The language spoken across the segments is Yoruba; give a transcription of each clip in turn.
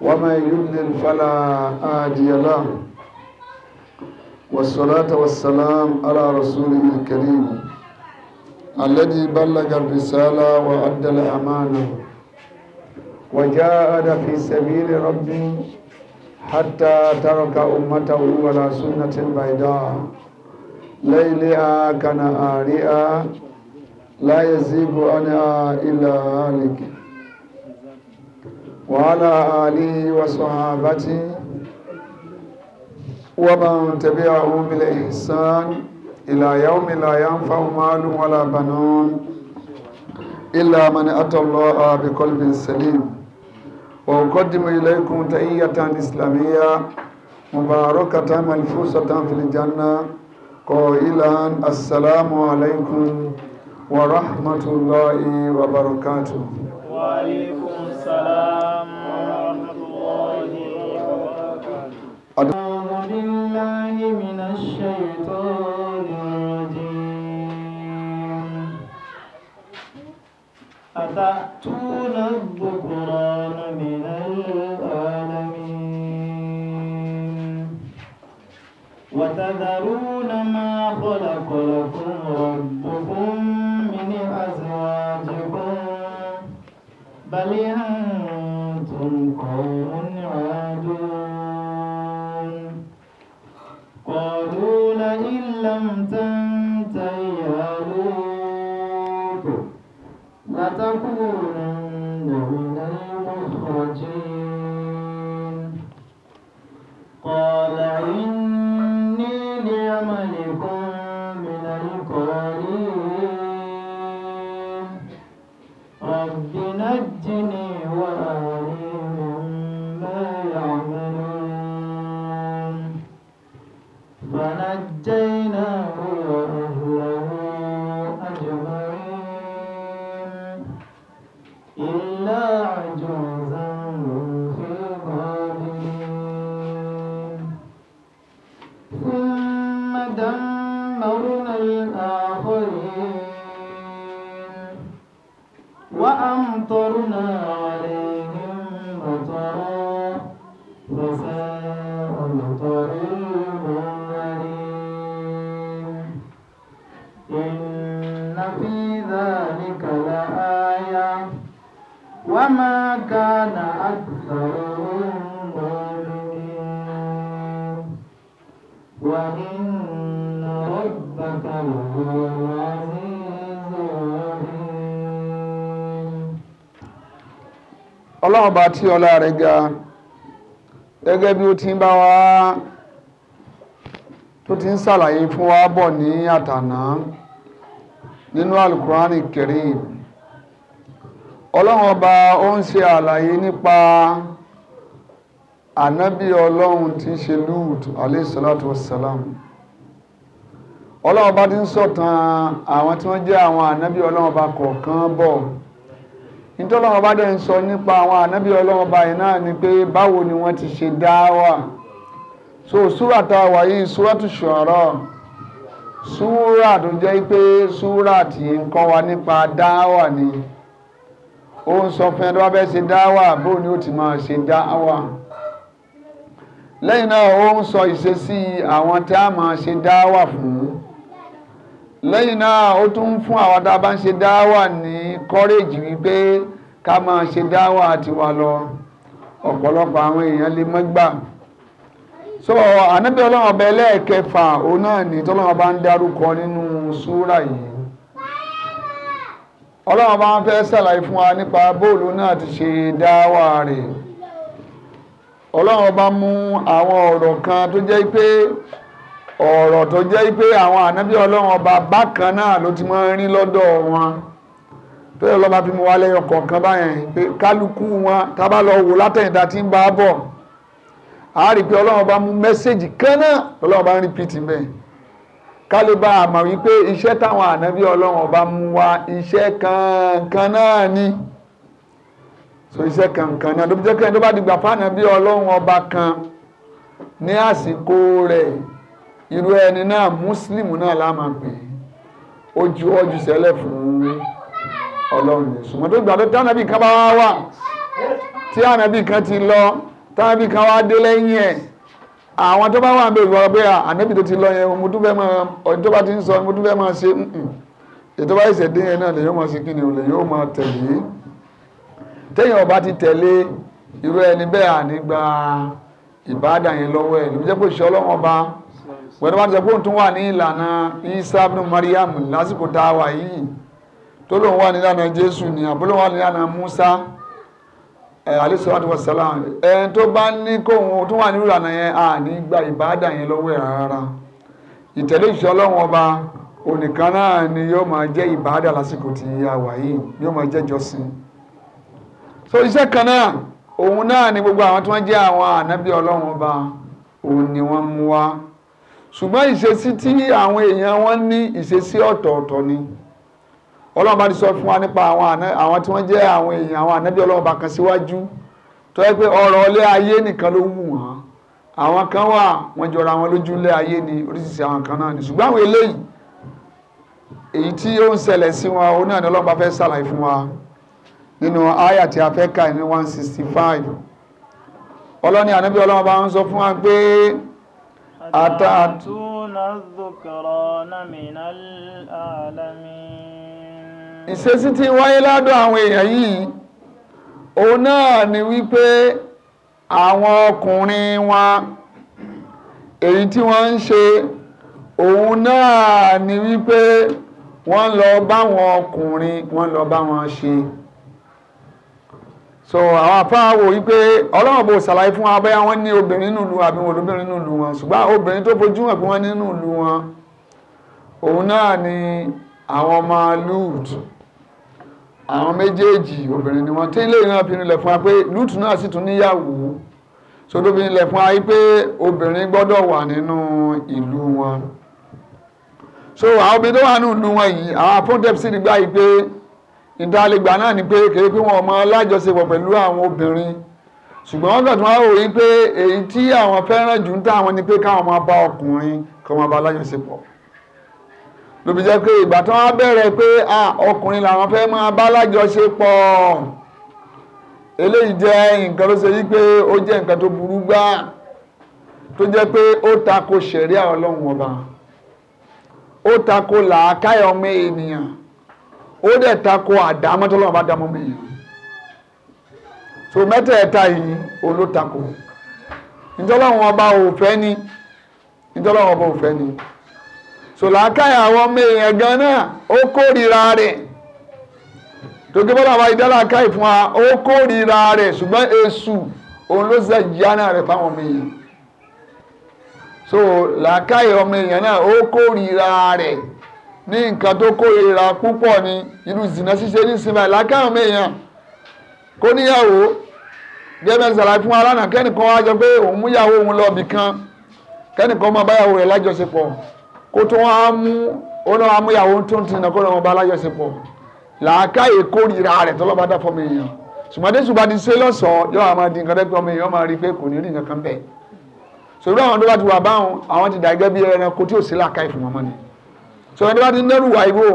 ومن يضلل فلا هادي له والصلاة والسلام على رسوله الكريم الذي بلغ الرسالة وأدى الأمانة وجاهد في سبيل ربه حتى ترك أمته على سنة بيضاء ليلها كنهارها لا يزيغ عنها إلا هالك وعلى آله وصحابته ومن تبعهم بالإحسان إلى يوم لا ينفع مال ولا بنون إلا من أتى الله بقلب سليم وأقدم إليكم تحية إسلامية مباركة ملفوسة في الجنة قائلا السلام عليكم ورحمة الله وبركاته وعليكم السلام أعوذ بالله من الشيطان الرجيم أتأتون الذكران من العالمين وتذرون ما خلق لكم ربكم من أزواجكم بل أنتم قوم عادون تنتهي عليك لتكونن من المخرجين قال إني لعملكم من القالين رب نجني ọlọ́run bá tí ọlá rẹ̀ ga gẹ́gẹ́ bí ó ti ń bá wa tó ti ń ṣàlàyé fún wa bọ̀ ní àtàná nínú alukurani Karim ọlọ́run ọba ó ń ṣe àlàyé nípa ànábì ọlọ́run tí ń ṣe Lut alayhi salatu wassalam ọlọ́run ọba ti ń sọ̀tàn àwọn tí wọ́n jẹ́ àwọn ànábì ọlọ́run ọba kọ̀ọ̀kan bọ̀ nítorí ọlọ́run bá dẹ̀ ń sọ nípa àwọn ànábì ọlọ́run báyìí náà ni pé báwo ni wọ́n ti ṣe dáwà so súrà tá a wà yìí súràtù ṣu'ara súrà tó jẹ́ pé súrà tí ń kọ́ wa nípa dáwà ni ó ń sọ fún ẹni wá fẹ́ ṣe dáwà bó ni ó ti máa ṣe dáwà lẹ́yìn náà ó ń sọ ìṣesí àwọn tí a máa ṣe dáwà fún lẹ́yìn náà ó tún ń fún àwọn tá a bá ń ṣe dáwà ní kọ́rẹ́jì wípé ká máa ṣe dáwà tiwa lọ ọ̀pọ̀lọpọ̀ àwọn èèyàn lè mọ́ so ànábì ọlọ́run ọba ẹlẹ́ẹ̀kẹfà òun náà ní tọ́lọ́run ọba ń darúkọ nínú súrà yìí ọlọ́run ọba ń fẹ́ ṣàlàyé fún wa nípa bóòlù náà ti ṣe dáwà rẹ̀ ọlọ́run ọba mú àwọn ọ̀rọ̀ kan tó jẹ́ pé ọ̀rọ̀ tó jẹ́ pé àwọn ànábí ọlọ́run ọba bákan náà ló ti máa ń rí lọ́dọ̀ wọn tó yẹ lọ́ba fi mu wá lẹ́yọ kọ̀ọ̀kan báyẹn pé kálukú wọn tábà lọ wò látẹ̀yìntà tí ń bá bọ̀ á rí i pé ọlọ́run ọba mú mẹ́sẹ̀gì kan náà ọlọ́run ọba ń rìpìtì bẹ́ẹ̀ kálíbà àmọ̀ wípé iṣẹ́ táwọn ànábí ọlọ́run ọba mú wá iṣẹ́ kankan náà ni so iṣẹ́ kankan náà ló fi jẹ́ kẹ́hìn tó bá dìgbà fáànà bí ọlọ́run ọba kan ní àsìkò rẹ̀ irú ẹni náà mùsùlùmù náà la máa pè é ó ju ọjù sẹ́lẹ̀ fún ọlọ́run yẹn ṣùgbọ́n tó gbà tó tánà bí kan bá wá wà tí ànábì kan ti lọ tánà bí kan wá dé lẹ́yìn ẹ̀ àwọn tó bá wà bẹ̀rù ọ̀rọ̀ pé ànábì tó ti lọ yẹn mo tún fẹ́ máa ọdún tó bá ti ń sọ mo tún máa ṣe ètò bá ṣẹ̀ dé yẹn náà lè yóò máa ṣe kíni o lè yóò máa tẹ̀lé téèyàn ọba ti tẹ̀lé irú ẹni bẹ́ẹ̀ ànígbà ìbáàdà yẹn lọ́wọ́ ẹ̀ ló jẹ́ pé ìṣọ́ ọlọ́run ọba gbọ́dọ̀ bá ti sọ pé òun wà ní ìlànà Isa ibn Maryam lásìkò tá a wà yìí tó lóun wà ní ìlànà Jésù ni àbúrò wà ní ìlànà Musa alisalaatu wasalaam ẹn tó bá ní kóhun tó wà ní ìlànà yẹn à ní gba ìbáàdà yẹn lọ́wọ́ ẹ̀ rárá ìtẹ̀lé ìṣẹ́ ọlọ́run ọba onìkan náà ni yóò máa jẹ́ ìbáàdà lásìkò tí a wà yìí yóò máa jẹ́ jọ́sìn so iṣẹ́ kan náà òun náà ni gbogbo àwọn tí wọ́n jẹ́ àwọn ànábì ọlọ́run ọba òun ni wọ́n mú wá ṣùgbọ́n ìṣesí tí àwọn èèyàn wọn ní ìṣesí ọ̀tọ̀ọ̀tọ̀ ni ọlọ́run bá ti sọ fún wa nípa àwọn tí wọ́n jẹ́ àwọn èèyàn àwọn ànábì ọlọ́run bá kan síwájú tó yẹ pé ọ̀rọ̀ ilé ayé nìkan ló wù wọ́n àwọn kan wà wọ́n jọra wọn lójú ilé ayé ni oríṣiríṣi àwọn kan náà ni ṣùgbọ́n àwọn eléyìí èyí tí ó ń ṣẹlẹ̀ sí wọn ó náà ni ọlọ́run bá fẹ́ ṣàlàyé fún wa nínú àyà tí a fẹ́ kà ní one sixty five ọlọ́ni ànábì ọlọ́run bá ń sọ fún wa pé. أتأتون الذكران من العالمين ìṣesí tí wáyé ládùn àwọn èèyàn yìí òun náà ni wípé àwọn ọkùnrin wọn èyí tí wọ́n ń ṣe òun náà ni wípé wọ́n lọ báwọn ọkùnrin wọ́n lọ bá wọn ṣe so àwọn apá wò wípé ọlọ́run bò ṣàlàyé fún wa bẹ́ẹ̀ wọ́n ní obìnrin nínú ìlú àbí wọn olóbìnrin nínú ìlú wọn ṣùgbọ́n obìnrin tó fojú hàn pé wọ́n nínú ìlú wọn òun náà ni àwọn ọmọ lúùtù àwọn méjèèjì obìnrin ni wọ́n tí ilé ìran fi rinlẹ̀ fún wa pé lúùtù náà sì tún níyàwó so tó fi rinlẹ̀ fún wa pé obìnrin gbọ́dọ̀ wà nínú ìlú wọn so àwọn obìnrin tó wà nínú ìlú wọn yìí àwọn apóńtẹ́pì sì rí gbá yìí pé ìdálégbà náà ni pé kéré pé wọn máa lájọṣepọ̀ pẹ̀lú àwọn obìnrin ṣùgbọ́n wọ́n gbàdúrà wò yí pé èyí tí àwọn fẹ́ràn jù ń tà wọn ni pé káwọn máa bá ọkùnrin kí wọ́n máa bá lájọṣepọ̀ lóbi jẹ́ pé ìgbà tí wọ́n bẹ̀rẹ̀ pé ọkùnrin làwọn fẹ́ máa bá lájọṣepọ̀ eléyìí jẹ́ nǹkan ló ṣe yí pé ó jẹ́ nǹkan tó burú gbáà tó jẹ́ pé ó tako ṣẹ̀ríà ọlọ́run ọba ó tako làákàyọ̀ ọmọ ènìyàn ó dẹ̀ takò àdámọ́ tọ́lọ́run bá dámọ́ mi yìí so mẹ́tẹ̀ẹ̀ta yìí olótakò ìtọ́lọ́run ọba ò ni ìtọ́lọ́run ọba ò fẹ́ ni sòlákàyà àwọn ọmọ èèyàn gan náà ó kórìíra rẹ̀ tòkè bọ́lá wa ìdálàkà ìfún wa ó kórìíra rẹ̀ ṣùgbọ́n èṣù òun ló ṣe yánà rẹ̀ fáwọn ọmọ èèyàn so làákàyè ọmọ èèyàn náà ó kórìíra rẹ̀ ní nǹkan tó kórìíra púpọ̀ ni irú zìnà ṣíṣe ní sinmi àìlákàrún mẹ́yàn kó níyàwó gẹ́gẹ́ sàlàyé fún alánà kẹ́nìkan wá jọ pé òun múyàwó òun lọ bìkan kẹ́nìkan máa báyàwó rẹ̀ lájọṣepọ̀ kó tó wá mú òun náà amúyàwó tó ń tinà kó lọ́mọba lájọṣepọ̀ làákàyè kórìíra rẹ̀ tọ́lọ́ba dá fọmọ èèyàn ṣùgbọ́n ṣùgbọ́n ti ṣe lọ́sọ̀ọ́ yọ àwọn di nǹkan dẹ́gbẹ́ ọmọ èèyàn máa rí pé kò ní rí nǹkan bẹ́ẹ̀ sòrí àwọn tó bá ti wà báwọn àwọn ti dà gẹ́gẹ́ bí ẹranko tí ò sí làákàyè fún ọmọ ni sọ ẹni bá ti nẹ́rù ìwò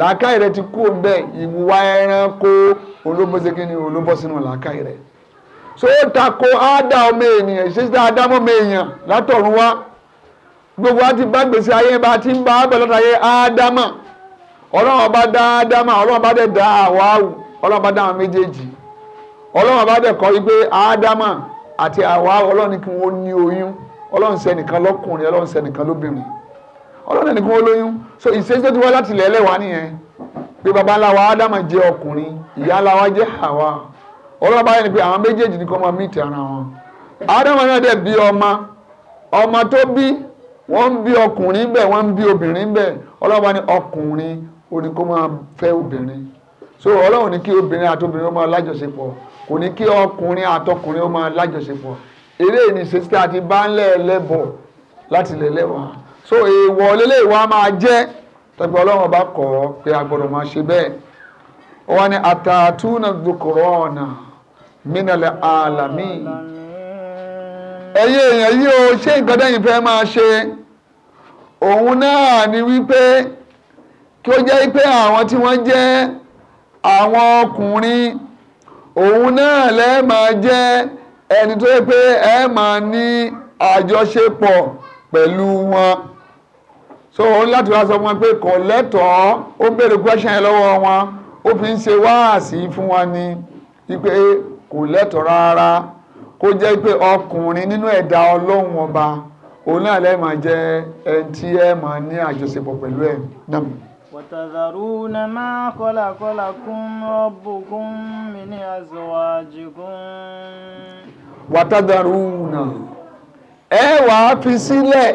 làákàyè rẹ ti kú làákàyè rẹ ọmọ ènìyàn ìṣesí àdámọ́ ọmọ èèyàn látọ̀run wá gbogbo wa ti bá gbèsè ayé bá ti ń bá bẹ̀ lọ́tà ayé dá dẹ̀ dá dá àwọn méjèèjì dẹ̀ kọ́ wípé adama àti ni kí wọ́n ní oyún lọ́kùnrin lóbìnrin ọlọ́run nìkan olóyún so ìṣẹ́jọ́ ti wá láti ilẹ̀ ẹlẹ́wàá nìyẹn pé baba ńlá wa ádámà jẹ́ ọkùnrin ìyá ńlá wa jẹ́ àwa ọlọ́run báyìí ni pé àwọn méjèèjì nìkan máa mìtì ara wọn ádámà náà dẹ̀ bí ọmọ ọmọ tó bí wọ́n ń bí ọkùnrin bẹ́ẹ̀ wọ́n ń bí obìnrin bẹ́ẹ̀ ọlọ́run bá ní ọkùnrin ó ní kó máa fẹ́ obìnrin so ọlọ́run ní kí obìnrin àtobìnrin ó máa lájọṣepọ̀ kò ní kí ọkùnrin àtọkùnrin ó máa lájọṣepọ̀ eré ìníṣẹ́ tí a ti bá ń lẹ́ẹ̀lẹ́bọ̀ láti lẹ́lẹ́wàá so èèwọ̀ lélẹ̀ ìwà máa jẹ́ tàbí ọlọ́run ọba kọ̀ ọ́ pé a gbọ́dọ̀ máa ṣe bẹ́ẹ̀ ó wá ní àtàtúnà dùkọ̀rọ̀ ọ̀nà mínàlẹ̀ àlàmì ẹ̀yin èèyàn yìí o ṣé nǹkan dẹ́yìn fẹ́ máa ṣe òun náà ni wípé kí ó jẹ́ pé àwọn tí wọ́n jẹ́ àwọn ọkùnrin òun náà lẹ́ máa jẹ́ ẹni tó yẹ pé ẹ máa ní àjọṣepọ̀ pẹ̀lú wọn. so ó láti wá sọ fún wọn pé kò lẹ́tọ̀ọ́ ó yẹn lọ́wọ́ fi ń ṣe wáàsí fún wọn ni wípé kò lẹ́tọ̀ọ́ rárá kó jẹ́ pé ọkùnrin nínú ẹ̀dá ọlọ́run ọba òun náà lè máa jẹ́ ẹni tí ẹ ní àjọṣepọ̀ pẹ̀lú ẹ̀ náà. ní na ẹ wàá fi sílẹ̀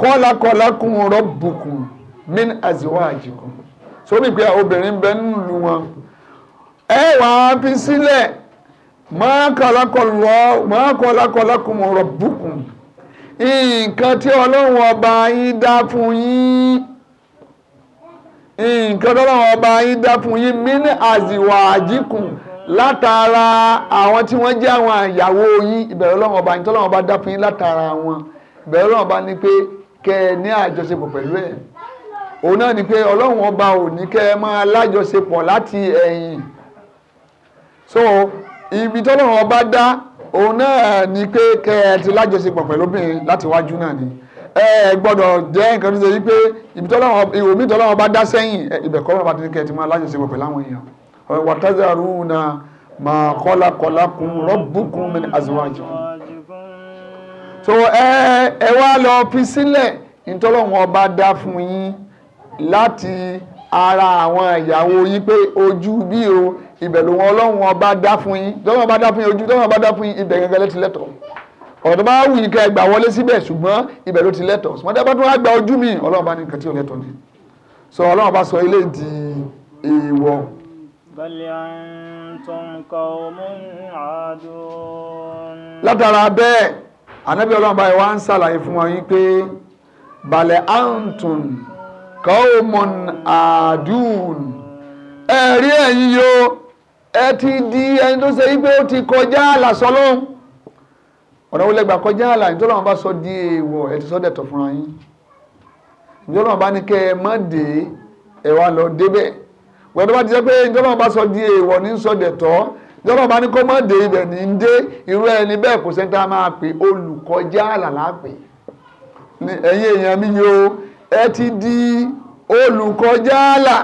kọ́lákọ́lákùn rọ́bùkùn min àzíwájìkùn sórí pé obìnrin bẹ nílùú wọn ẹ wà á fi sílẹ̀ máa kọ́lákọ́lákùn rọ́bùkùn nǹkan tí ọlọ́run ọba yín dá fún yín nǹkan tí ọlọ́run ọba yín dá fún yín min àzíwájìkùn látara àwọn tí wọ́n jẹ́ àwọn ìyàwó yín ìbẹ̀rẹ̀ ọlọ́run ọba yín tí ọlọ́run ọba dá fún yín látara wọn bẹ̀rù náà bá ní pé kẹ́ ẹ ní àjọṣepọ̀ pẹ̀lú ẹ̀ òun náà ni pé ọlọ́run ọba ò ní kẹ́ ẹ máa lájọṣepọ̀ láti ẹ̀yìn so ibi tọ́lọ́run ọba dá òun náà ni pé kẹ́ ẹ ti lájọṣepọ̀ pẹ̀lú obìnrin láti wájú náà ni ẹ gbọ́dọ̀ jẹ́ nǹkan tó ṣe yí pé ibi tọ́lọ́run ìwò mi tọ́lọ́run ọba dá sẹ́yìn ibẹ̀ kọ́ ọba ti ní kẹ́ ẹ ti máa lájọṣepọ̀ pẹ̀lú àwọn èèyàn so ẹ ẹ wá lọ fi sílẹ̀ nítọ́lọ́wọ́n ọba dá fún yín láti ara àwọn ìyàwó yín pé ojú bí o ibẹ̀ ló wọn ọlọ́run ọba dá fún yín tọ́lọ́wọ́n ọba dá fún yín ojú tọ́lọ́wọ́n ọba dá fún yín ibẹ̀ gẹ́gẹ́ lẹ́tí lẹ́tọ̀ ọ̀rọ̀ tó bá wù yín kẹ́ ẹ gbà wọlé síbẹ̀ ṣùgbọ́n ibẹ̀ ti lẹ́tọ̀ ṣùgbọ́n tí a bá tún wá gba ojú mi ọlọ́run ọba ní nǹkan so ọlọ́run ọba di èèwọ̀. bẹ́ẹ̀ni àǹtọ̀ǹkọ̀ mú àádọ́ ànábì ọlọ́run báyìí wá ń ṣàlàyé fún wọn yín pé balẹ̀ antun kọ́ọ̀mọ̀n àdùn ẹ rí ẹ̀yin ẹ ti di ẹni tó ṣe wípé ó ti kọjá àlà sọlọ́hún ọ̀nà wọlé gbà kọjá àlà nítorí àwọn bá sọ di èèwọ̀ ẹ ti sọ dẹ̀tọ̀ fúnra yín nítorí àwọn bá ní kẹ́ ẹ má dé ẹ wá lọ débẹ̀ wẹ́n tó bá ti jẹ́ pé nítorí àwọn bá sọ di èèwọ̀ ní sọ dẹ̀tọ̀ jọlọ bá ní kó má dé ibẹ̀ ní dé irú ẹni bẹ́ẹ̀ kò sẹ́ńtà máa pè olùkọjá àlàlà pè èèyàn mi yo ẹ ti di olùkọjá àlà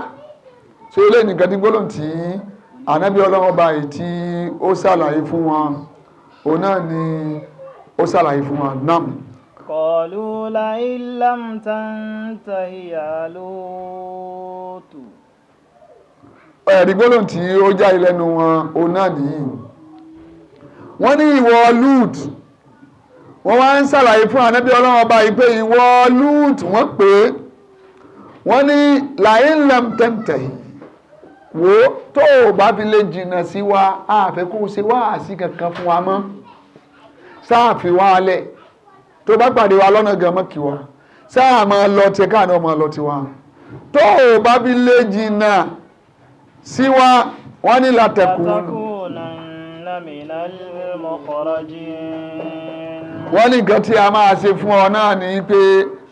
ṣé ilé nìkan tí gbólóhùn tí ànábì ọlọ́wọ́ bá yìí tí ó ṣàlàyé fún wọn òun náà ni ó ṣàlàyé fún wọn náà. قالوا لئن لم تنته يا ẹ̀rí gbólóhùn tí ó jáde lẹ́nu wọn òun náà nìyí wọ́n ní ìwọ lúd wọ́n wá ń ṣàlàyé fún ànábì ọlọ́run ọba yìí pé ìwọ lúd wọ́n pè é wọ́n ní làyín lẹ́m tẹ̀m̀tẹ̀ wò ó tó o bá fi lè jìnnà sí wa àfẹ́ kó o ṣe kankan fún wa mọ́ sáàfin wa alẹ̀ tó bá pàdé wa lọ́nà gan kí wa sáà máa lọ tiẹ̀ káà máa lọ tiwa tó o bá fi lè jìnnà síwá wọ́n ní látẹ̀kùn wọ́n ní nǹkan tí a máa ṣe fún ọ náà ni pé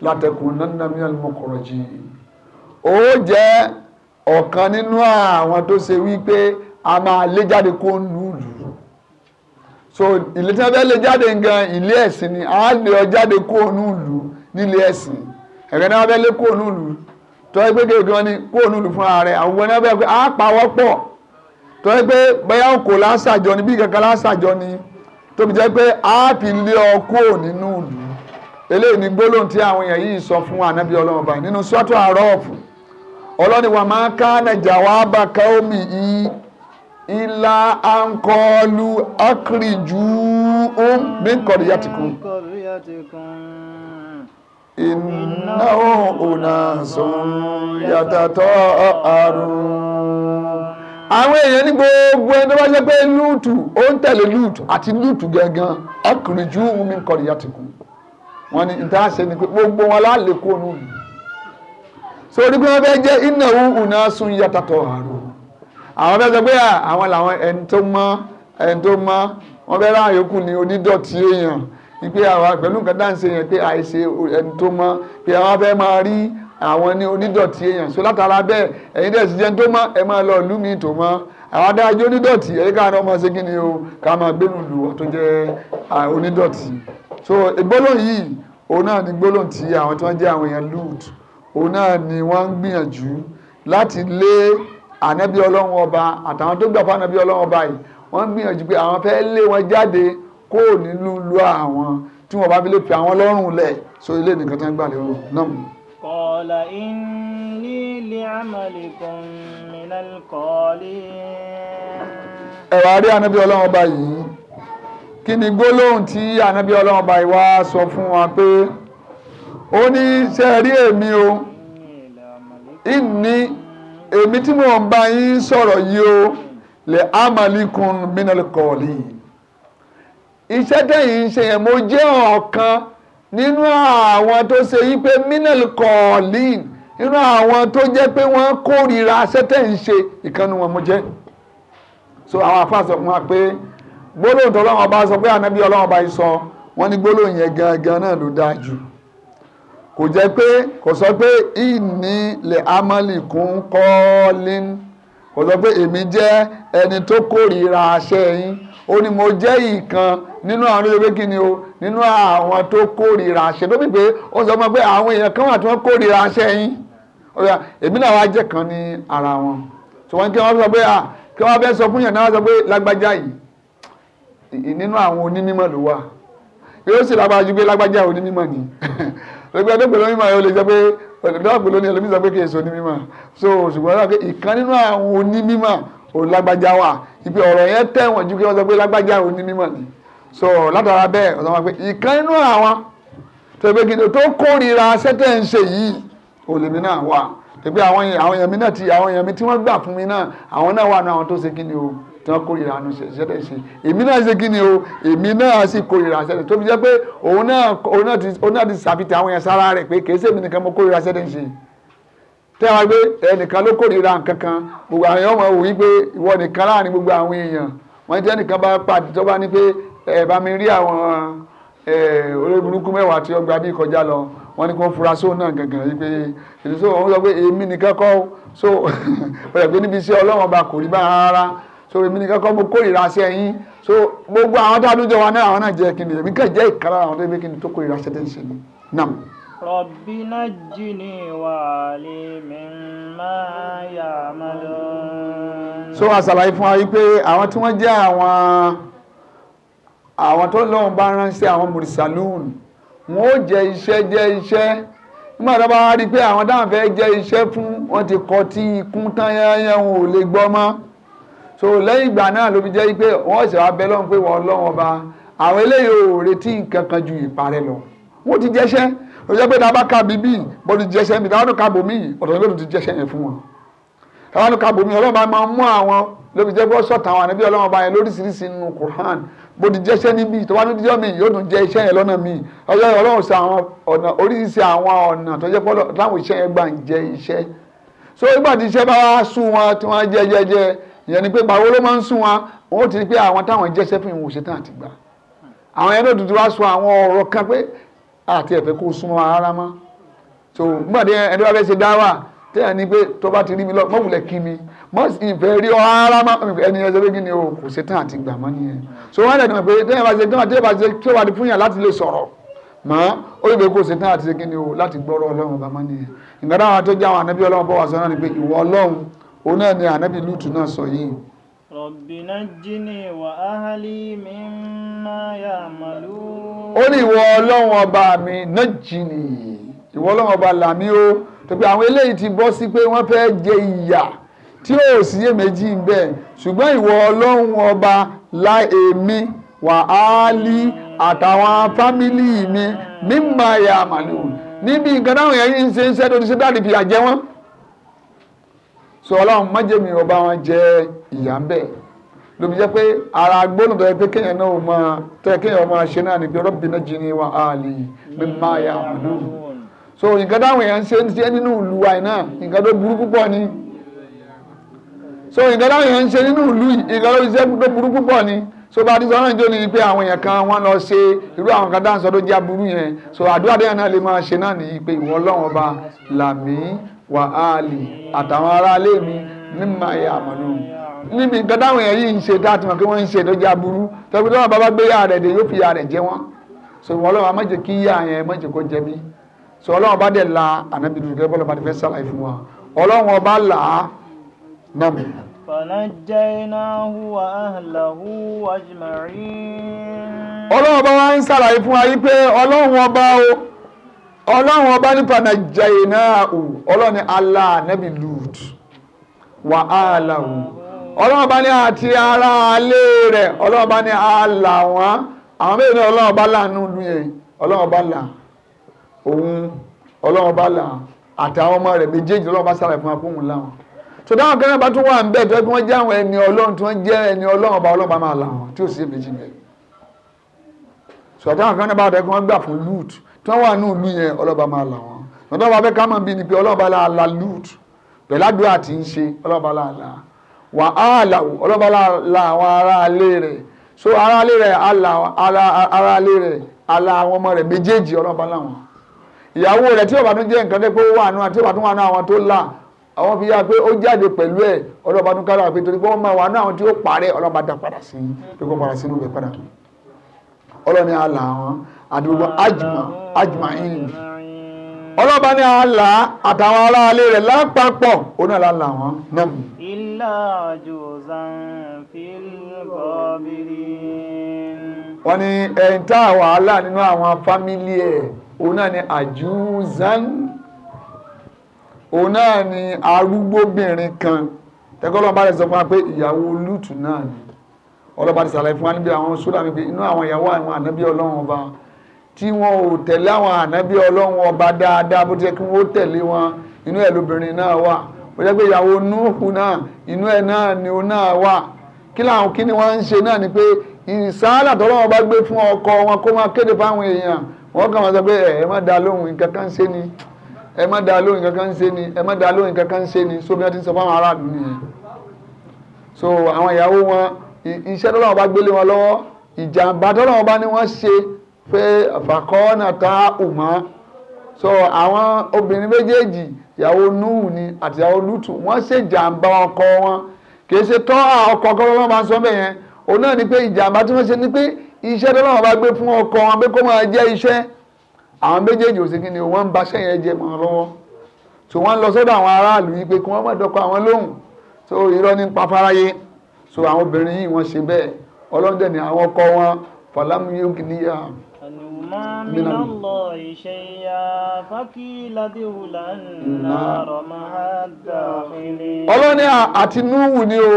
látẹ̀kùn nánà minal mukhrajin ó jẹ́ ọ̀kan nínú àwọn tó ṣe wípé a máa lé jáde kó nùlù so ilé tí wọ́n fẹ́ lé jáde gan ilé ẹ̀sìn ni a lè ọ jáde kó nùlù nílé ẹ̀sìn ẹ̀rẹ́ ni wọ́n fẹ́ lé kó nùlù tọ́ ẹgbẹ́ kéèké wọn ni kó ònú lù fún ààrẹ àwọn ọmọ náà bẹ́ẹ̀ pé á pawọ́ pọ̀ tọ́ ẹgbẹ́ bẹ́ẹ̀ òkò lásàjọ ni bí kankan lásàjọ ni tóbi jẹ́ pé á fi lé ọ kó nínú ìlú eléyìí ni gbólóhùn tí àwọn èèyàn yìí sọ fún ànábì ọlọ́run báyìí nínú sọ́tò àrọ́ọ̀fù ọlọ́ni wà máa ká nàìjà wà bá káómì yìí ilà àǹkọ́ọ̀lù akérèjú ó mẹ́kọ̀ọ́dù yàtìkún. إنهم أناس يتطهرون àwọn èèyàn ní gbogbo ẹni tó bá jẹ́ pé lúùtù ó ń tẹ̀lé lúùtù àti lúùtù gangan ọkùnrin ju omi kọ̀rì yàtìkù wọn ni níta ṣe ni pé gbogbo wọn láàlè kó nù pé wọn fẹ́ jẹ́ iná òhùnà sun yàtàtọ̀ àrùn àwọn fẹ́ sọ pé ah, àwọn làwọn ẹni tó ẹni tó wọn fẹ́ ní onídọ̀tí èèyàn ìpè àwa pẹ̀lú nǹkan dáǹsì yẹn pé àìṣe ẹni tó mọ́ pé àwa fẹ́ máa rí àwọn ní onídọ̀tí èèyàn so látara bẹ́ẹ̀ ẹ̀yin dẹ̀ sì jẹ́ tó mọ́ ẹ máa lọ ìlú mi tó mọ́ àwọn adájọ́ onídọ̀tí ẹ̀yin káà náà ṣe kí ni o ká máa gbẹ́nu lù ọ́ jẹ́ onídọ̀tí so ìgbólóhùn yìí òun náà ni gbólóhùn tí àwọn tí wọ́n jẹ́ àwọn èèyàn lùd òun náà ni wọ́n ń gbìyànjú láti lé ànábì ọlọ́run ọba àtàwọn tó gbà fún ànábì ọlọ́run ọba yìí wọ́n ń gbìyànjú pé àwọn fẹ́ lé wọn jáde kó nílùú lu àwọn tí wọ́n bá fi lè pè àwọn lọ́rùn lẹ̀ so ilé nìkan tán gbà lérò náà. Qala inni li'amalikum minal qalin. ẹ̀wà rí ànábì ọlọ́run ọba yìí kí ni gbólóhùn tí ànábì ọlọ́run ọba yìí wá sọ fún wa pé ó ní ṣe rí èmi o inni èmi tí mò ń bá yín sọ̀rọ̀ yìí o li'amalikum minal qalin iṣẹ́ tẹ̀yìn ń ṣe yẹn mo jẹ́ ọ̀kan nínú àwọn tó ṣe yí pé minel kọ̀ọ̀lìn nínú àwọn tó jẹ́ pé wọ́n kórìíra iṣẹ́ tẹ̀yìn ṣe ìkànnì wọn mo jẹ́ so àwọn afa sọ fún wa pé gbólóhùn tó lọ́wọ́ bá sọ pé ànábì ọlọ́wọ́ bá yìí sọ wọ́n ní gbólóhùn yẹn gangan náà ló dáa jù kò jẹ́ pé kò sọ pé ìní lè amọ́lì kún kọ́ọ́lín kò sọ pé èmi jẹ́ ẹni tó kórìíra aṣẹ́ yín ó ní mo jẹ́ ìkan nínú àwọn olóyè kí ni o nínú àwọn tó kórìíra àṣẹ tó bíi pé ó sọ fún pé àwọn èèyàn kan wà tí wọ́n kórìíra àṣẹ yín ọ̀yà èmi náà wá jẹ́ kan ní ara wọn tí wọ́n kí wọ́n sọ pé kí wọ́n fẹ́ sọ fún yàn náà sọ pé lágbájá yìí nínú àwọn onímọ̀ ló wà yóò sì lágbára ju pé lágbájá onímọ̀ ni ẹgbẹ́ ẹgbẹ́ onímọ̀ yóò lè jẹ́ pé ọ̀dọ́gbọ̀n lónìí ẹlòmíì sọ pé kì í ṣe onímọ̀ so ṣùgbọ́n ibi ọ̀rọ̀ yẹn tẹ̀wọ̀n ju kí wọ́n sọ pé lágbájá òun ní mímọ̀ ni so látara bẹ́ẹ̀ ọ̀sán wọn pé ìkan inú àwọn tẹ̀gbẹ́gì tó kórìíra sẹ́tẹ̀ ń ṣe yìí olèmi náà wà tẹ̀gbẹ́ àwọn èèyàn mi náà ti àwọn èèyàn mi tí wọ́n gbà fún mi náà àwọn náà wà ní àwọn tó ṣe kí ni o tí wọ́n kórìíra àánú sẹ́tẹ̀ ṣe èmi náà ṣe kí ni o èmi náà sì kórìíra sẹ́tẹ̀ tó fi jẹ́ pé òun náà ti ṣàfihàn àwọn èèyàn sára rẹ̀ pé kèé sèmi nìkan mo kórìíra sẹ́tẹ̀ ṣe tẹ́ wá gbé ẹnìkan ló kórìíra nǹkan kan gbogbo àwọn èèyàn máa wò wí pé ìwọ nìkan láàrin gbogbo àwọn èèyàn wọ́n jẹ́ nìkan bá pàdé tó bá ní pé ẹ bá mi rí àwọn olórí burúkú mẹ́wàá tí wọ́n gba bí kọjá lọ wọ́n ní kí wọ́n fura sóun náà gangan yìí pé èyí tó wọ́n sọ pé èmi nìkan kọ́ so ọ̀rẹ́ pé níbi iṣẹ́ ọlọ́wọ́n ọba kò rí bá rárá so èmi nìkan kọ́ mo kórìíra sí ẹ̀yìn so gbogbo àwọn tó àdújọ wa náà àwọn náà jẹ́ kí ni èmi kàn jẹ́ ìkàrà àwọn tó yẹ kí tó kórìíra ṣẹ́tẹ́ńṣẹ́ ni náà. رب نجني وعلي مما يعملون so àṣàlàyé fún wa wípé àwọn tí wọ́n jẹ́ àwọn àwọn tó lọ́wọ́ bá ránṣẹ́ àwọn mùrìsàlùn wọn ó jẹ iṣẹ́ jẹ iṣẹ́ nígbà tó bá wá rí i pé àwọn dáhùn fẹ́ jẹ iṣẹ́ fún wọn ti kọ tí ikún tán yẹ́yẹ́ wọn ò lè gbọ́ mọ́ so lẹ́yìn ìgbà náà ló fi jẹ́ pé wọ́n ṣe wá bẹ lọ́hùn pé wọ́n lọ́wọ́ bá àwọn eléyìí ò retí nǹkan kan ju ìparẹ́ lọ wọ́n ti jẹ́ṣẹ́ ó yẹ pé tá a bá ka bíbí bó ti jẹsẹ mi táwọn tó ka bòmí ọ̀tọ̀ ló ti jẹsẹ yẹn fún wọn táwọn tó ka bòmí ọlọ́run bá máa mú àwọn lóbi jẹ́ pé ó sọ̀tàn àwọn ọlọ́run bá yẹn lóríṣiríṣi nínú Qur'an bó ti jẹsẹ tó bá ní díjọ́ mi yóò tún jẹ iṣẹ́ yẹn lọ́nà mi ọjọ́ ọlọ́run sọ àwọn ọ̀nà oríṣiríṣi àwọn ọ̀nà tó jẹ́ pé táwọn iṣẹ́ yẹn gbà ń jẹ iṣẹ́ so ìgbà tí iṣẹ́ bá wá sún wọn tí wọ́n jẹ jẹjẹ ìyẹn ni pé gbàwó ló máa ń sún wọn àti ẹ̀fẹ́ kó súnmọ́ ara mọ́ so nígbà tí ẹni bá fẹ́ ṣe dáwà téèyàn ní pé tó bá ti rí mi lọ mọ́ wulẹ̀ kí mi mọ́ ìfẹ́ rí ọ ara mọ́ ẹni ẹsẹ̀ pé ni o kò ṣe tán àti gbà mọ́ nìyẹn so wọ́n lẹ́nu pé téèyàn bá ṣe tán àti bá ṣe tó wà ní fún yàn láti lè sọ̀rọ̀ mọ́ ó lè kó ṣe tán àti ṣe kí ni o láti gbọ́rọ̀ ọlọ́run ọba mọ́ nìyẹn ìgbà táwọn tó jẹ́ àwọn ànábì ọlọ́run bọ́ wà sọ náà ni pé ìwọ ọlọ́run òun náà ni ànábì lùtù náà sọ yìí Rabbi najjini wa ahli mimma ya'malun. ó ní ìwọ ọlọ́run ọba mi najjini ìwọ ọlọ́run ọba làmí o tó pé àwọn eléyìí ti bọ́ sí pé wọ́n fẹ́ jẹ ìyà tí ó sì yé méjì ń bẹ ṣùgbọ́n ìwọ ọlọ́run ọba la wà á àtàwọn fámìlì mi mímọ ẹ̀yà màlúù níbi nǹkan táwọn èèyàn ń ṣe ń ṣe tó ti ṣe dáàdì fìyà jẹ wọ́n so ọlọ́run májèmí ọba wọn jẹ ìyá ń bẹ̀ lómi jẹ́ pé ara gbóhùn tó yẹ pé kéèyàn náà máa tó yẹ kéèyàn máa ṣe náà ní pé náà jí ni wà á lè mi máa yà àmúlò so nǹkan táwọn èèyàn ń ṣe ń ṣe nínú ìlú wa náà nǹkan tó burú púpọ̀ ni so nǹkan táwọn èèyàn ń ṣe nínú ìlú nǹkan tó ṣe tó burú púpọ̀ ni so bá a ti sọ náà jóni pé àwọn èèyàn kan wọn lọ ṣe irú àwọn kan dáhùn sọ tó jẹ́ aburú yẹn so àdúrà déyàn náà lè máa ṣe náà nìyí wà áàlì àtàwọn aráalé mi mímọ ẹ̀yà àmọ́nù níbi nǹkan táwọn èèyàn yìí ń ṣe tá a ti wọ́n ń ṣe lójú aburú tọ́gbẹ́ táwọn bàbá gbé yàrá rẹ̀ dé yóò fi yàrá rẹ̀ jẹ wọ́n so ìwọ ọlọ́run má kí yà yẹn má kó jẹ mí so ọlọ́run bá dẹ̀ la ànábì dùdú kẹ́kọ̀ọ́ bá ti fẹ́ sàlàyé fún wa ọlọ́run ọba là á nàm. fanajjaynahu wa ahlahu ajma'in. ń sàlàyé fún wa yí pé ọlọ́run ọba o ọlọ́run ọba nípa nàìjà ìnáàhù ọlọ́run ni Allah nẹ́bí lùd wà á làwọn ọlọ́run ọba ní àti ara alé rẹ̀ ọlọ́run ọba ní àlà wọn àwọn méjì ní ọlọ́run ọba lànà ìlú yẹn ọlọ́run ọba là òun ọlọ́run ọba là àtàwọn ọmọ rẹ̀ méjèèjì ọlọ́run ọba sàlẹ̀ fún akóhùn láwọn tó dáhùn kẹ́rẹ́ bá tún wà ń bẹ́ẹ̀ tó ẹgbẹ́ wọn jẹ́ àwọn ẹni ọlọ́run tí wọ́n jẹ́ ẹni ọlọ́run ọba ọlọ́run ọba máa là tí ò sí èméjì bẹ́ẹ̀ sọ̀tàn kan náà bá dẹ́kun wọn gbà fún lùtù tí wọ́n wà ní ìlú yẹn ọlọ́ba máa là wọ́n ọlọ́ba bẹ́ẹ̀ ká mọ̀ bí ni pé ọlọ́ba là là lùd pẹ̀ládùá ti ń ṣe ọlọ́ba là là wà á là ọlọ́ba là àwọn ará alé rẹ̀ so ará alé rẹ̀ ará alé rẹ̀ ala àwọn ọmọ rẹ̀ méjèèjì ọlọ́ba làwọn ìyàwó rẹ̀ tí ọba tó jẹ́ nǹkan tẹ́ pé ó wà nù àti ọba tó wà nù àwọn tó là àwọn fi yá pé ó jáde pẹ̀lú ẹ̀ ọlọ́ba tó kára pé torí pé wọ́n máa wà nù àwọn tí ó parẹ́ ọlọ́ba dá padà sí pé kó padà sínú ibẹ̀ padà ọlọ́ni àlà àwọn àdúgbò ajma ajma in ọlọ́ba ní àlà àtàwọn ará alẹ́ rẹ̀ lápapọ̀ oní àlàlà wọn náà. ilá àjòzàn fílgọ́bìrì. wọ́n ní ẹ̀yìn tá a wàhálà nínú àwọn fámílì ẹ̀ òun náà ní àjùzàn òun náà ní arúgbóbìnrin kan tẹ́kọ́lọ́ bá rẹ̀ sọ fún wa pé ìyàwó lùtù náà ni ọlọ́ba ti sàlàyé fún wa níbi àwọn sódà níbi inú àwọn ìyàwó àwọn ànábí ọlọ́run ọba tí wọn ò tẹ̀lé àwọn ànábí ọlọ́run ọba dáadáa bó ti yẹ kí wọ́n tẹ̀lé wọn inú ẹ̀ lóbìnrin náà wà ó jẹ́ pé ìyàwó núhù náà inú ẹ̀ náà ni ó náà wà kí làwọn kí ni wọ́n ń ṣe náà ni pé ìsáàlà tọ́lọ́wọ́n bá gbé fún ọkọ wọn kó máa kéde fáwọn èèyàn wọ́n kàn máa sọ pé ẹ má da lóhùn nǹkan ṣe ni ẹ má da lóhùn nǹkan ṣe ni ẹ má da lóhùn nǹkan ṣe ni so bí wọ́n ti ń sọ fáwọn aráàlú so àwọn ìyàwó wọn iṣẹ́ tọ́lọ́wọ́n bá gbélé wọn lọ́wọ́ ìjàmbá tọ́lọ́wọ́n bá pé fàkọ́nà ta ùmọ́ so àwọn obìnrin méjèèjì ìyàwó núhù ni àti ìyàwó lútù wọ́n ṣe jàǹbá ọkọ wọn kìí ṣe tọ́ ọkọ ọkọ wọn máa sọ bẹ́ẹ̀ yẹn òun náà ni pé ìjàǹbá tí wọ́n ṣe ni pé iṣẹ́ tó lọ́wọ́ bá gbé fún ọkọ wọn pé kó máa jẹ́ iṣẹ́ àwọn méjèèjì òsì ni wọ́n ń ba iṣẹ́ yẹn mọ́ lọ́wọ́ so wọ́n lọ sọ́dọ̀ àwọn aráàlú yìí pé kí wọ́n má dọ́kọ àwọn lóhùn so irọ́ ní pafáráyé so àwọn obìnrin yìí wọ́n ṣe bẹ́ẹ̀ ọlọ́dẹ ni àwọn ọkọ wọn fàlámù yóò níyà يعلم من الله شيئا فقيل ادخلا النار مع الداخلين ọlọ́ni àti núhù ni o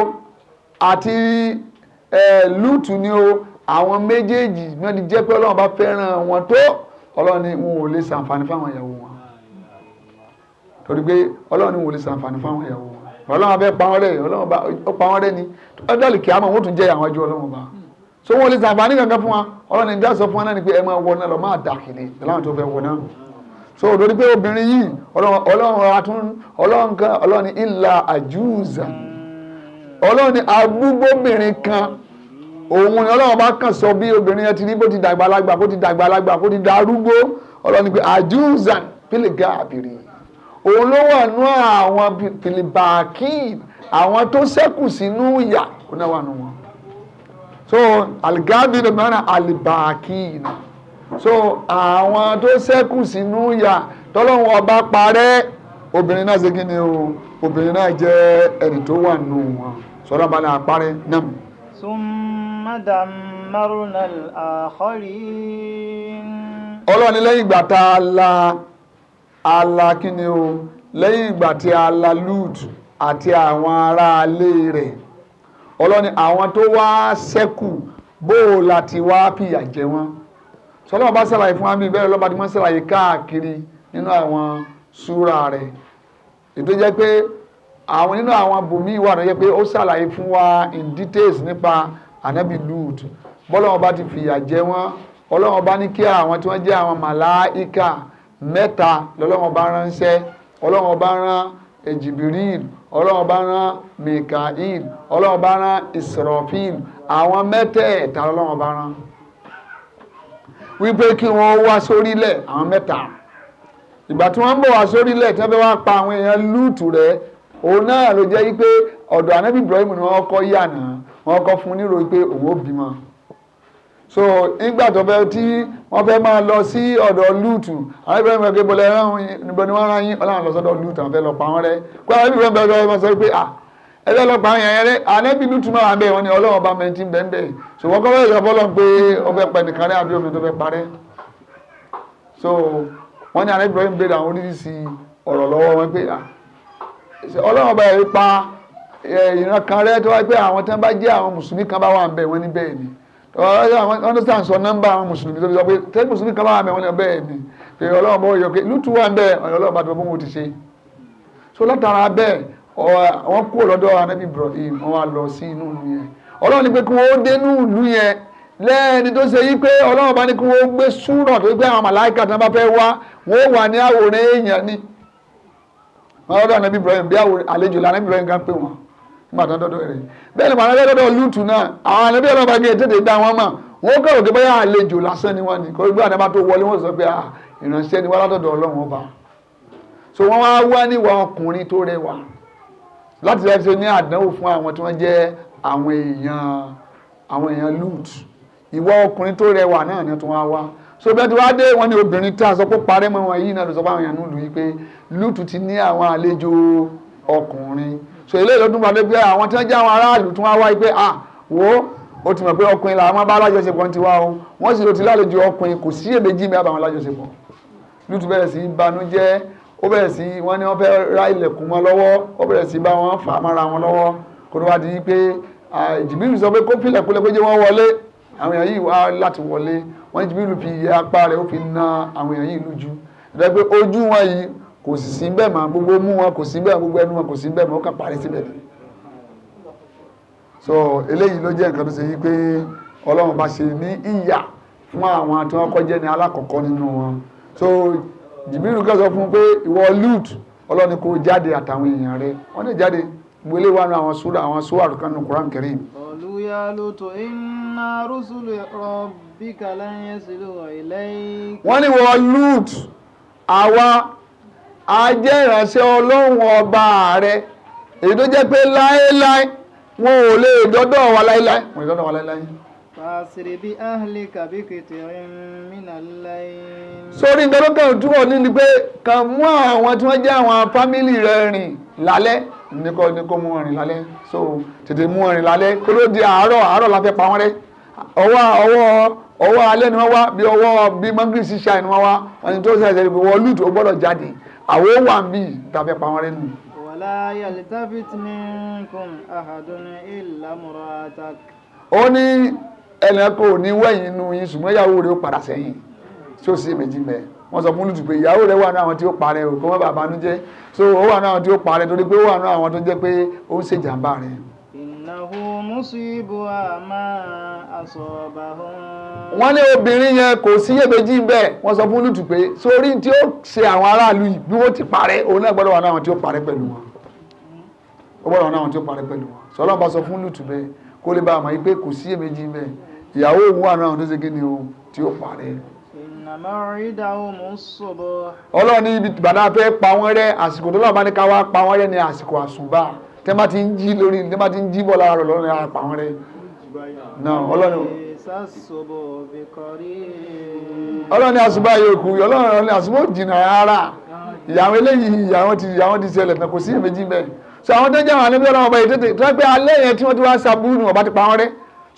àti lúùtù ni o àwọn méjèèjì náà ni jẹ́ pé ọlọ́run bá fẹ́ràn wọn tó ọlọ́run ni wọn ò lè ṣàǹfààní fáwọn ìyàwó wọn torí pé ọlọ́run ni wọn ò lè ṣàǹfààní fáwọn ìyàwó wọn ọlọ́run abẹ́ pa wọn rẹ̀ ọlọ́run pa wọn rẹ̀ ni ọjọ́ ìkẹ́ àmọ́ wọn tún jẹ́ àwọn ẹjọ́ ọlọ́run bá so wọn lè sàǹfààní kankan fún wa ọlọ́run ìjà sọ fún wa náà ni pé ẹ máa wọ náà lọ máa dà kiri láwọn tó fẹ́ wọ náà so òdòdó pé obìnrin yìí ọlọ́run atún ọlọ́run kan ọlọ́run ìlà àjúùzà ọlọ́run agbúgbóbìnrin kan òun ni ọlọ́run bá kàn sọ bí obìnrin yẹn ti rí bó ti dàgbàlagbà bó ti dàgbàlagbà bó ti darúgbó ọlọ́run pé àjúùzà pílígà àbìrì òun ló wà nú àwọn pìlìbàkì àwọn tó ṣẹ́kù sínú ìyà ó náà wà nù wọn so aligabi ló mẹ́rin alibakiina so àwọn tó ṣẹ́kù sínú yà tọ́lọ́run ọba parẹ́ obìnrin náà ṣe ni o obìnrin náà jẹ́ ẹni tó wà nù wọn sọ́dọ̀ bá náà parẹ́ náà. summa dammarna al ọlọ́ọ̀ni lẹ́yìn ìgbà tá a la a kí ni o lẹ́yìn ìgbà tí a la Lut àti àwọn ará alé rẹ̀ ọlọ́ni àwọn tó wá sẹ́kù bó o láti wá fìyà jẹ wọ́n sọlọ́wọ́n bá ṣàlàyé fún wa mi bẹ́ẹ̀ lọ́ba tí wọ́n ṣàlàyé káàkiri nínú àwọn súra rẹ̀ ètò jẹ́ pé àwọn nínú àwọn bùnmí wà ló jẹ́ pé ó ṣàlàyé fún wa in details nípa anabi lud bọ́lọ́wọ́n bá ti fìyà jẹ wọ́n ọlọ́wọ́n bá ní kí àwọn tí wọ́n jẹ́ àwọn màláìka mẹ́ta lọ́lọ́wọ́n bá ránṣẹ́ ọlọ́wọ́n bá rán Jibril ọlọ́run bá rán mikael ọlọ́run bá rán israfil àwọn mẹ́tẹ̀ẹ̀ta ọlọ́run bá rán wípé kí wọ́n wá sórílẹ̀ àwọn mẹ́ta ìgbà tí wọ́n ń bọ̀ wá sórílẹ̀ tí wọ́n fẹ́ wá pa àwọn èèyàn lúùtù rẹ̀ òun náà ló jẹ́ wípé ọ̀dọ̀ anábì Ibrahim ni wọ́n kọ́ yànà wọ́n kọ́ fún nírò wípé òun ó bímọ so nígbà tó fẹ́ tí wọ́n fẹ́ máa lọ sí ọ̀dọ̀ lúùtù àwọn ìbẹ̀rẹ̀ mọ̀ pé bọ̀lẹ̀ ẹ̀rọ níbo ni wọ́n rán yín ọlọ́run lọ sọ́dọ̀ lúùtù àwọn fẹ́ lọ pa wọ́n rẹ́ pé àwọn ìbẹ̀rẹ̀ bẹ̀rẹ̀ mọ̀ sọ pé à ẹgbẹ́ lọ pa àwọn yẹn rẹ́ ànẹ́bí lúùtù máa wà bẹ́ẹ̀ wọ́n ni ọlọ́run ọba mẹ́tí bẹ́ẹ̀ bẹ́ẹ̀ so wọ́n kọ́ fẹ́ sọ fọ́lọ́ pé ọbẹ̀ pẹ̀ nìkan rẹ́ àbí omi tó fẹ́ parẹ́ so wọ́n ní ànẹ́bí lọ́yìn bèrè àwọn oríṣiríṣi ọ̀rọ̀ lọ́wọ́ wọn pé ọlọ́run ọba yẹn pa ìran kan rẹ́ tó wáyé pé àwọn tán bá jẹ́ understand sọ nọ́mbà àwọn mùsùlùmí tó fi sọ pé tẹ́lẹ̀ mùsùlùmí kan láwọn àwọn ọbẹ̀ mi pé ọlọ́run bọ́ yọ pé lùtù wà ń bẹ̀ ọlọ́run bá ti bọ́ wọn ti ṣe so látara bẹ́ẹ̀ wọ́n kúrò lọ́dọ̀ anábì Ibrahim wọ́n wá lọ sí inú ìlú yẹn ọlọ́run ní pé kí wọ́n dé inú ìlú yẹn lẹ́ẹ̀ni tó ṣe yí pé ọlọ́run bá ní kí wọ́n gbé súnà tó gbé àwọn màláìka tí wọ́n bá fẹ́ wá wọ́n wà ní àwòrán èèyàn ni wọ́n lọ́dọ̀ anábì Ibrahim bí àlejò lànà Ibrahim kan pè wọ́n nígbà tó dọ́dọ̀ rẹ̀ bẹ́ẹ̀ ni màá dọ́dọ̀ lùtù náà àwọn àlẹ́ bí ọlọ́run bá gé e tètè dá wọn mọ̀ wọn kọ̀ òkè bóyá àlejò lásán ni wọ́n ní kọ́ gbọ́dọ̀ bá tó wọlé wọ́n sọ pé ah, ìránṣẹ́ ni wọ́n látọ̀dọ̀ ọlọ́run ọba so wọ́n wá wá níwà ọkùnrin tó rẹwà láti lè ṣe ní àdánwò fún àwọn tí wọ́n jẹ́ àwọn èèyàn àwọn èèyàn lùtù ìwà ọkùnrin tó rẹwà náà ni tó wá so bẹ́ẹ̀ tí wá dé wọ́n ní obìnrin tá a sọ pé parẹ́ mọ́ wọn yìí náà ló sọ fún àwọn èèyàn nílùú yìí pé lùtù ti ní àwọn àlejò ọkùnrin so eléyìí ló tún wà pé àwọn tí wọ́n jẹ́ àwọn aráàlú tún wá wáyé pé ah wo ó ti mọ̀ pé ọkùnrin làwọn máa bá alájọṣepọ̀ ti wá o wọ́n sì ló ti lálejò ọkùnrin kò sí èméjì mi àbàwọn alájọṣepọ̀ lùtù bẹ̀rẹ̀ sí banújẹ́ ó bẹ̀rẹ̀ sí wọ́n ní wọ́n fẹ́ ra ilẹ̀kùn mọ́ lọ́wọ́ ó bẹ̀rẹ̀ sí bá wọn fà mọ́ra wọn lọ́wọ́ kó ló wá di pé jìbìrì sọ pé kó pilẹ̀kulẹ̀ pé jẹ́ wọ́n wọlé àwọn èèyàn yìí wá láti wọlé wọ́n jìbìrì fi apá rẹ̀ ó fi na àwọn èèyàn yìí lójú ìdẹ́gbẹ́ ojú wọn yìí kò sì sí bẹ́ẹ̀ mọ́ gbogbo mú wọn kò sí bẹ́ẹ̀ gbogbo ẹnu wọn kò sí bẹ́ẹ̀ mọ́ ó kà parí síbẹ̀ ni so eléyìí ló jẹ́ nǹkan tó ṣe yí pé ọlọ́run bá ṣe ní ìyà fún àwọn tí wọ́n kọ́jẹ́ ní alákọ̀ọ́kọ́ nínú wọn so jìbìrì kan sọ fún un pé ìwọ lut ọlọ́run kò jáde àtàwọn èèyàn rẹ wọ́n lè jáde gbélé wà nù àwọn sùúrù àwọn sùúrù kan nù Quran Karim. olùyà lóto iná rúṣùlù rọ̀bì kàlàyé sílùú ilé. wọ́n ní wọ́n lut àwa a jẹ́ ìránṣẹ́ ọlọ́run ọba rẹ èyí tó jẹ́ pé láéláé wọn ò lè dọ́dọ̀ wa láéláé wọn ò lè dọ́dọ̀ wa láéláé. fàṣírí bí áhìlì kàbí kìtì mìíràn láyé. sórí nǹkan tó kàn túbọ̀ ní ni pé kàn mú àwọn tí wọ́n jẹ́ àwọn fámìlì rẹ rìn lálẹ́ ní kò kò mú rìn lálẹ́ so tètè mú wọn rìn lálẹ́ kó ló di àárọ̀ àárọ̀ la fẹ́ pa wọ́n rẹ́ ọwọ́ ọwọ́ ọwọ́ alẹ́ ni wọ́n wá bí ọwọ́ bí mọ́gìrì ṣíṣà ni wọ́n wá wọ́n tó ṣẹ̀ṣẹ̀ wọ́n lùtò gbọ́dọ̀ jáde àwọn wà ń bí tàbí pa wọn rẹ nù. wàlá yalitafit minkum ahadun illa muratak. ó ní ẹnìkan ò ní wẹ̀yìn nu yín ṣùgbọ́n ìyàwó rẹ̀ ó padà sẹ́yìn tí ó sì méjì mẹ́ wọ́n sọ fún lùtù ìyàwó rẹ̀ wà ní àwọn tí ó parẹ́ o kò bàbá nu jẹ́ so ó wà ní àwọn tí ó parẹ́ torí pé ó wà ní àwọn tó jẹ́ pé ó ń ṣèjàmbá rẹ̀. innahu musibuha máa wọ́n ní obìnrin yẹn kò sí iyèméjì bẹ́ẹ̀ wọ́n sọ fún lùtù pé sórí tí ó ṣe àwọn aráàlú yìí bí wọ́n ti parẹ́ òun náà gbọ́dọ̀ wà náà tí ó parẹ́ pẹ̀lú wọn ó gbọ́dọ̀ wà náà tí ó parẹ́ pẹ̀lú wọn sọlọ́n bá sọ fún lùtù bẹ́ẹ̀ kó lè bá àmọ́ yìí pé kò sí iyèméjì bẹ́ẹ̀ ìyàwó òun wà náà tó ṣe kí ni o tí ó parẹ́ ọlọ́run ní ibi bàdá fẹ́ pa wọ́n rẹ́ àsìkò tó lọ́wọ́ bá ní ká wá pa wọ́n rẹ́ ní náà ọlọ́run ọlọ́run ni àṣùbà yóò kú ọlọ́run ni àṣùbà jìnnà rárá ìyàwó eléyìí ìyàwó ti ìyàwó ti ṣẹlẹ̀ tán kò sí èméjì bẹ́ẹ̀ so àwọn tó jẹ́ àwọn àníbí ọlọ́run ọba ètò tó pé alẹ́ yẹn tí wọ́n ti wá sàbúrù ọba ti pa wọ́n rẹ́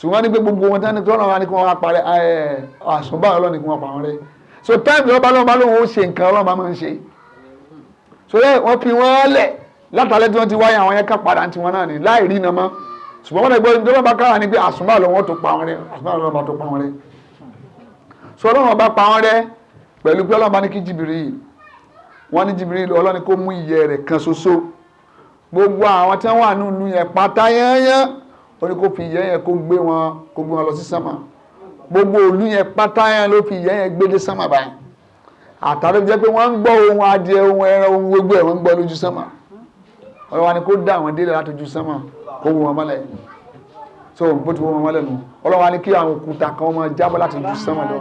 ṣùgbọ́n ní pé gbogbo wọn tán ni tọ́lọ́ wa ni kí wọ́n wá parẹ́ àṣùbà ọlọ́run ni kí wọ́n pa wọ́n rẹ́ so time ọba ọlọ́run bá lóun ó ṣe nǹkan ọlọ́run máa ń ṣe so yẹ wọ́n fi wọ́n lẹ̀ látàlẹ́ tí wọ́n ti wáyà àwọn yẹn ká padà tiwọn náà ni láì rí iná mọ́ ṣùgbọ́n wọn gbọ́ ní tó bá kára ni pé àsùnbà lọ́wọ́ tó pa wọn rẹ àsùnbà lọ́wọ́ tó pa wọn rẹ sọ ọlọ́run bá pa wọn rẹ pẹ̀lú pé ọlọ́run bá ní kí jìbìrì yìí wọ́n ní jìbìrì yìí ọlọ́run kó mú ìyẹ́ rẹ̀ kan ṣoṣo gbogbo àwọn tí wọ́n wà nínú yẹn pátá yẹ́nyẹ́n ó ní kó fi ìyẹ́ yẹn kó gbé wọn kó gbé wọn lọ sí sánmà gbogbo òlu yẹn pátá yẹn ló fi ìyẹ́ yẹn gbé dé sánmà báyìí àtàló jẹ́ pé wọ́n ń gbọ́ ohun adìẹ ohun ẹran ohun gbogbo ẹ̀ wọ́n ń gbọ́ lójú sánmà ọlọ́run kó dá àwọn délé láti sánmà kó wù wọn mọ́lẹ̀ so bó ti wù wọn mọ́lẹ̀ nù ọlọ́wà ní kí àwọn òkúta kan máa jábọ́ láti ju sánmà lọ.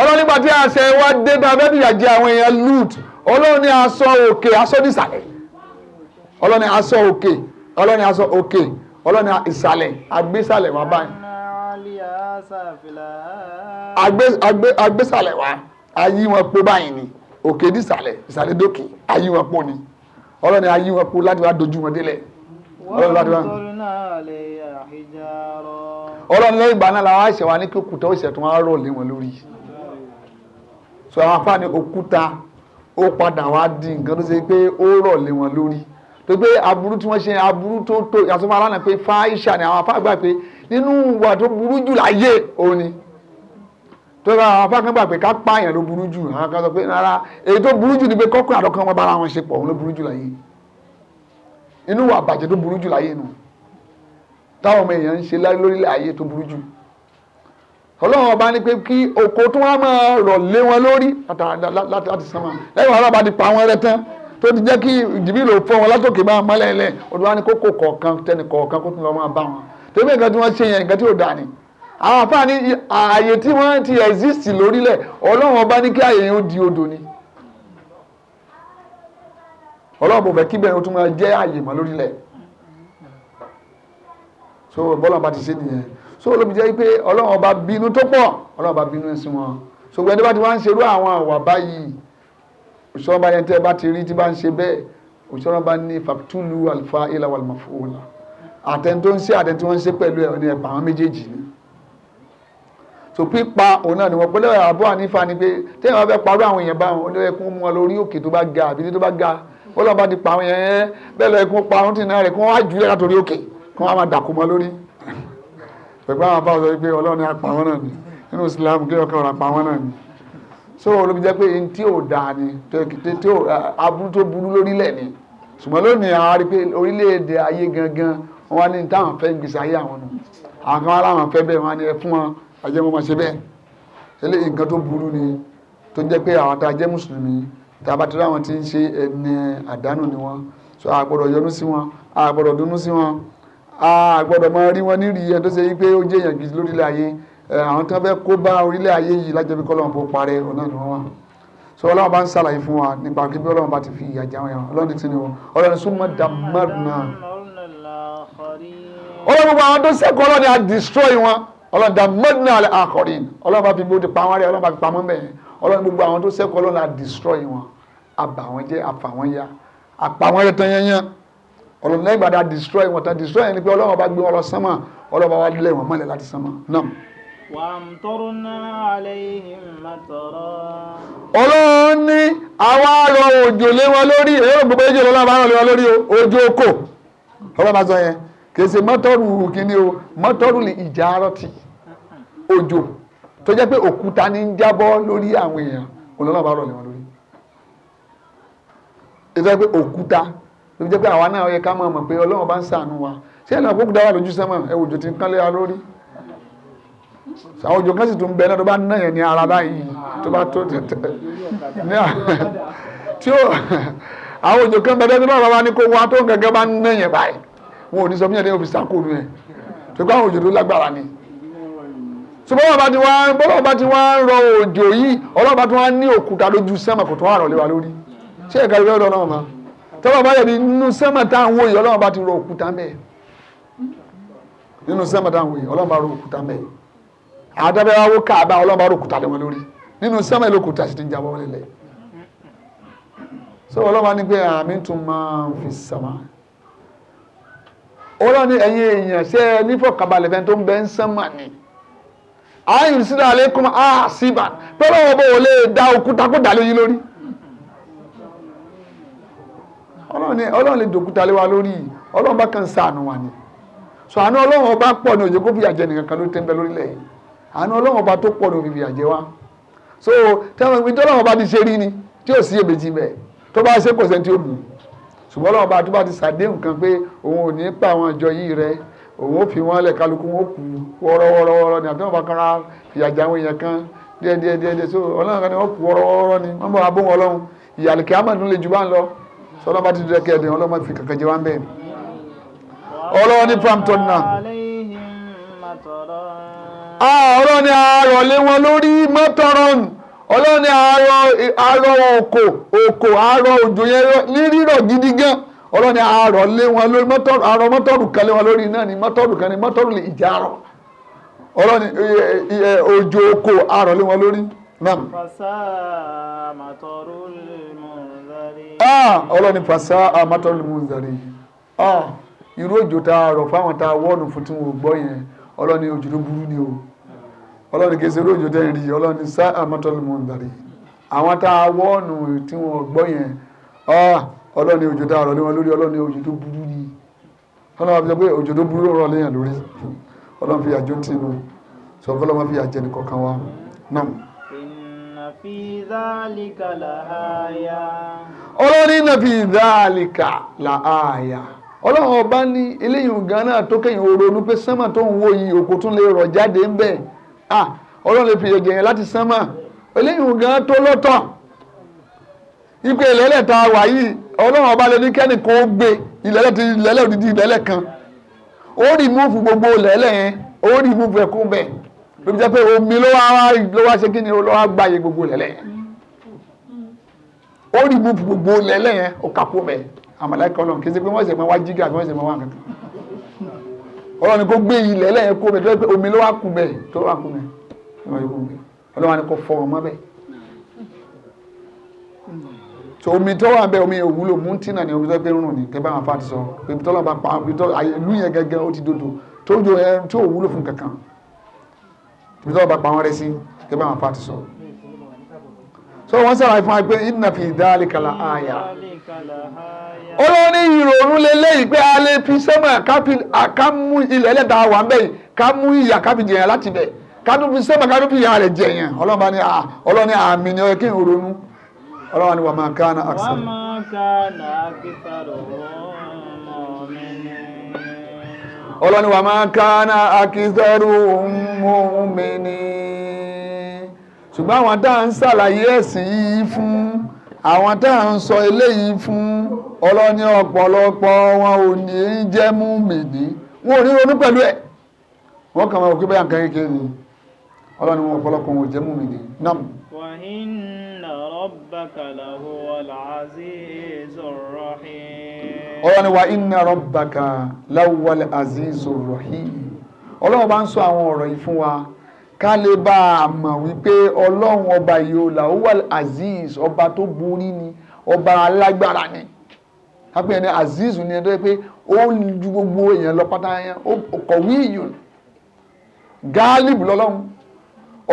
ọlọ́run nígbà tí a ṣe wá dé dábẹ́ bí ìyàjẹ́ àwọn èèyàn lut ọlọ́run ní aṣọ òkè aṣọ nísàlẹ̀ ọlọ́run ní aṣọ òkè ọlọ́run ní aṣọ òkè ọlọ́run ní ìsàlẹ̀ àgbésàlẹ̀ wà báyìí àgbésàlẹ̀ wà ayé wọn pé báyìí ni òkè ní ìsàlẹ̀ ìsàlẹ̀ dókè ayé wọn pọ̀ ni ọlọ́run ni ayé wọn pọ̀ láti wá dojú wọn délẹ̀ ọlọ́run láti wá. ọlọ́run lẹ́yìn ìgbà náà làwọn àṣẹ wa ní kí òkúta òṣìṣẹ́ tó máa rọ̀ wọn lórí so àwọn afáàní òkúta ó padà wá di nǹkan tó ṣe pé ó rọ̀ lé wọn lórí tó pé aburú tí wọ́n ṣe aburú tó tó ìyàsọ́fà lánàá pé fáìṣà ni àwọn afáàgbà pé nínú ìwà tó burú jù láyé òun ni tó bá àwọn afáàkàn gbà pé ká pààyàn ló burú jù àwọn kan sọ pé rárá èyí tó burú jù ni pé kọ́kùnrin àdọ́kan wọn bára wọn ṣe pọ̀ òun ló burú jù láyé inú wa bàjẹ́ tó burú jù láyé nù táwọn ọmọ èèyàn ń ṣe lórílẹ̀ ayé tó burú jù ọlọ́run ọba ní pé kí oko tó wá máa rọ̀ lé wọn lórí láti sánmà lẹ́yìn wàhálà bá ti pa wọn rẹ tán tó ti jẹ́ kí ìdìbìlò fọ́ wọn látòkè máa mọ́lẹ̀ lẹ̀ odò wa ní kókó kọ̀ọ̀kan tẹnì kọ̀ọ̀kan kó tún lọ́ máa àwọn àfáà ní ààyè tí wọ́n ti exist lórílẹ̀ ọlọ́run ọba ní kí ààyè yẹn ó di odò ni ọlọ́run bò fẹ́ kí bẹ́ẹ̀ ó tún máa jẹ́ ààyè mọ́ lórílẹ̀ so bọ́lá bá ti ṣe nìyẹn so olóbi jẹ́ pé ọlọ́run ọba bínú tó pọ̀ ọlọ́run ọba bínú sí wọn so gbẹ́ni bá ti wá ń ṣerú àwọn àwà báyìí òṣìṣẹ́ ọba yẹn tẹ́ bá ti rí tí bá ń ṣe bẹ́ẹ̀ òṣìṣẹ́ ọba ní fàtúlù àlùfáà ìlà wàlùmọ̀fọ́ọ̀là àtẹ̀ntó ń pẹ̀lú ẹ̀ ní ẹ̀pà àwọn méjèèjì ni so pípa òun náà ni wọ́n pẹ́ lọ́wọ́ àbọ̀ ànífà ni pé téèyàn bá fẹ́ parọ́ àwọn èèyàn báwọn olóyè kún mú wọn lórí òkè tó bá ga àbí tó bá ga ó lọ́ọ́ bá ti pa àwọn èèyàn yẹn bẹ́ẹ̀ lọ́ọ́ kún pa àwọn tí náà rẹ̀ kún wọ́n á jù látòrí òkè kún wọ́n máa dàkú mọ́ lórí. pẹ̀lú àwọn afáwọn sọ pé ọlọ́run á pa wọn náà ni nínú Islam kí ọkàn ọ̀rọ̀ pa wọn náà ni. so olóbi jẹ́ pé n tí ò dáa ni tí ò aburú tó burú lórílẹ̀ ni ṣùgbọ́n lónìí àwọn arí pé orílẹ̀-èdè ayé gangan wọn ní táwọn fẹ́ gbèsè ayé àwọn nù àwọn kan wọn láwọn fẹ́ bẹ́ẹ̀ wọn á ẹ fún wọn ajẹ́ mo máa ṣe bẹ́ẹ̀ eléyìí nǹkan tó burú ni tó jẹ́ pé àwọn tá a jẹ́ mùsùlùmí tá a bá tẹ́lẹ̀ àwọn tí ń ṣe ẹni àdánù ni wọ́n so a gbọ́dọ̀ yọnu sí wọn a gbọ́dọ̀ dunnú sí wọn a gbọ́dọ̀ máa rí wọn nírí ẹni tó ṣe yí pé ó jẹ́ èèyàn gidi lórílẹ̀ ayé àwọn tó fẹ́ kó bá orílẹ̀ ayé yìí lájẹbí kọ́lọ́run bó parẹ́ ọ̀nà ni wọ́n wà so ọlọ́run bá ń ṣàlàyé fún wa nípa kí bí ọlọ́run bá ti fi ìyà jẹ àwọn èèyàn ọlọ́run ti ní wọn ọlọ́run súnmọ́ dàmọ́rùn náà ọlọ́run gbogbo àwọn tó ṣẹ́kọ̀ọ́ ọlọ́run á destroy wọn ọlọ́run dá mọ́dúnà alẹ́ àkọ́rin ọlọ́run bá fi gbogbo ti pa wọ́n rẹ̀ ọlọ́run bá fi pamọ́ mẹ́yẹn ọlọ́run gbogbo àwọn tó sẹ́kọ̀ọ́ ọlọ́run la destroy wọn àbà wọn jẹ́ àfà wọn ya àpà wọn rẹ̀ tán yẹnyẹn ọlọ́run lẹ́yìn gbàdá destroy wọn tán destroy yẹn ni pé ọlọ́run bá gbé wọn lọ sánmà ọlọ́run bá wá lé wọn mọ́lẹ̀ láti sánmà náà. ọlọ́run ní àwa rọ òjò lé wọn lórí èrò gbogbo ẹjọ́ lọ́la bá lé wọn lórí òjò oko ọlọ́run bá kèsè mọ́tọ́rù kini o mọ́tọ́rù lè ìjà arọ́tì òjò tó jẹ́ pé òkúta ní ń jábọ́ lórí àwọn èèyàn olólùbá rọ̀ lé wọn lórí. ètò pé òkúta tó jẹ́ pé àwa náà yẹ ká mọ̀ mọ̀ pé ọlọ́run bá ń ṣàánú wa ṣé ẹ̀ náà kó kúta wà lójú sẹ́mọ̀ ẹ̀ òjò ti ń kán lé wa lórí. àwọn òjò kan sì tún bẹ náà tó bá ná yẹn ní ara báyìí tó bá tó tẹ̀tẹ̀ tí ó àwọn òjò kan bẹ bẹ́ẹ̀ tó bá wà ní kó wa tó gẹ́gẹ́ bá ná yẹn báyìí wọn ò ní sọ fún yẹn ní òfin sàkó nu ẹ̀ òjò tó lágbára ni. ṣùgbọ́n ọba ti wá bọ́lá ọba ti wá ń rọ òjò yìí ọlọ́ba ti wá ní òkúta lójú sẹ́mà kò tó wà rọ̀lẹ́ wa lórí ṣé ẹ̀ka lórí ọ̀dọ́ náà ma tọ́lá ọba yẹ ni nínú sẹ́mà tá à ń wò yìí ọlọ́ba ti rọ òkúta mẹ́ẹ̀ nínú sẹ́mà tá à ń wò yìí ọlọ́ba rọ òkúta mẹ́ẹ̀ àdàbẹ̀ wa wó káàbà ọlọ́ba rọ òkúta lé wọn lórí nínú sẹ́mà ìlókúta sì ti ń jábọ́ wọlé lẹ́yìn so ọlọ́ba ní pé àmì tún máa ń fi sàmà ọlọ́ni ẹ̀yin èèyàn ṣe é nífọ̀kànbalẹ̀ fẹ́ tó ń bẹ ń sánmà ni ààyùn sílẹ̀ àlékún àṣìbà pẹ́lú ọ̀bọ̀ ò lè da òkúta kó dà lóyún lórí ọlọ́ni ọlọ́run dòkúta lé wa lórí ọlọ́run bá kàn ṣàánú wa ni sọ àánú ọlọ́run ọba pọ̀ ní òjò kó fìyà jẹ nìkan kan ló tẹ́ ń bẹ lórílẹ̀ yìí àánú ọlọ́run ọba tó pọ̀ ní òfin fìyà wa so tẹ́wọ̀n ìgbìntàn ọlọ́run ọba ti ṣe rí ni tí ò sí èbèjì ṣùgbọ́n lọ́wọ́ bá tó bá ti ṣàdéhùn kan pé òun ò ní pa àwọn ìjọ yìí rẹ òun ó fi wọn lẹ̀ kálukú wọn kú wọ́rọ́wọ́rọ́ ni àti wọn bá kanra fìyàjà àwọn èèyàn kan díẹ̀díẹ̀ díẹ̀díẹ̀ so ọlọ́run kan ni wọ́n kú wọ́rọ́wọ́rọ́ ni wọ́n bọ̀ abó wọn lọ́hùn ìyàlùkẹ́ amadu lè ju bá ń lọ sọlọ́ bá ti dúdú ẹkẹ́ ẹ̀dẹ̀ ọlọ́run fi kankan jẹ wá ń ọlọ́run ni àárọ̀ ah, lé ọlọ́run arọ oko oko arọ òjò yẹn ní rírọ̀ gidi gan ọlọ́run arọ lé wọn lórí mọ́tọ́rù arọ mọ́tọ́rù kan lé wọn lórí náà ní mọ́tọ́rù kan mọ́tọ́rù lè arọ lé wọn lórí náà. fasa ah, ọlọ́run ní fasa amatọru ah, irú òjò tá a rọ̀ fáwọn tá a wọ́ọ̀nù fún tí wọ́n gbọ́ ọlọ́ni kìí ṣe róòjò tẹ́ ń rí ọlọ́ni sá àmọ́tọ́lù mọ̀ ń darí àwọn tá a wọ́ọ̀nù tí wọ́n gbọ́ yẹn ọlọ́ni òjò tá a rọ̀ lé wọn lórí ọlọ́ni òjò tó burú ni ọlọ́ni wa fi sọ pé òjò tó burú rọ̀ léyàn lórí ọlọ́ni fi àjọ tì nù sọ fọlọ́ wọn fi àjẹ nìkan kan wa náà. ọlọ́ni nàfi ìdáàlìkà làáyà ọlọ́run ọba ní eléyìí ganan tó kẹ́yìn oronú pé sẹ́mà tó ń wo yìí òkú tún lè rọ̀ jáde ń bẹ́ẹ̀ Ah, ọlọ́run lè fi yege yẹn láti sán mọ́ eléyìí gan tó lọ́tọ̀ ipe ìlẹ́lẹ̀ tá a wà yìí ọlọ́run ọba lè ní kẹ́nìkan ó gbé ìlẹ́lẹ̀ ti ìlẹ́lẹ̀ òdìdí ìlẹ́lẹ̀ kan ó rí múfù gbogbo ìlẹ́lẹ̀ yẹn ó rí múfù ẹ̀kú bẹ̀ lóbi jẹ́ pé omi ló wá ló wá ṣe kí ni ló wá gba iye gbogbo ìlẹ́lẹ̀ yẹn ó rí múfù gbogbo ìlẹ́lẹ̀ yẹn ó kàkó bẹ̀ àmàlẹ́kọ̀ọ́ lọ́n kí n ṣe pé wọ́n ṣe máa wá jígà wọ́n ṣe máa wá nǹkan kan ọlọ́run kó gbé ilẹ̀ lẹ́yìn kó bẹ̀ tó pé omi ló wá kú bẹ̀ tó wá kú bẹ̀ ọlọ́run ni kò fọ wọn mọ́ bẹ̀ tó omi tó wà bẹ̀ omi òwúlò múntínà ni omi tó pé rùn ní kẹbẹ́ àwọn afáàtì sọ pé tó lọ́ba pa omi tó ìlú yẹn gẹ́gẹ́ ó ti dodo tó jọ tó òwúlò fún kankan ibi tó lọ́ba pa wọn rẹ sí kẹbẹ́ àwọn afáàtì sọ so wọ́n sàlàyé fún wa pé fi dhalika la àyà olórí ìrònú lélẹ́yìí pé a lè fi sẹ́mọ̀ ká mú ilẹ̀ ẹlẹ́ta wà bẹ́ẹ̀ ká mú ìyà ká fi jẹ̀yàn láti bẹ̀ ká tún fi sẹ́mọ̀ ká tún fi ìyà rẹ̀ jẹ̀yàn ọlọ́run bá ní ah, ọlọ́run àmì ni ó yẹ kí n ronú ọlọ́run ni wà máa ká náà àkṣà. wọ́n máa ká náà kí sàrọ̀ wọ́n mi ní. ọlọ́run ni wà máa ká náà akíntẹ́rù mú mi ní. ṣùgbọ́n àwọn tá àwọn tá à ń sọ eléyìí fún ọlọ́ni ọ̀pọ̀lọpọ̀ wọn ò ní jẹ́ mú mi ní wọn ò ní ronú pẹ̀lú ẹ̀ wọ́n kàn máa wò bẹ́ẹ̀ nǹkan ni ọlọ́ni wọn ọ̀pọ̀lọpọ̀ wọn ò jẹ́ mú mi ní nam. wa inna ọlọ́ni ká lè bá a mọ̀ wípé ọlọ́run ọba ìyóòlà owal aziz ọba tó borí ni ọba alágbára ni kápẹ́ ẹni aziz ni ẹni tó yẹ pé ó ń ju gbogbo èèyàn lọ pátá yẹn ó kọ̀wé ìyún gálíbù lọ́lọ́run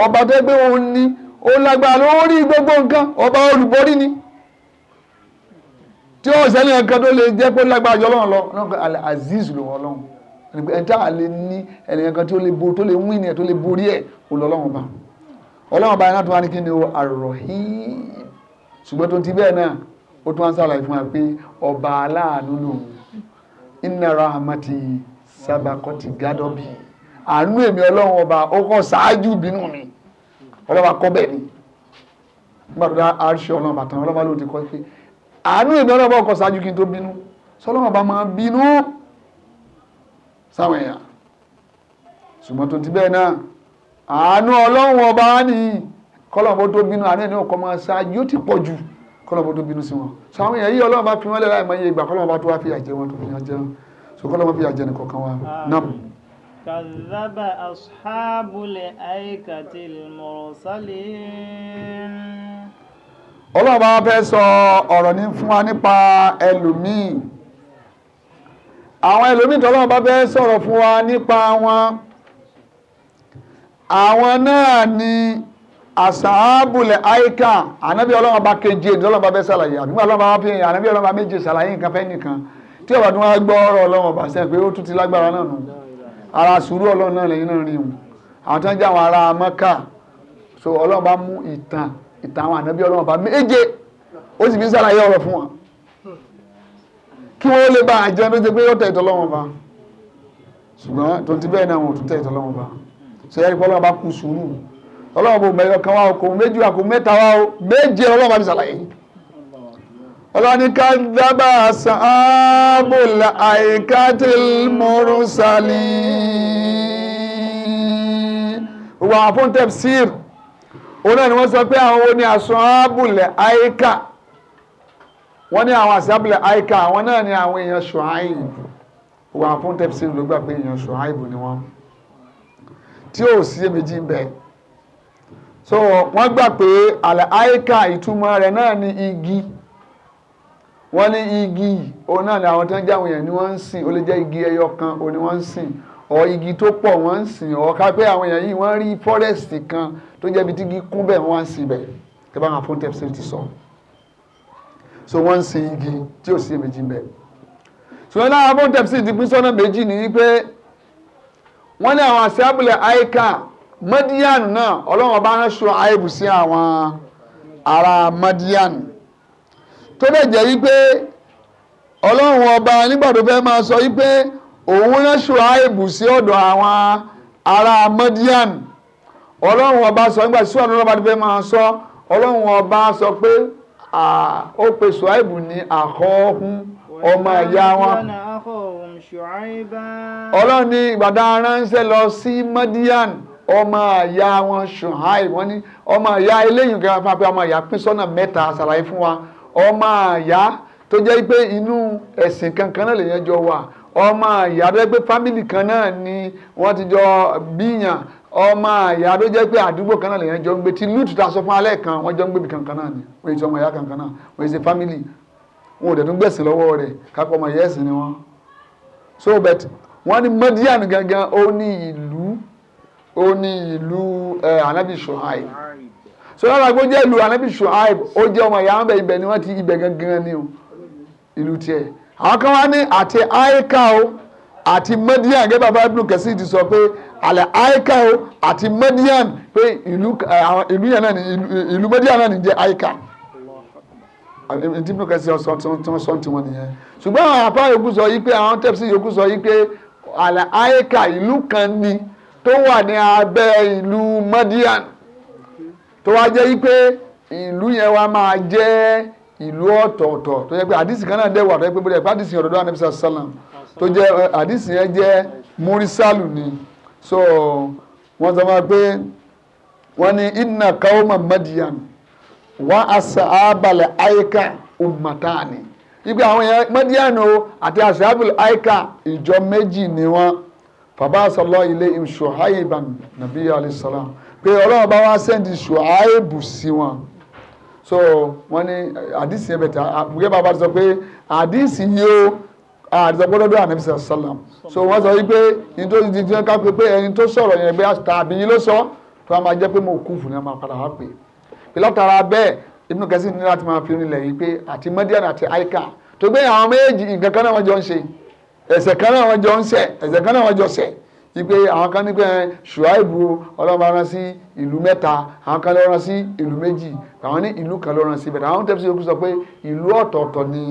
ọba tó yẹ pé òun ni ó lágbára lórí gbogbo nǹkan ọba olùborí ni tí ó sẹ́ni ẹ̀ka tó lè jẹ́ pé lágbára jọ lọ́run lọ aziz lòun ọlọ́run ẹni tá a lè ní ẹnìkan kan tó lè bo tó lè tó lè borí ẹ̀ olọ́lọ́wọ́n bá ọlọ́wọ́n bá iná tó wá ní kí ni o àròhìn ṣùgbọ́n tó ti bẹ́ẹ̀ náà ó tún wá ń sàlàyé fún wa pé ọba aláàánú lòun inna rahmati sabakoti gadobi àánú èmi ọlọ́run ọba ó kọ́ ṣáájú bínú mi ọlọ́ba kọ́ bẹ́ẹ̀ ni nígbà tó dá àṣẹ ọlọ́run bàtàn ọlọ́ba ló ti kọ́ pé àánú èmi ọlọ́run ọba ó kọ́ ṣáájú kí n tó bínú sọlọ́run ọba máa bínú sáwọn èèyàn ṣùgbọ́n tó ti bẹ́ẹ̀ náà àánú ọlọ́run ọba ni kọ́lọ̀mọ́ tó bínú àánú ẹni ọkọ̀ máa ṣáájú yóò ti pọ̀ jù kọ́lọ̀mọ́ tó bínú sí wọn sáwọn èèyàn yìí ọlọ́run bá fi wọ́n lẹ́la ìmọ̀ iye ìgbà kọ́lọ̀mọ́ bá tó wá fìyà jẹ wọn tó fìyà jẹ wọn so kọ́lọ̀mọ́ fìyà jẹ nìkan kan wa nam. kàzábà aṣáàbùlẹ̀ àìkàtì mọ̀rọ̀sálẹ̀. ọlọ́run bá fẹ́ sọ ọ̀rọ̀ ní fún wa nípa ẹlòmíì àwọn ẹlòmíì tọ́lọ́run bá fẹ́ sọ̀rọ̀ fún wa nípa wọn àwọn náà ni asaabule aika anabi ọlọ́run bá keje ọlọ́run bá fẹ́ ṣàlàyé àbí ọlọ́run bá fi anabi ọlọ́run bá méje ṣàlàyé nǹkan fẹ́ nìkan tí ọba tí wọ́n gbọ́ ọ̀rọ̀ ọlọ́run ọba sẹ pé ó tún ti lágbára náà nù ara sùúrù ọlọ́run náà lẹ́yìn náà rí wọn àwọn tí wọ́n jẹ́ àwọn ará mọ́kà so ọlọ́run bá mú ìtàn ìtàn àwọn anabi ọlọ́run bá méje ó sì fi ṣàlàyé ọ̀rọ̀ fún wọn kí wọ́n lè bá àjẹ́ tó ṣe pé yóò tẹ̀ ìtọ́ lọ́wọ́n bá ṣùgbọ́n tó ti bẹ́ẹ̀ náà wọn tún tẹ̀ lọ́wọ́n bá ṣe yẹ́rì pé bá kú sùúrù ọlọ́run bò mẹ́yọ kan wá okòó méjì wá mẹ́ta wá ó méje ọlọ́run bá ti ṣàlàyé ọlọ́run ní ká dábà sàábòlà àìkáàtì mọ́rúsálì wà fún tẹ̀síìr òun náà ni wọ́n sọ pé àwọn oní àsọ̀ábùlẹ̀ àìkáà wọ́n ní àwọn àṣàbílẹ̀ àìkà àwọn náà ní àwọn èèyàn ṣùháìb wà fún tẹ́fsì ló gbà pé èèyàn ṣùháìb ni wọ́n tí ò sí èméjì bẹ so wọ́n gbà pé àlẹ́ àìkà ìtumọ̀ rẹ̀ náà ní igi wọ́n ní igi òun náà ni àwọn tó ń jẹ́ àwọn èèyàn ni wọ́n ń sìn ó lè jẹ́ igi ẹyọ kan òun ni wọ́n ń sìn ọ igi tó pọ̀ wọ́n ń sìn ọ ká pé àwọn èèyàn yìí wọ́n rí fọ́rẹ́sì kan tó jẹ́ ibi tí igi kún bẹ́ẹ̀ wọ́n ń sìn bẹ́ẹ̀ tẹ́ bá wọn fún tẹ́fsì ti sọ. So so wọ́n ń sin igi tí ò sí èméjì ń bẹ̀. ṣùgbọ́n náà abọ́n tẹ̀sí ti pín sọ́nà méjì ní wípé wọ́n ní àwọn àṣàbùlẹ̀ àyíká madian náà ọlọ́run ọba ránṣọ àyèbù sí àwọn ará madian tó bẹ̀ jẹ́ wípé ọlọ́run ọba nígbà tó fẹ́ máa sọ wípé òun ránṣọ àyèbù sí ọ̀dọ̀ àwọn ará madian ọlọ́run ọba sọ nígbà tí sọ́ọ̀nù ọlọ́ba tó fẹ́ máa sọ ọlọ́run ọba sọ pé ó pe Ṣuaibu ní àkọ́ọ̀hún ọmọ ìyá wọn. ọlọ́run ní ìgbàdá aránṣẹ́ lọ sí Madian ọmọ ìyá wọn Ṣuaibu wọ́n ní ọmọ ìyá eléyìí kan fún apẹ́ ọmọ ìyá pín sọ́nà mẹ́ta ṣàlàyé fún wa ọmọ ìyá tó jẹ́ pé inú ẹ̀sìn kankan náà lèyàn jọ wà ọmọ ìyá tó jẹ́ pé fámìlì kan náà ni wọ́n ti jọ bíyàn ọmọ àyà ló jẹ pé àdúgbò kan náà lèyàn jọ ń gbé tí ta sọ fún alẹ kan wọ́n jọ ń gbé bí kankan náà ni wọ́n yìí tí ọmọ ìyá kankan náà yìí family wọn ò dẹ̀ tún gbẹ̀sìn lọ́wọ́ rẹ̀ kápọ̀ ni wọn so bet Madian gangan ó ní ìlú ó ní ìlú so lára jẹ́ ìlú anabi ó jẹ́ ọmọ ìyá wọn ibẹ̀ ni ti ibẹ̀ gangan ni o ìlú tiẹ̀ àwọn kan wá àti Madian gẹ́gẹ́ bàbá ibùdó kẹsí ti sọ pé àlẹ́ aika o àti Madian pé ìlú ìlú yẹn náà ni ìlú Madian náà ni jẹ́ aika ìdíbò kẹsí ọ̀sán tí wọ́n nìyẹn ṣùgbọ́n àwọn apá yòókù sọ yí pé àwọn tẹ́pìsì yòókù sọ yí pé àlẹ́ aika ìlú kan ni tó wà ní abẹ́ ìlú Madian tó wá jẹ́ yí pé ìlú yẹn wá máa jẹ́ ìlú ọ̀tọ̀ọ̀tọ̀ tó yẹ pé àdìsí kan náà dẹ̀ wà tó yẹ pé bóyá tó jẹ́ àdìsí yẹn jẹ́ múrísàlù ni so wọ́n sọ ma pé wọ́n ní inna kauma madiyan wọ́n asa abalẹ̀ aika ummatani ibi àwọn yẹn madiyan o àti asa abalẹ̀ aika ìjọ méjì ni wọ́n bàbá sọlọ ilé ṣùháìbàn nàbí alẹ́sọ̀lá pé ọlọ́run bá wá sẹ́ndì ṣùháìbù sí wọn so wọ́n ní àdìsí yẹn bẹ̀tẹ̀ àbúkẹ́ bàbá sọ pé àdìsí yìí o àdìsọ́pọ̀ lọ́dọ̀ ànábì sàlám so wọ́n sọ wípé ní tó ti tiẹ́ ká pé pé ẹni tó sọ̀rọ̀ yẹn pé tàbí yín ló sọ tó a máa jẹ́ pé mo kú fún ní a máa padà wá pè é látara bẹ́ẹ̀ inú kẹsì ní láti máa fi rinlẹ̀ yìí pé àti madian àti aika tó gbé àwọn méjì nǹkan kan náà wọ́n jọ ń ṣe ẹ̀ṣẹ̀ kan náà wọ́n jọ ń ṣẹ̀ ẹ̀ṣẹ̀ kan náà wọ́n jọ ṣẹ̀ ipe àwọn kan ní ṣùáìbù eh, ọlọ́mọ rán sí ìlú mẹ́ta àwọn kan ló rán sí ìlú méjì àwọn ní ìlú kan ló rán sí bẹ̀rẹ̀ àwọn tẹ́fù sọ pé ìlú ọ̀tọ̀ọ̀tọ̀ ni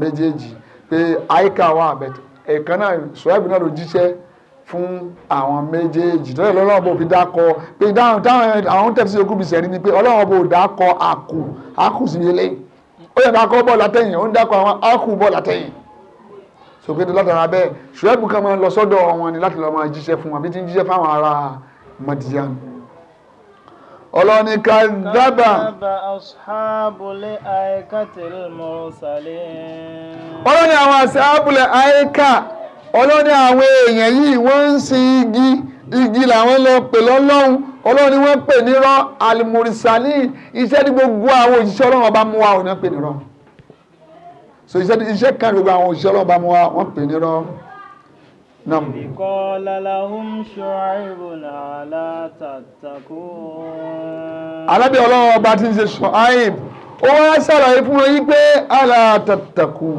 méjèèjì pé àyíká wa àbẹ̀tò ẹ̀ẹ̀kan náà sọ́ẹ̀bù náà ló jíṣẹ́ fún àwọn méjèèjì tó yẹ lọ́wọ́ bò fi dákọ pé dáhùn táwọn àwọn tẹ̀sí yòókù bìí sẹ́rí ni pé ọlọ́wọ́ bò dákọ àkù àkù sí ilé ó yẹ dákọ bọ́ọ̀lù àtẹ̀yìn ó ń dákọ àwọn àkù bọ́ọ̀lù àtẹ̀yìn sòkéde látara bẹ́ẹ̀ sọ́ẹ̀bù kan máa lọ sọ́dọ̀ wọn ni láti lọ́ọ́ máa jíṣẹ́ fún wọn bí ti ń jíṣẹ́ fáwọn ará mọ̀díyàn ọlọ́ni ká dábà. ọlọ́ni àwọn àṣàbùlẹ̀ àyíká ọlọ́ni àwọn èèyàn yìí wọ́n ń sin igi igi làwọn lọ pè lọ́lọ́run ọlọ́ni wọ́n pè nírọ́ alimọ̀rìsálì iṣẹ́ ní gbogbo àwọn òṣìṣẹ́ ọlọ́run ọba mú wa ò ní pè nírọ́ so iṣẹ́ kan gbogbo àwọn òṣìṣẹ́ ọlọ́run ọba mú wa wọ́n pè nírọ́. نعم إذ قال لهم شعيب ألا تتقون alábí ọlọ́wọ́ ọba tí ń ṣe ṣọ́áìb ó wá ṣàlàyé fún wọn yìí pé aláàtàkù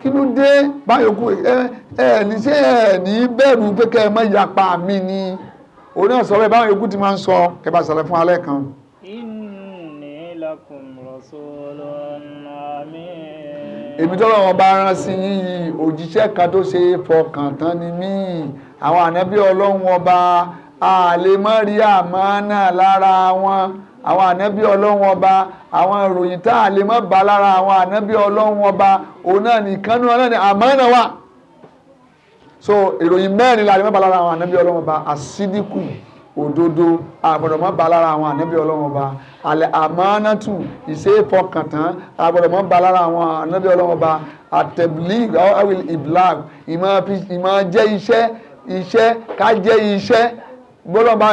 kí ló dé báyọ̀ kú ẹ ẹ ní ṣé ẹ ní bẹ̀rù pé ẹ má yapa mi ni òun náà sọ báwọn yòókù ti máa ń sọ ẹ bá fún alẹ́ kan. Inni lakum rasulun amin èmi tọ́lọ́ wọn bá rán sí yíyí òjíṣẹ́ kan tó ṣe é fọkàn tán ni mí àwọn ànábí ọlọ́run ọba àlèmọ́rí àmánà lára wọn àwọn ànábí ọlọ́run ọba àwọn ìròyìn tá àlèmọ́ bá lára àwọn ànábí ọlọ́run ọba òun náà nìkan náà náà ni àmánà wà so ìròyìn mẹ́rin la àlèmọ́ bá lára àwọn ànábí ọlọ́run ọba àsídìkù òdodo àgbọ̀dọ̀ mọ́ ba lára àwọn ànábì ọlọ́run ọba àlẹ́ àmánátù ìṣèfọkàntán àgbọ̀dọ̀ mọ́ ba lára àwọn ànábì ọlọ́run ọba àtẹ̀blí awil iblag ìmọ̀ jẹ́ iṣẹ́ iṣẹ́ ká jẹ́ iṣẹ́ gbọ́dọ̀ba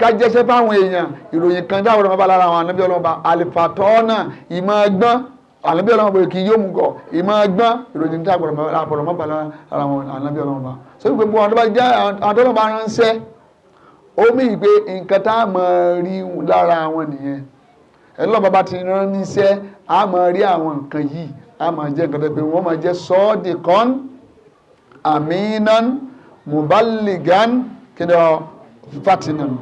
ká jẹ́ṣẹ́ fáwọn èèyàn ìròyìn kan táwọn ọlọ́run ọba lára àwọn ànábì ọlọ́run ọba àlìfàtọ́ náà ìmọ̀ gbọ́n ànábì ọlọ́run ọba kì í yóò mú kọ ìmọ̀ gbọ́n ìròyìn táwọn ọlọ́run ọba lára àwọn ànábì ọlọ́run ọba ó mí ìgbé nǹkan tá a mọ̀ rí lára àwọn nìyẹn ẹlọ́ba bá ti rán níṣẹ́ a mọ̀ rí àwọn nǹkan yìí a mọ̀ jẹ́ nǹkan tó pé wọ́n mọ̀ jẹ́ sọ́ọ́dì kan aminan mubaligan kíni ọ fatinan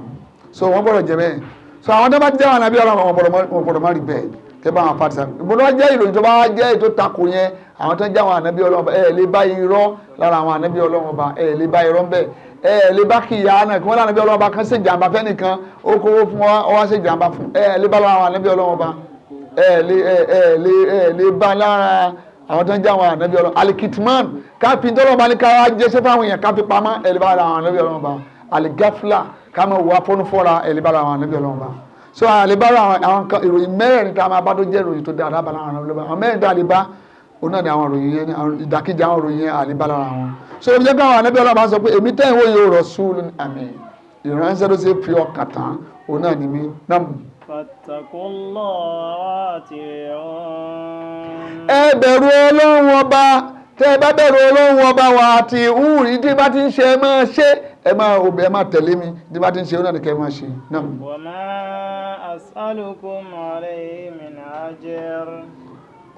so wọ́n gbọ́dọ̀ jẹ́ bẹ́ẹ̀ so àwọn tó bá jẹ́ àwọn àbí ọlọ́run wọn gbọ́dọ̀ má rí bẹ́ẹ̀ kẹba àwọn apáti sáré ìbọn wọn jẹ ìròyìn tó bá jẹ ètò tako yẹn àwọn tó ń jẹ àwọn ànábí Ọlọ́run ẹ lè bá irọ́ lára àwọn ànábí Ọlọ́run ọba ẹ lè bá irọ́ bẹ́ẹ̀ ẹ ẹ lè bá kí ìyá náà kí wọ́n lànà bí ọlọ́wọ́ bá kán ṣe ìjàmbá fẹ́nìkan ó kówó fún wa ó wá ṣe ìjàmbá fún ẹ ẹ lè bá lára àwọn ànábì ọlọ́wọ́ bá ẹ ẹ lè ẹ ẹ lè bá lára àwọn tó ń jẹ́ àwọn ànábì ọlọ́wọ́ alikitman káfí tọ́lọ́ba ní ká wá jẹ́ sẹ́fà àwọn èèyàn káfí pamọ́ ẹ lè bá lára àwọn ànábì ọlọ́wọ́ bá aligafla káma wò afọ́nufọ́ra ẹ lè bá lára àwọn ànábì ọlọ́wọ́ bá so àwọn ìròyìn mẹ́rin tá a máa bá tó jẹ́ ìròyìn tó dáa lábàlá àwọn ọlọ́wọ́ àwọn mẹ́rin tá a bá òun náà ni àwọn ròyìn yẹn ìdàkejì àwọn ròyìn yẹn àníbàlá ara wọn so ebi jẹ́ pé àwọn anábìyàn ọlọ́run sọ pé èmi tẹ́ ìwé yìí rọ̀ sùúrù àmì ìránṣẹ́ ló ṣe fi ọkàn tán òun náà ni mí náà mú. ẹ bẹ̀rù ọlọ́run ọba tẹ́ ẹ bá bẹ̀rù ọlọ́run ọba wà àti ìhùrì tí bá ti ń ṣe ẹ máa ṣe ẹ máa obì ẹ máa tẹ̀lé mi tí bá ti ń ṣe ó ni kẹ́ ẹ máa ṣe náà mú. wàmà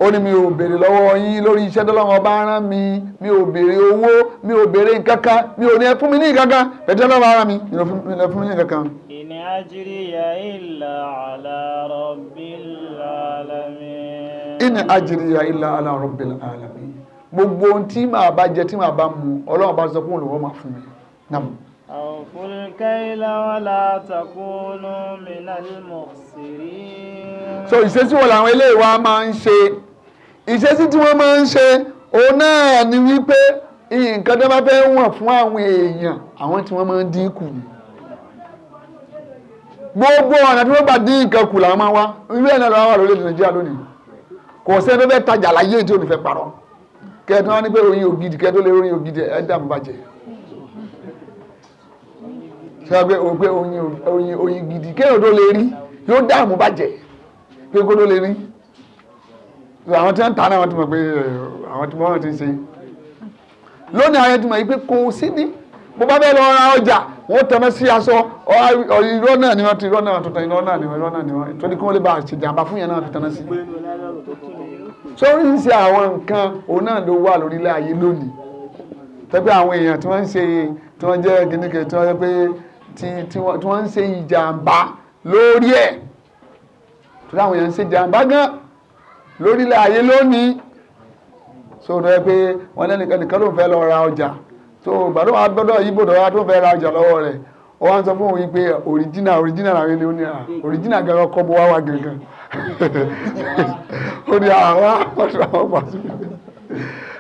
ó ní mi ò béèrè lọ́wọ́ yín lórí iṣẹ́ tọ́lọ́run ọba rán mi mi ò béèrè owó mi ò béèrè nǹkankan mi ò ní ẹ fún mi ní nǹkankan bẹ̀tẹ́ lọ́wọ́ ara mi mi ò fún mi ní nǹkankan. in ajriya illa ala rabbil alamin. in ajriya illa ala rabbil alamin. gbogbo tí màá bá jẹ tí màá bá mu ọlọ́run bá sọ fún olùwọ́ máa fún mi náà. أوفوا الكيل ولا تكونوا من المخسرين. so ìṣesí wo làwọn eléyìí wa máa ń ṣe ìṣesí tí wọ́n máa ń ṣe òun náà ni wípé nǹkan tó bá fẹ́ wọ̀n fún àwọn èèyàn àwọn tí wọ́n máa ń dínkù ni gbogbo ọ̀nà tí wọ́n bá dín nǹkan kù làwọn máa wá irú ẹ̀ náà làwọn wà lórílẹ̀‐èdè Nàìjíríà lónìí kò sẹ́ni tó fẹ́ tajà láyé tí òun fẹ́ parọ́ kẹ́ẹ̀tọ́ wọn ní pé oyin ògidì kẹ́ẹ̀tọ́ lé oyin ògidì ẹ̀ dààmú bàjẹ́ sọ́gbẹ́ ògbé oyin gidi kẹ́ẹ̀tọ́ lè rí yóò dààmú bàjẹ́ pé kó tó lè rí àwọn tí wọ́n ń ta náà wọ́n ti mọ̀ pé àwọn tí wọ́n ti ń ṣe lónìí àwọn ẹ̀dùnmọ̀ yìí pé kò sí ní bó bá bẹ́ẹ̀ lọ ra ọjà wọ́n tẹ̀mẹ́ sí aṣọ irọ́ náà ni wọ́n ti irọ́ náà tuntun irọ́ náà ni wọ́n irọ́ náà ni wọ́n torí kí wọ́n lè bá ṣe jàǹbá fún yẹn náà fi tẹ̀mẹ́ sí. sórí ń ṣe àwọn nǹkan òun náà ló wà lórílẹ̀ ayé lónìí tẹ́pẹ́ àwọn èèyàn tí wọ́n ń ṣe tí wọ́n jẹ́ gẹ́gẹ́ tí wọ́n jẹ́ pé tí wọ́n ń ṣe ìjàǹbá lórí ẹ̀ torí àwọn èèyàn ń ṣe jàǹbá gan-an lórílẹ̀ ayé lónìí so rẹ pé wọn ní ẹnìkan ló ń fẹ́ lọ ra ọjà so bàdó wa gbọ́dọ̀ yíbò dọ̀wọ́ tó fẹ́ ra ọjà lọ́wọ́ rẹ̀ ó wá ń sọ fún òun pé òrìjínà òrìjínà làwọn ilé oníyà òrìjínà gangan kọ́ bó wá wá gangan ó ní àwọn àpọ̀ṣọ àwọn pàṣẹ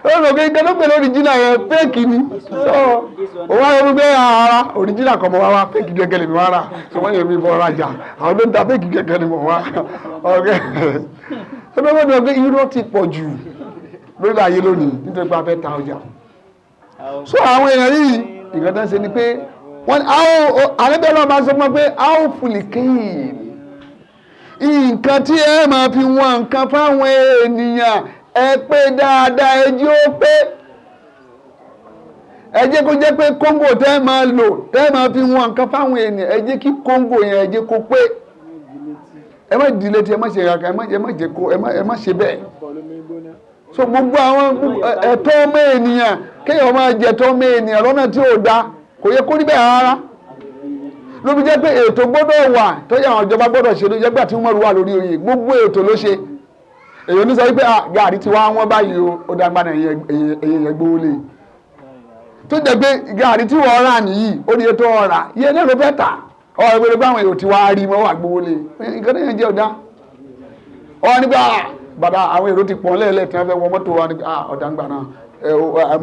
ó lọ pé nǹkan tó pè lóríjínà yẹn fẹ́ẹ̀kì ni so òun á yọrù pé ara òrìjínà kọ́ mọ́ wá wá fẹ́ẹ̀kì gẹ́gẹ́ lèmi wá rà so wọ́n yẹ mi bọ́ rajà àwọn tó ń ta fẹ́ẹ̀kì gẹ́gẹ́ ni mò wá ẹgbẹ́ wọn dọ̀ pé irọ́ ti pọ̀ jù lórí ayé lónìí nítorí pé a fẹ́ ta ọjà so àwọn èèyàn yìí ìgbà tó ń ṣe ni pé wọn àlẹ́bẹ̀ẹ́ náà máa sọ fún wọn pé a ó fùlì kéyìn nǹkan tí ẹ máa fi wọn nǹkan fáwọn ènìyàn ẹ pé dáadáa ẹ jí ó pé ẹ jẹ́ kó jẹ́ pé kóńgò tẹ́ máa lò tẹ́ máa fi wọn nǹkan fáwọn ènìyàn ẹ kí kóńgò yẹn ẹ kó pé ẹ má di létí ẹ má ṣe kankan ẹ má jẹ kó ẹ má ṣe bẹ́ẹ̀ so gbogbo àwọn ẹ̀tọ́ ọmọ ènìyàn kéèyàn máa jẹ ẹ̀tọ́ ọmọ ènìyàn lọ́nà tí ò da kò yẹ kó rí bẹ́ẹ̀ rárá ló fi jẹ́ pé ètò gbọ́dọ̀ wà tó yẹ àwọn ìjọba gbọ́dọ̀ ṣe ló jẹ́ gbà tí wọ́n rú wà lórí oyè gbogbo ètò ló ṣe èyí ní sọ wípé ah, gàrí ti wá wọ́n báyìí o ó dàgbà náà èyí yẹn gbówó lé tó jẹ́ pé gàrí tí wọ́n rà nìyí ó ní ètò ọ̀rà yẹn náà ló fẹ́ tà á ọ̀rọ̀ ìgbèrè pé àwọn èrò ti wá rí mọ́ wà gbowó lé nǹkan tó yẹn jẹ́ ọ̀dá ọ̀rọ̀ nígbà bàbá àwọn èrò ti pọ̀ lẹ́ẹ̀lẹ́ tí wọ́n fẹ́ wọ mọ́tò wa nígbà ọ̀dà ń gbà náà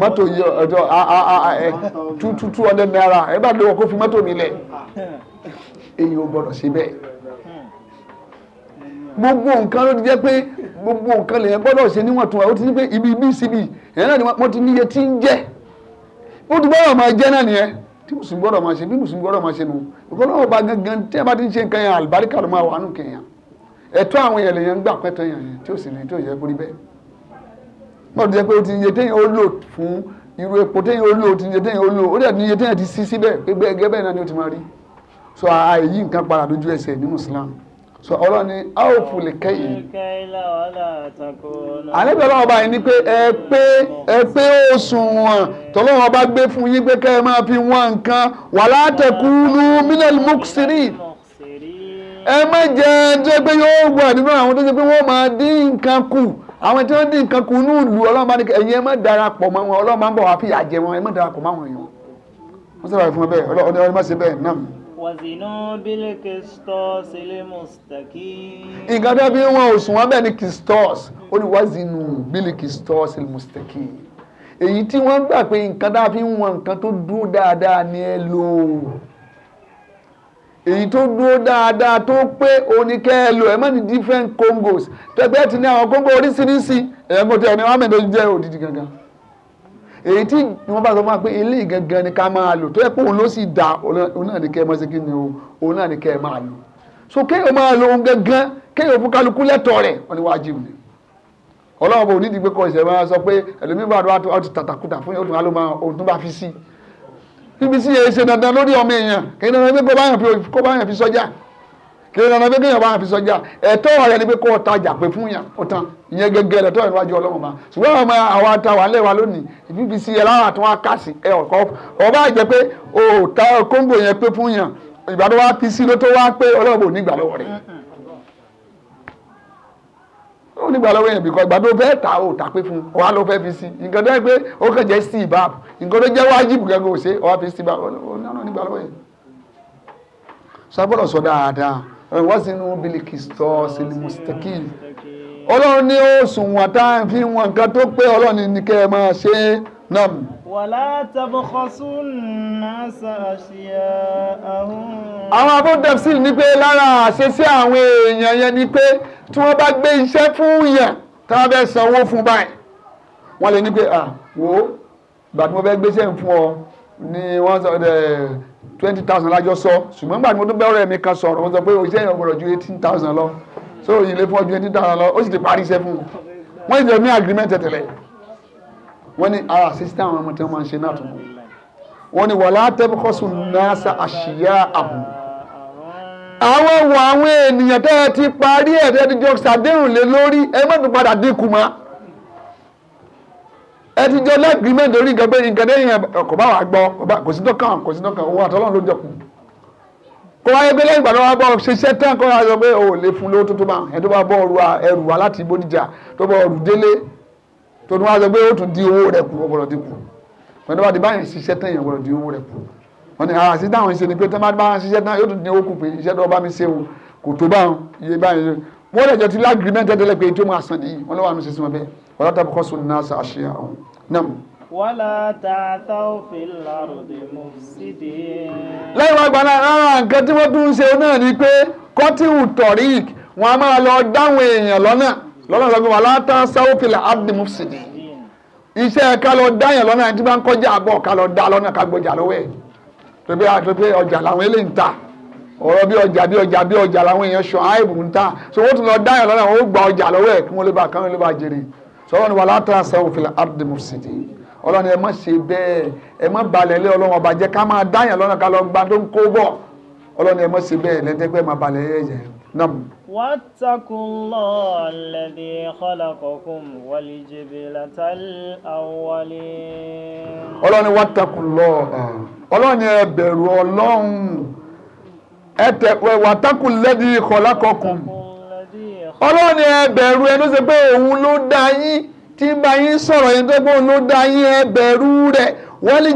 mọ́tò yìí ọjọ́ two two two hundred naira ẹ bá lówó kó fi mọ́tò mi lẹ̀ èyí ò gbọ́dọ̀ ṣe bẹ́ẹ̀ gbogbo nǹkan ló ti jẹ́ pé gbogbo nǹkan lèyàn gbọ́dọ̀ ṣe níwọ̀n tún wa ó ti ní pé ibi ibi síbi ẹ̀yìn náà ni wọ́n ti níye tí ń jẹ́ bó ti gbọ́dọ̀ máa jẹ́ náà nìyẹn tí mùsùlùmí gbọ́dọ̀ máa ṣe bí mùsùlùmí gbọ́dọ̀ máa ṣe nu ìgbọ́dọ̀ wọn bá gangan tí a bá ti ń ṣe nǹkan yẹn àlùbáríkà ló máa wà nù kẹyàn ẹ̀tọ́ àwọn èèyàn lèèyàn ń gbà pẹ́tọ́ yẹn tí ó sì rí tí ó yẹ kó rí bẹ́ẹ̀ wọ́n ti jẹ́ pé ó ti yẹ téèyàn ó lò fún irú epo téèyàn ó lò ó ti yẹ téèyàn ó lò ó dẹ̀ ní iye téèyàn ti sí síbẹ̀ gbẹgbẹ́ náà ni ó ti máa rí so àyè nǹkan padà lójú ẹsẹ̀ nínú Islam so ọlọ́ni a ò fòlè kẹ́yìn. àníbi ọlọ́wọ́ báyìí ni pé ẹ pé ẹ pé òṣùwọ̀n tọ́lọ́wọ́ bá gbé fún yín pé kẹ́ ẹ máa fi wọ́n nǹkan wà látẹ̀kùnú mílẹ̀lì mọ́kùsírì ẹ má jẹ ẹjẹ pé yóò wà nínú àwọn tó ṣe pé wọ́n máa dín nǹkan kù àwọn tí wọ́n dín nǹkan kù ní ìlú ọlọ́run bá ní ẹ̀yin ẹ má darapọ̀ mọ́ wọn ọlọ́run bá ń bọ̀ wá fìyà jẹ wọn ẹ má darapọ̀ mọ́ àwọn èèyàn wọ́n sábà fún ẹ bẹ́ẹ̀ ọlọ́run ẹ má ṣe bẹ́ẹ̀ náà wàzínú bílẹ̀ kìstọ́s ilmùsítàkì. nǹkan tó bí wọn ò wọn bẹ́ẹ̀ ni kìstọ́s ó ní wàzínú bílẹ̀ kìstọ́s ilmùsítàkì èyí tí wọ́n gbà pé nǹkan tá a fi ń wọn nǹkan tó dúró dáadáa ni ẹ lò èyí tó dúró dáadáa tó pé oníkẹ́ ẹ lò ẹ má ní different congos tẹ́gbẹ́ ti ní àwọn congo oríṣiríṣi ẹ̀yẹ́n kò tẹ̀ ẹ̀ ní wọ́n á mẹ́tọ́ jẹ́ òdìdí gangan èyí tí wọ́n bá sọ fún wa pé ilé gangan ni ká máa lò tó yẹ pé òun ló sì da òun náà ni kẹ́ ẹ máa ṣe kí ni o òun náà ni kẹ́ ẹ máa lò so kéèyàn máa lo ohun gangan kéèyàn fún kálukú lẹ́tọ̀ọ́ rẹ̀ wọ́n ni wájìbù ni ọlọ́run bò ní ìdí pé kọ́ ìṣẹ̀lẹ̀ máa sọ pé ẹlòmíín bá wà ti tàtàkùtà fún yóò tún wá ló máa òun tún bá fi sí ibi sí ẹ ṣe dandan lórí ọmọ èèyàn kí kí ni ọ̀nà pé kéèyàn bá fi sọjà ẹ̀tọ́ rẹ̀ ni pé kó o tajà pé fún yàn ó tán ìyẹn gẹ́gẹ́ ẹ̀tọ́ rẹ̀ níwájú ọlọ́run ma ṣùgbọ́n àwọn àwọn àtàwà ńlẹ̀ wa lónìí bbc ẹ̀ lára tí wọ́n kà sí ẹ̀ ọ̀kọ́ ọba jẹ́ pé o ta kóńgò yẹn pé fún yàn ìgbàdọ́ wa fi sí ló tó wá pé ọlọ́run ò ní ìgbà lọ́wọ́ rẹ̀ ó nígbà lọ́wọ́ yẹn bìkọ́ ìgbà tó fẹ́ ta ò ta pé fún wa ló fẹ́ fi sí nǹkan tó yẹ pé ó kàn jẹ́ sí ìbáàb nǹkan tó wọ́n sì ń bilikistọ́ silimustakin ọlọ́run ní oṣùn wọn tá à ń fi wọn nǹkan tó pé ọlọ́run ní kẹ́ ẹ máa ṣe é náà. wàlá tabọ́kọ́sù náà ṣàṣìyà àwọn. àwọn abúdàbsí ní pé lára àṣeṣe àwọn èèyàn yẹn ni pé tí wọ́n bá gbé iṣẹ́ fún yẹn tá a bẹ sanwó fún báyìí wọ́n lè ní pé wò ó ìgbà tí gbéṣẹ́ fún ọ ni wọ́n sọ ẹ́ twenty thousand lájọ sọ ṣùgbọ́n gbàgbọ́n tó bẹ́ẹ̀ ọ̀rẹ́ mi kan sọ̀rọ̀ wọ́n sọ pé òṣìṣẹ́ oh, yẹn gbọ́dọ̀ ju eighteen thousand lọ so òyìn lè fún ọ ju eighteen thousand lọ ó sì ti parí iṣẹ́ fún un wọ́n ti ní agreement tẹ̀tẹ̀lẹ̀ wọ́n ní ara sísítẹ́ àwọn ọmọ tí wọ́n máa ń ṣe náà tó mú wọ́n ní wàlá tẹ́bùkọ́sùn náà sa àṣìyá àbù àwọn ẹ̀wọ̀n àwọn ènìyàn tẹ́ ẹ ti parí ẹ̀ tẹ́ ẹ ti jọ ṣàdéhùn ẹ ti jọ lágbìmẹ̀ntì orí nǹkan pé nǹkan lẹ́yìn kò bá wà gbọ́ kò sí dọ́kàn kò sí dọ́kàn owó àtọ́lọ́run ló jẹkù kó wáyé pé lẹ́yìn ìgbàdàn wa bọ́ ṣiṣẹ́ tán kó wáyé pé o lè fún lówó tuntun máa ẹ̀ tó bá bọ́ ẹrù wa láti Bódìjà tó bọ́ ọrù délé tó ní wáyé pé o tún di owó rẹ̀ kù ọgbọ̀dọ̀ dín kù pẹ̀lú bá ti báyìí ṣiṣẹ́ tán yẹn ọgbọ̀dọ̀ dín owó rẹ̀ kù wọ́n ní àṣì ah, táwọn ṣe ni pé tán wọ́n lè jọ ti lágrímẹ́ntì tẹ́lẹ̀ pé tí ó máa san nìyí wọ́n lọ́wọ́ àmì sísun ọbẹ̀ wọ́n tàbí kọ́ sùn náà ṣàṣẹ àwọn náà. wọ́lá tààtà òfin láròdì mú sídi. lẹ́yìn wọn gbaná rárá nǹkan tí wọ́n tún ń ṣe náà ni pé kọ́tíwù tọ̀rík wọn a máa lọ dáhùn èèyàn lọ́nà lọ́nà lọ́gbọ́n wọ́lá tààtà òfin láròdì mú sídi. iṣẹ́ ká lọ dáyàn lọ́nà tí bá kọjá àbọ̀ ká lọ dá lọ́nà ká gbọ́jà lọ́wọ́ ẹ̀ ọ̀rọ̀ bí ọjà bí ọjà bí ọjà làwọn èèyàn sọ àìbù ń so wọ́n tún lọ dá yàn lọ́nà wọ́n ó gba ọjà lọ́wọ́ ẹ̀ kí wọ́n lè bá kí wọ́n lè bá jèrè sọ́wọ́n ni wà látara sẹ́wọ̀n fìlà abdi mufsidi ọlọ́ni ẹ má ṣe bẹ́ẹ̀ ẹ má balẹ̀ lé ọlọ́wọ́n ọba jẹ́ ká máa dá yàn lọ́nà ká lọ gba tó ń kó bọ̀ ọlọ́ni ẹ má ṣe bẹ́ẹ̀ lẹ́tẹ́gbẹ́ má balẹ̀ ẹ yẹ ẹ bẹ̀rù ọlọ́run ẹtẹ wàtákù lẹ́dí kọ̀lákọ̀kùn ọlọ́run ọlọ́ọ̀ni ẹ bẹ̀rù ló ṣe pé òun ló dá yín tí bá yín sọ̀rọ̀ yín tó ló dá yín rẹ̀ wọ́n lè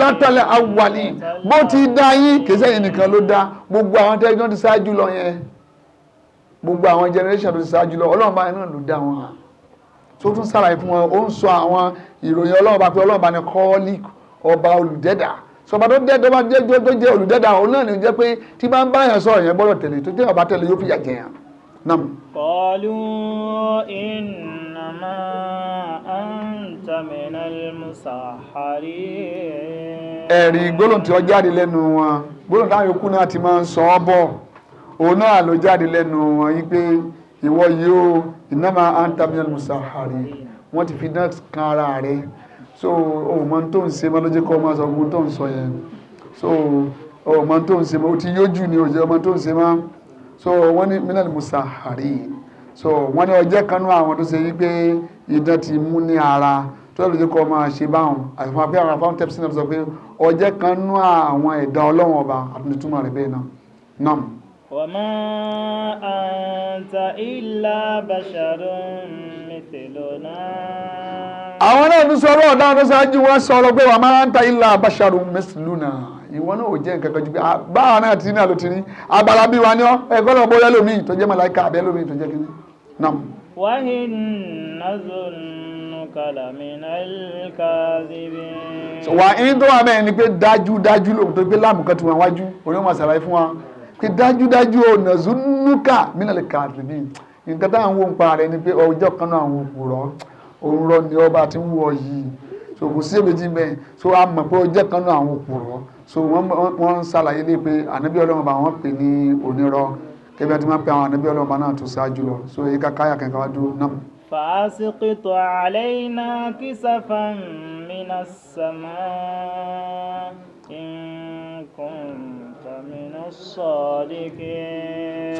látàlẹ̀ gbogbo àwọn tẹ́lifíṣàn ti ṣáájú lọ gbogbo àwọn ti ṣáájú lọ yẹn náà ló dá wọn tó tún wọn ó ọba sọba tó jẹ́ tó bá jẹ́ tó jẹ́ olùdẹ́dà òun náà ni jẹ́ pé tí bá ń bá yàn sọ̀rọ̀ yẹn gbọ́dọ̀ tẹ̀lé tó jẹ́ ọba tẹ̀lé yóò fi yà jẹyàn nam. kọlu ìnàmà àǹtàmínàl musahari. ẹ̀rí gbólóhùn tí ó jáde lẹ́nu wọn gbólóhùn táwọn yòókù náà ti máa ń sọ ọ́ bọ̀ òun náà ló jáde lẹ́nu wọn yí pé ìwọ yìí ó ìnàmà àǹtàmínàl musahari wọ́n ti fi náà kan ara rẹ̀ so ohun mọ tó ń ṣe mọ lójú kọ́ ọ máa sọ ohun tó ń sọ yẹn so ohun mọ tó ń ṣe mọ o ti yójú ni o jẹ ọmọ tó ń ṣe mọ so wọ́n ní minal musahari so wọ́n ní ọjọ́ kan náà àwọn tó ṣe wípé idán ti mú ní ara tó yẹ lójú kọ́ oh, ọ máa ṣe báwọn àfihàn àfihàn àwọn afáwọn tẹ́pẹ́sì náà sọ pé ọjọ́ kan náà ah, àwọn ẹ̀dá ọlọ́wọ̀n ọba àtúntúmọ̀ rẹ̀ bẹ́ẹ̀ náà náà. wàmọ́ àǹtà ìlà bàṣàrùn àwọn náà tún sọ̀rọ̀ ọ̀dá tó ṣáájú wọn sọ̀rọ̀ pé wà máa ń ta ilà abasharu mẹsìlúnà ìwọ náà ò jẹ́ nǹkan kan ju pé ah, báwa náà ti ní àlòtí ní abala bí wa ní ọ ẹ̀kọ́ náà bóyá lómi tó jẹ́ màláìka àbẹ́ lómi tó jẹ́ kiri náà. wáyé wà ní tó wà mẹ́rin ni pé dájúdájú lòun tó gbé láàmù kan tó wọn wájú onímọ̀ sàlàyé fún wa pé dájúdájú ò nàzúnúkà mí nǹkan táwọn wò ń pa rẹ̀ ni pé ọjọ́ kan náà àwọn òpùrọ̀ òun rọ ni ọba ti ń wọ yìí so kò sí èméjì bẹ́ẹ̀ so a mọ̀ pé ọjọ́ kan náà àwọn òpùrọ̀ so wọ́n ń ṣàlàyé lé pé ànábí ọlọ́run bá wọ́n pè ní onírọ́ kẹ́bí àti máa pe àwọn ànábí ọlọ́run bá náà tó ṣáájú lọ so èyí ká káyà kankan wá dúró náà. فاسقط علينا كسفا من السماء إن كنت so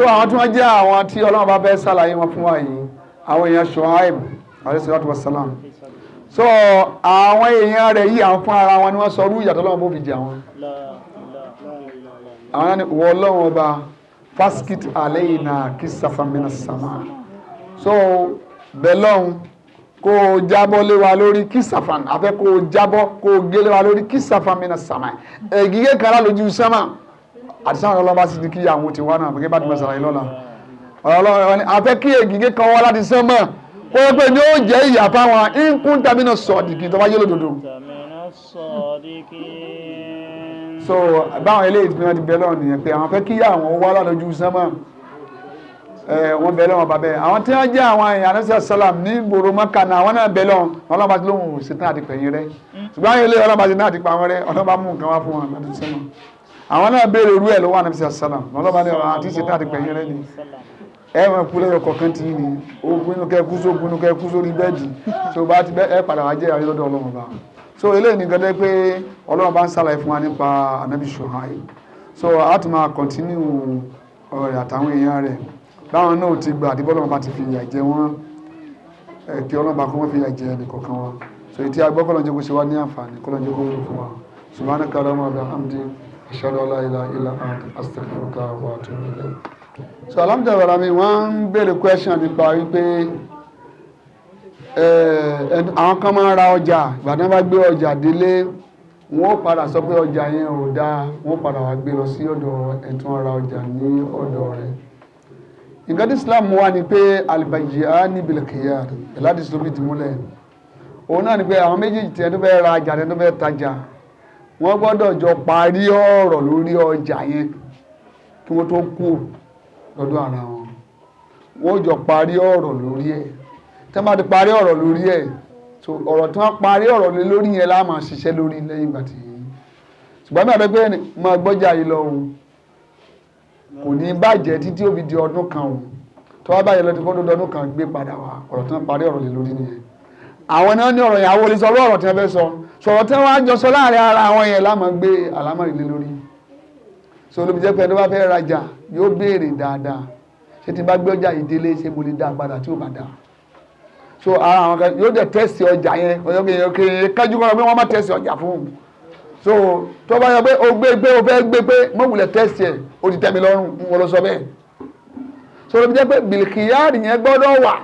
àwọn tí wọ́n jẹ́ àwọn tí ọlọ́run bá fẹ́ ṣàlàyé wọn fún wa yìí àwọn èèyàn Ṣuaib alayhi salatu wassalam so àwọn èèyàn rẹ̀ yìí àwọn fún ara wọn ni wọ́n sọ orú ìyàtọ̀ ọlọ́run bó fi jẹ àwọn. àwọn náà ni wọ́n ọlọ́run ọba faskit aleyna kisafan mina sama so bẹ́lọ́hún kó o jábọ́ lé wa lórí kisafan afẹ́ kó o jábọ́ kó o gé lé wa lórí kisafan mina sama ẹ̀gígé kan lójú sánmà àti sáwọn ọlọ́ba sì ti kí àwọn ti náà gẹ́gẹ́ bá ti mọ̀ sàlàyé lọ́la ọlọ́run afẹ́ kí ègìgé kan wá láti sánmọ̀ ó pé ní ó jẹ́ ìyá fáwọn inkun tàbí náà sọ̀dìkì tó bá yé lódodo. so báwọn eléyìí tí wọ́n ti bẹ́ẹ̀ lọ́rùn nìyẹn pé àwọn afẹ́ kí àwọn wá ládójú sánmọ̀ wọ́n bẹ́ẹ̀ lọ́wọ́ bàbẹ́ àwọn tí wọ́n jẹ́ àwọn èèyàn anásíà sálàm ní gbòòrò mọ́kà náà àwọn náà bẹ́ẹ̀ lọ́wọ́ ọlọ́run bá ti lóhùn ṣetán àti pẹ̀yìn rẹ hmm. ṣùgbọ́n àwọn eléyìí ọlọ́run bá ti náà ti pa àwọn rẹ ọlọ́run bá mú nǹkan wá fún wọn láti sánmọ̀ àwọn náà béèrè irú ẹ̀ lọ́wọ́ ànàbísí àṣàlám ọlọ́ba ní ọ̀rọ̀ àti ìṣètò àti pẹ̀yìn rẹ̀ ni ẹ máa kú lẹ́yọ kọ̀ọ̀kan tí ni ogunnu kẹ kú sógunnu kẹ kú sórí bẹ́ẹ̀dì tó bá ti ẹ padà wá jẹ́ àrílọ́dọ̀ ọlọ́run ọba so eléyìí nìkan tẹ́ pé ọlọ́run bá ń sàlàyé fún wa nípa ànábì Ṣuaib so a tún máa kọ̀ntínú ọ̀rẹ́ àtàwọn èèyàn rẹ̀ báwọn náà ti gbà àdìbọ́ ọlọ́run bá ti fi ìyà jẹ wọ́n kí ọlọ́run bá kọ́ wọ́n fi ìyà jẹ nìkọ̀ọ̀kan wọn so ètí agbọ́kọ̀lọ́jẹ́ kó ṣe wá ní àǹfààní kọ́lọ́jẹ́ kó wúlò fún wa subhanaka Allahumma wa bihamdik ìṣọ́lọ́ láìla ilá astagfirullah àwọn àtúnyẹ̀lẹ̀. so alhamdulilayi mi wọ́n ń béèrè question nípa wípé eh, àwọn kan máa ń ra ọjà ìgbà tí wọ́n bá gbé ọjà délé wọ́n padà sọ pé ọjà yẹn ò dáa wọ́n padà wá gbé lọ sí ọ̀dọ̀ ẹ̀tún ara ọjà ní ọ̀dọ̀ rẹ̀ nǹkan tí Islam wà ní pé albayyi'ani bil khiyar ìlàdí sọ́bìtì múlẹ̀ òun náà ni pé àwọn méjèèjì tiẹ̀ tó fẹ́ ra ọjà tiẹ̀ tó fẹ́ tajà wọ́n gbọ́dọ̀ jọ parí ọ̀rọ̀ lórí ọjà yẹn kí wọ́n tó kú lọ́dọ̀ ara wọn wọ́n jọ parí ọ̀rọ̀ lórí ẹ̀ tẹ́ bá ti parí ọ̀rọ̀ lórí ẹ̀ so ọ̀rọ̀ tí wọ́n parí ọ̀rọ̀ lé lórí yẹn la máa ṣiṣẹ́ lórí lẹ́yìn ìgbà tí ṣùgbọ́n mi àbẹ́ pé mo gbọ́jà yìí lọ òun kò ní bàjẹ́ títí ó fi di ọdún kan òun tó wá báyìí lọ́dún fọ́dún ọdún kan gbé padà wá ọ̀rọ̀ tí wọ́n parí ọ̀rọ̀ lé lórí nìyẹn àwọn náà ní ọ̀rọ̀ yẹn àwọn olè ọ̀rọ̀ tí wọ́n fẹ́ sọ sọ̀rọ̀ tí wọ́n á jọ sọ láàrin ara àwọn yẹn lámọ̀ gbé àlámọ̀rí lé lórí so olóbi jẹ́ pé ẹni tó bá fẹ́ rajà yóò béèrè dáadáa ṣé ti bá gbé ọjà ìdílé ṣe mo lè dá padà tí ò bá dá so ara àwọn kan yóò dẹ̀ tẹ́sì ọjà yẹn ọjọ́ pé èèyàn kéré kájú kọ́ ọ pé wọ́n má tẹ́sì ọjà fún un so tó bá yọ pé o gbé gbé o fẹ́ gbé pé mọ̀wùlẹ̀ tẹ́sì ẹ̀ o ti tẹ́ mi lọ́rùn n wọ́n lọ sọ bẹ́ẹ̀ so olóbi jẹ́ pé bìlìkìyàrì yẹn gbọ́dọ̀ wà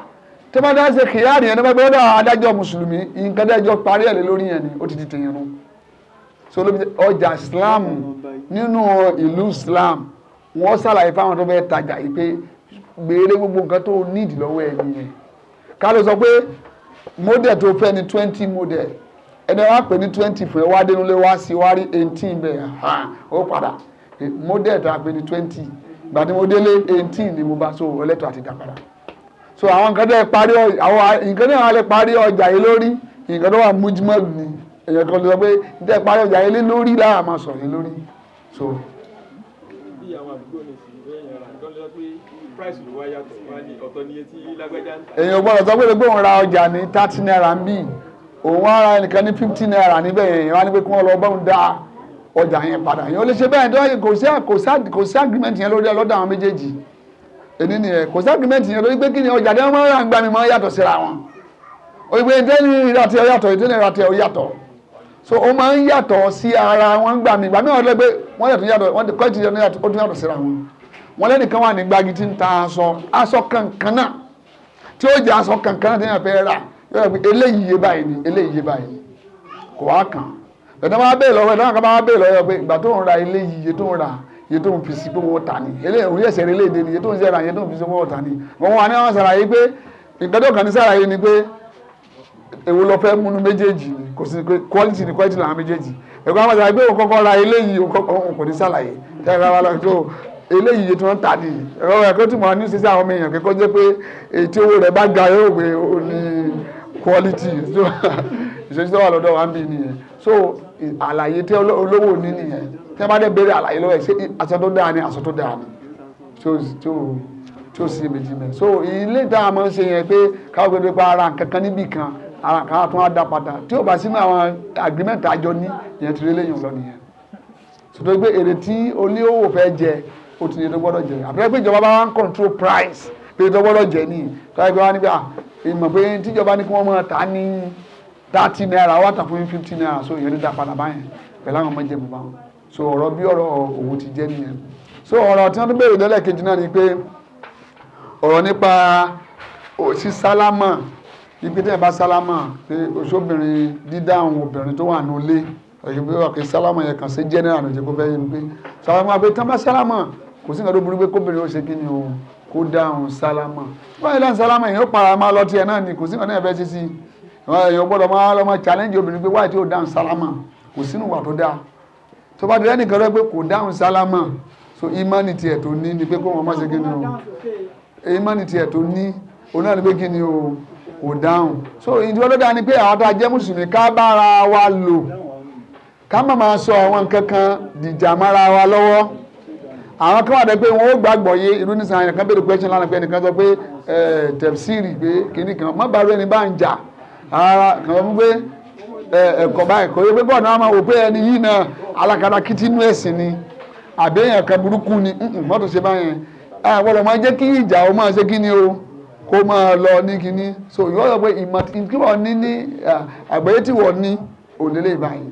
tí wọ́n dá ṣe kìyàrí yẹn ní wọ́n gbọ́dọ̀ adájọ́ mùsùlùmí nǹkan dájọ́ parí ẹ̀ lórí yẹn ni ó ti di tèèyàn nu so ọjà islam nínú ìlú islam wọ́n ṣàlàyé fáwọn tó fẹ́ tajà yìí pé gbèrè gbogbo nǹkan tó nídìí lọ́wọ́ ẹ̀ nìyẹn ká sọ pé model tó fẹ́ ni twenty model ẹni wá pè ní twenty fún ẹ wá dénúlé wá sí wá rí eighteen bẹ́ẹ̀ ó padà model tó a pè ní twenty gbàdúmọdélé eighteen ni mo bá so ọlẹ́tọ̀ àti dàpadà so àwọn nǹkan tẹ́ parí àwọn nǹkan tẹ́ wọn lè parí ọjà yìí lórí nǹkan tó wà mújúmọ́ ni èèyàn kan sọ pé tẹ́ parí ọjà yìí lórí láà máa sọ yìí lórí so. bí àwọn àdúgbò ní sí bẹ́ẹ̀ yẹn tó lọ pé price ló wá yàtọ̀ wá ní ọ̀tọ̀ ní etí lágbájá. èèyàn gbọ́dọ̀ sọ pé pé òun ra ọjà ní thirty naira ń bì òun ara ẹnìkan ní fifty naira níbẹ̀ èèyàn wá ní pé kí wọ́n lọ bọ́ọ̀n dá ọjà yẹn padà èèyàn lè ṣe bẹ́ẹ̀ kò sí agreement yẹn lórí ọlọ́dọ̀ àwọn méjèèjì èmi nìyẹn kò sí agreement yẹn lórí pé kí ni ọjà dẹ́wọ́n máa ń ń gbà mí yàtọ̀ síra wọn òyìnbó ìdẹ́ni ìdàtí ọ yàtọ̀ ìdẹ́ni ìdàtí ọ yàtọ̀ so ó máa ń yàtọ̀ sí ara wọn gbà mí wọn lẹ́gbẹ́ wọ́n yàtọ̀ yàtọ̀ wọ́n kọ́ ìtìjọ ní ó tún yàtọ̀ síra wọn wọn lẹ́nìkan wà ní gbági tí ń ta aṣọ aṣọ kankan náà tí ó jẹ́ aṣọ kankan náà tí wọ́n fẹ́ rà yóò rẹ̀ pé eléyìí iye tó ń fi sí pé wọ́n ta ni eléyìí òun yẹ̀sẹ̀ rẹ̀ léde ni iye tó ń sẹ́ra iye tó ń fi sí wọ́n ta ni wọ́n wà ní àwọn sàlàyé pé ìgbẹ́dọ̀ kan ní sàlàyé ni pé èwo lọ fẹ́ múnú méjèèjì ni kò sí pé quality ni quality làwọn méjèèjì ẹ̀kọ́ àwọn sàlàyé pé òun kọ́kọ́ ra eléyìí òun kò ní sàlàyé tẹ́lẹ̀ wa lọ tó eléyìí iye tó ń ta ni ẹ̀rọ ẹ̀kọ́ tí mo quality ìṣèjì tó wà lọ́dọ̀ so àlàyé tẹ́ olówó tẹ́ bá dé béèrè àlàyé lọ́wọ́ ẹ̀ ṣé aṣọ tó dáa ni aṣọ tó dáa ni tí ó sì méjì mẹ́ so ilé tá a máa ń ṣe yẹn pé káwọn gbẹdẹ pa ara nǹkan kan níbì kan ara nǹkan á tún á dá padà tí ó bá sínú àwọn agreement àjọ ní ìyẹn ti rí lẹ́yìn lọ nìyẹn sọtọ pé èrè tí oníhòòhò fẹ́ jẹ ó ti ní tó gbọ́dọ̀ jẹ àbúrẹ́ pé ìjọba bá wá ń control price pé tó gbọ́dọ̀ jẹ ní káyọ̀ pé wá níbi à ìmọ̀ pé tíjọba ní kí wọ́n máa tà ní thirty naira wọ́n á tà fún fifty naira so ìyẹn ló dá padà báyẹn pẹ̀lú àwọn ọmọ jẹ bùbá so ọ̀rọ̀ bí ọ̀rọ̀ òun ti jẹ́ nìyẹn so ọ̀rọ̀ tí wọ́n tún béèrè lẹ́lẹ́kejì náà ni pé ọ̀rọ̀ nípa sí sálámà ibi tẹ́ ẹ̀ bá sálámà pé oṣóbìnrin dídá àwọn obìnrin tó wà ní ilé ọ̀yẹ́ pé ọ̀kẹ́ sálámà yẹn kàn sí general ní ìjẹ́kọ́ fẹ́ yẹn pé sálámà pé tán bá sálámà kò sí nǹkan tó burú pé kóbìnrin ó ṣe kí ni o kó dáhùn sálámà báyìí láti sálámà yẹn ó para máa lọ tiẹ̀ náà ni kò sí nǹkan náà fẹ́ ṣe sí i èèyàn gbọ́dọ̀ máa lọ́mọ challenge obìnrin pé wáyé tí ó dáhùn sálámà kò sínú wà tó dáa tó bá dẹ́rẹ́ nìkan rẹ pé kò dáhùn sálámà so imani tiẹ̀ tó ní ni pé kó wọn má ṣe kíni o imani tiẹ̀ tó ní òun náà ni pé kíni o kò dáhùn so ìdúró ló dáa ni pé àwọn àtàjẹ́ mùsùlùmí ká bára wa lò ká má máa sọ àwọn nǹkan kan dìjà mára wa lọ́wọ́ àwọn kan wà dé pé wọn ó gbàgbọ́ yé irú nísàn àyàn kan bèrè question lánàá pé ẹnìkan sọ pé tẹ̀síìrì pé kìnnìkan má bàa rẹ́ni bá ń jà rárá kàn wọ́n pé ẹ̀kọ́ báyìí kò yẹ pé bọ́ọ̀ náà máa wò ẹni yìí náà alakada kìtì inú ni àbẹ́yàn kan burúkú ni mọ́tò ṣe báyẹn àgbọ̀dọ̀ máa jẹ́ kí ìjà ó máa ṣe kí ni o kó máa lọ ní kíní so ìwọ́n sọ pé ìmọ̀ tí wọ́n ní ní àgbáyé tí wọ́n ní òlélé ìbáyìí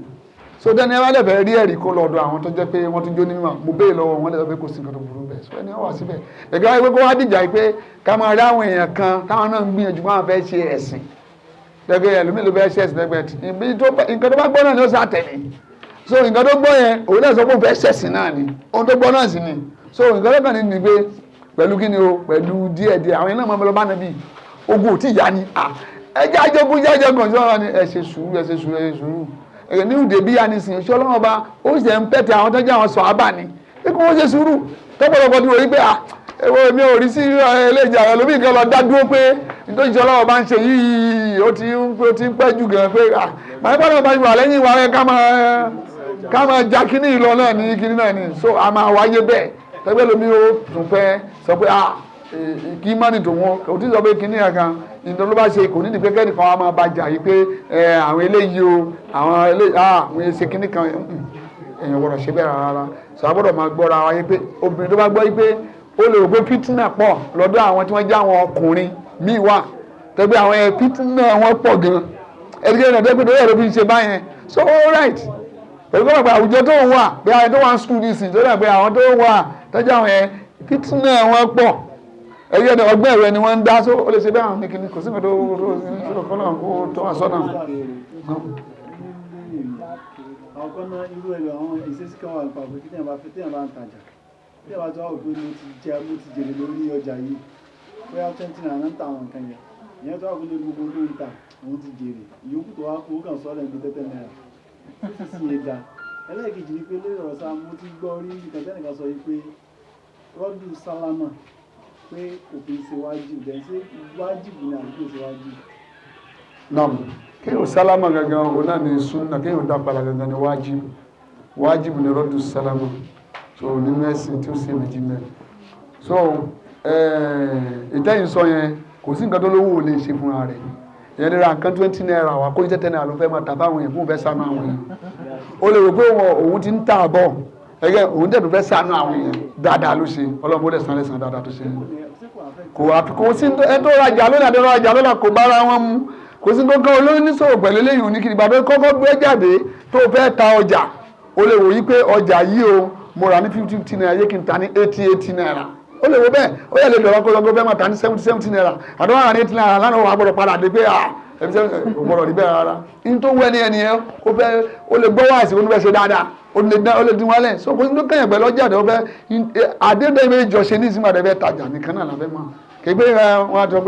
so dẹ́ni ẹ bá lè fẹ́ rí ẹ̀rí kó lọ́dọ̀ àwọn tó jẹ́ pé wọ́n tún jó ní mímọ̀ mo béè lọ́wọ́ wọn lè sọ pé kò sí nǹkan tó burú bẹ́ẹ̀ so ẹni wà síbẹ̀ ẹ̀gbẹ́ wá pé kó wá dìjà pé ká máa rí àwọn èèyàn kan táwọn náà ń gbìyànjú máa fẹ́ ṣe ẹ̀sìn lẹ́gbẹ́ ẹlòmíì ló bẹ́ ṣẹ̀sì lẹ́gbẹ́ tí tó bá gbọ́ náà ni ó sá tẹ̀lé so nǹkan tó gbọ́ yẹn òun náà sọ pé òun fẹ́ náà ni òun tó gbọ́ náà sì ni so nǹkan tó kàn ní ni pé pẹ̀lú kí ni o pẹ̀lú díẹ̀ díẹ̀ àwọn iná mọ̀mọ́ lọ bá nàbí ogun ò tí ì yá ni à ẹjẹ́ àjọkùn jẹ́ àjọkùn sí ọ̀rọ̀ ni ẹ ṣe sùúrù ẹ ṣe sùúrù ẹ ṣe sùúrù ẹ̀ ní ìdè bíyà ni sìn ṣé ọlọ́run ọba ó sì ń pẹ̀tẹ̀ àwọn tó jẹ́ àwọn sọ̀ ábà ni pé kí wọ́n ṣe sùúrù tọ́pọ̀lọpọ̀ ti wòye pé à èwo mi ò rí sí eléjà ẹlòmíì kan lọ dá dúró pé nítorí ìṣọ́ ọlọ́wọ́ bá ń ṣe yìí ó ti ó ti ń pẹ́ jù gan pé à ah, màá bá náà bá wà lẹ́yìn wa rẹ ká máa ká máa ja kíní ìlọ náà ní kíní náà ní so a máa wáyé bẹ́ẹ̀ tẹ́gbẹ́ lomi ó tún fẹ́ sọ pé ah kí mọ́nì tó wọn kò tí sọ pé kíní yẹn kan ìdán ló bá ṣe kò ní ìdí pé kẹ́nìkan wa máa bàjá yìí pé àwọn eléyìí o àwọn eléyìí ah àwọn èsì kíní kan èèyàn gbọ́dọ̀ ṣe bẹ́ẹ̀ rárá sọ àbọ̀dọ̀ máa gbọ́ra wáyé pé obìnrin tó bá gbọ́ yìí pé ó lè rò pé fìtínà pọ̀ míì wa, tẹ́gbẹ́ àwọn ẹ̀ pítínà wọn pọ̀ gan ẹ̀dígẹ́ náà tẹ́gbẹ́ tó yẹ ló fi ń ṣe báyẹn so all right pẹ̀lú kọ́ pàpà àwùjọ tó ń wà bí àwọn tó wà ń skul ní ìsìn tó dà pé àwọn tó ń wà tẹ́jú àwọn ẹ̀ pítínà wọn pọ̀ ẹ̀dígẹ́ náà ọgbẹ́ ẹ̀rọ ni wọ́n ń dá so ó lè ṣe bẹ́ẹ̀ àwọn nìkíní kò sí àwọn kan náà irú ẹ̀rọ àwọn ìṣesí kan wà pàpọ̀ kí tẹ̀yàn bá Royal táwọn nǹkan yẹn ìyẹn tó wà kó lè gbogbo ló ń ta òun ti jèrè ìyókù tó wá kó kàn sọ́ọ̀rọ̀ ẹ̀mí tẹ́tẹ́ náírà sísì ẹ̀dá ẹlẹ́ẹ̀kejì ni pé lórí ọ̀rọ̀ sáà mo ti gbọ́ orí kẹtẹ́nìkan sọ yìí pé rọ́dù sálámà pé òfin ṣe wájú dẹ̀ ṣe wájú ni àdúgbò ṣe wájú. nam kí o sálámà gangan o náà ní sunna kí o dábàlà gangan ní wájú wájú ni rọ́dù sálámà so nínú ẹ̀sìn tí ó ṣe méjì mẹ́rin so. ìtẹ́yìn sọ yẹn kò sí nǹkan tó lówó lè ṣe fúnra rẹ̀ ìyẹn lè nǹkan twenty naira wà kó ní tẹ́tẹ́ náírà ló fẹ́ máa fún fẹ́ sánú àwọn lè rò pé òun ti ń tà bọ̀ ẹgbẹ́ òun tẹ̀ tó fẹ́ sánú àwọn dáadáa ló ṣe ọlọ́run lè san dáadáa tó ṣe kò kò sí lónìí àti kò wọn mu kò sí ó lè wo bẹ́ẹ̀ ó yẹ lè lọ́wọ́ kó lọ́gọ́ bẹ́ẹ̀ máa ta ní seventy seventy naira àdúrà rà ní eighty naira lánàá wà gbọ́dọ̀ padà dé pé ah ẹbí sẹ́wọ́n kò gbọ́dọ̀ rí bẹ́ẹ̀ rárá ní tó wẹ́ ní ẹni yẹn ó fẹ́ ó lè gbọ́ wáàsí ó ní bẹ́ẹ̀ ṣe dáadáa ó lè dá ó lè dín wálẹ̀ so kò sí ló kẹ́yìn pẹ̀lú ọjà tó fẹ́ àdéhùn ẹgbẹ́ ìjọ ṣe ní ìsinmi àdébẹ́ tajà nìkan náà lábẹ́ mọ́ kégbé wọn o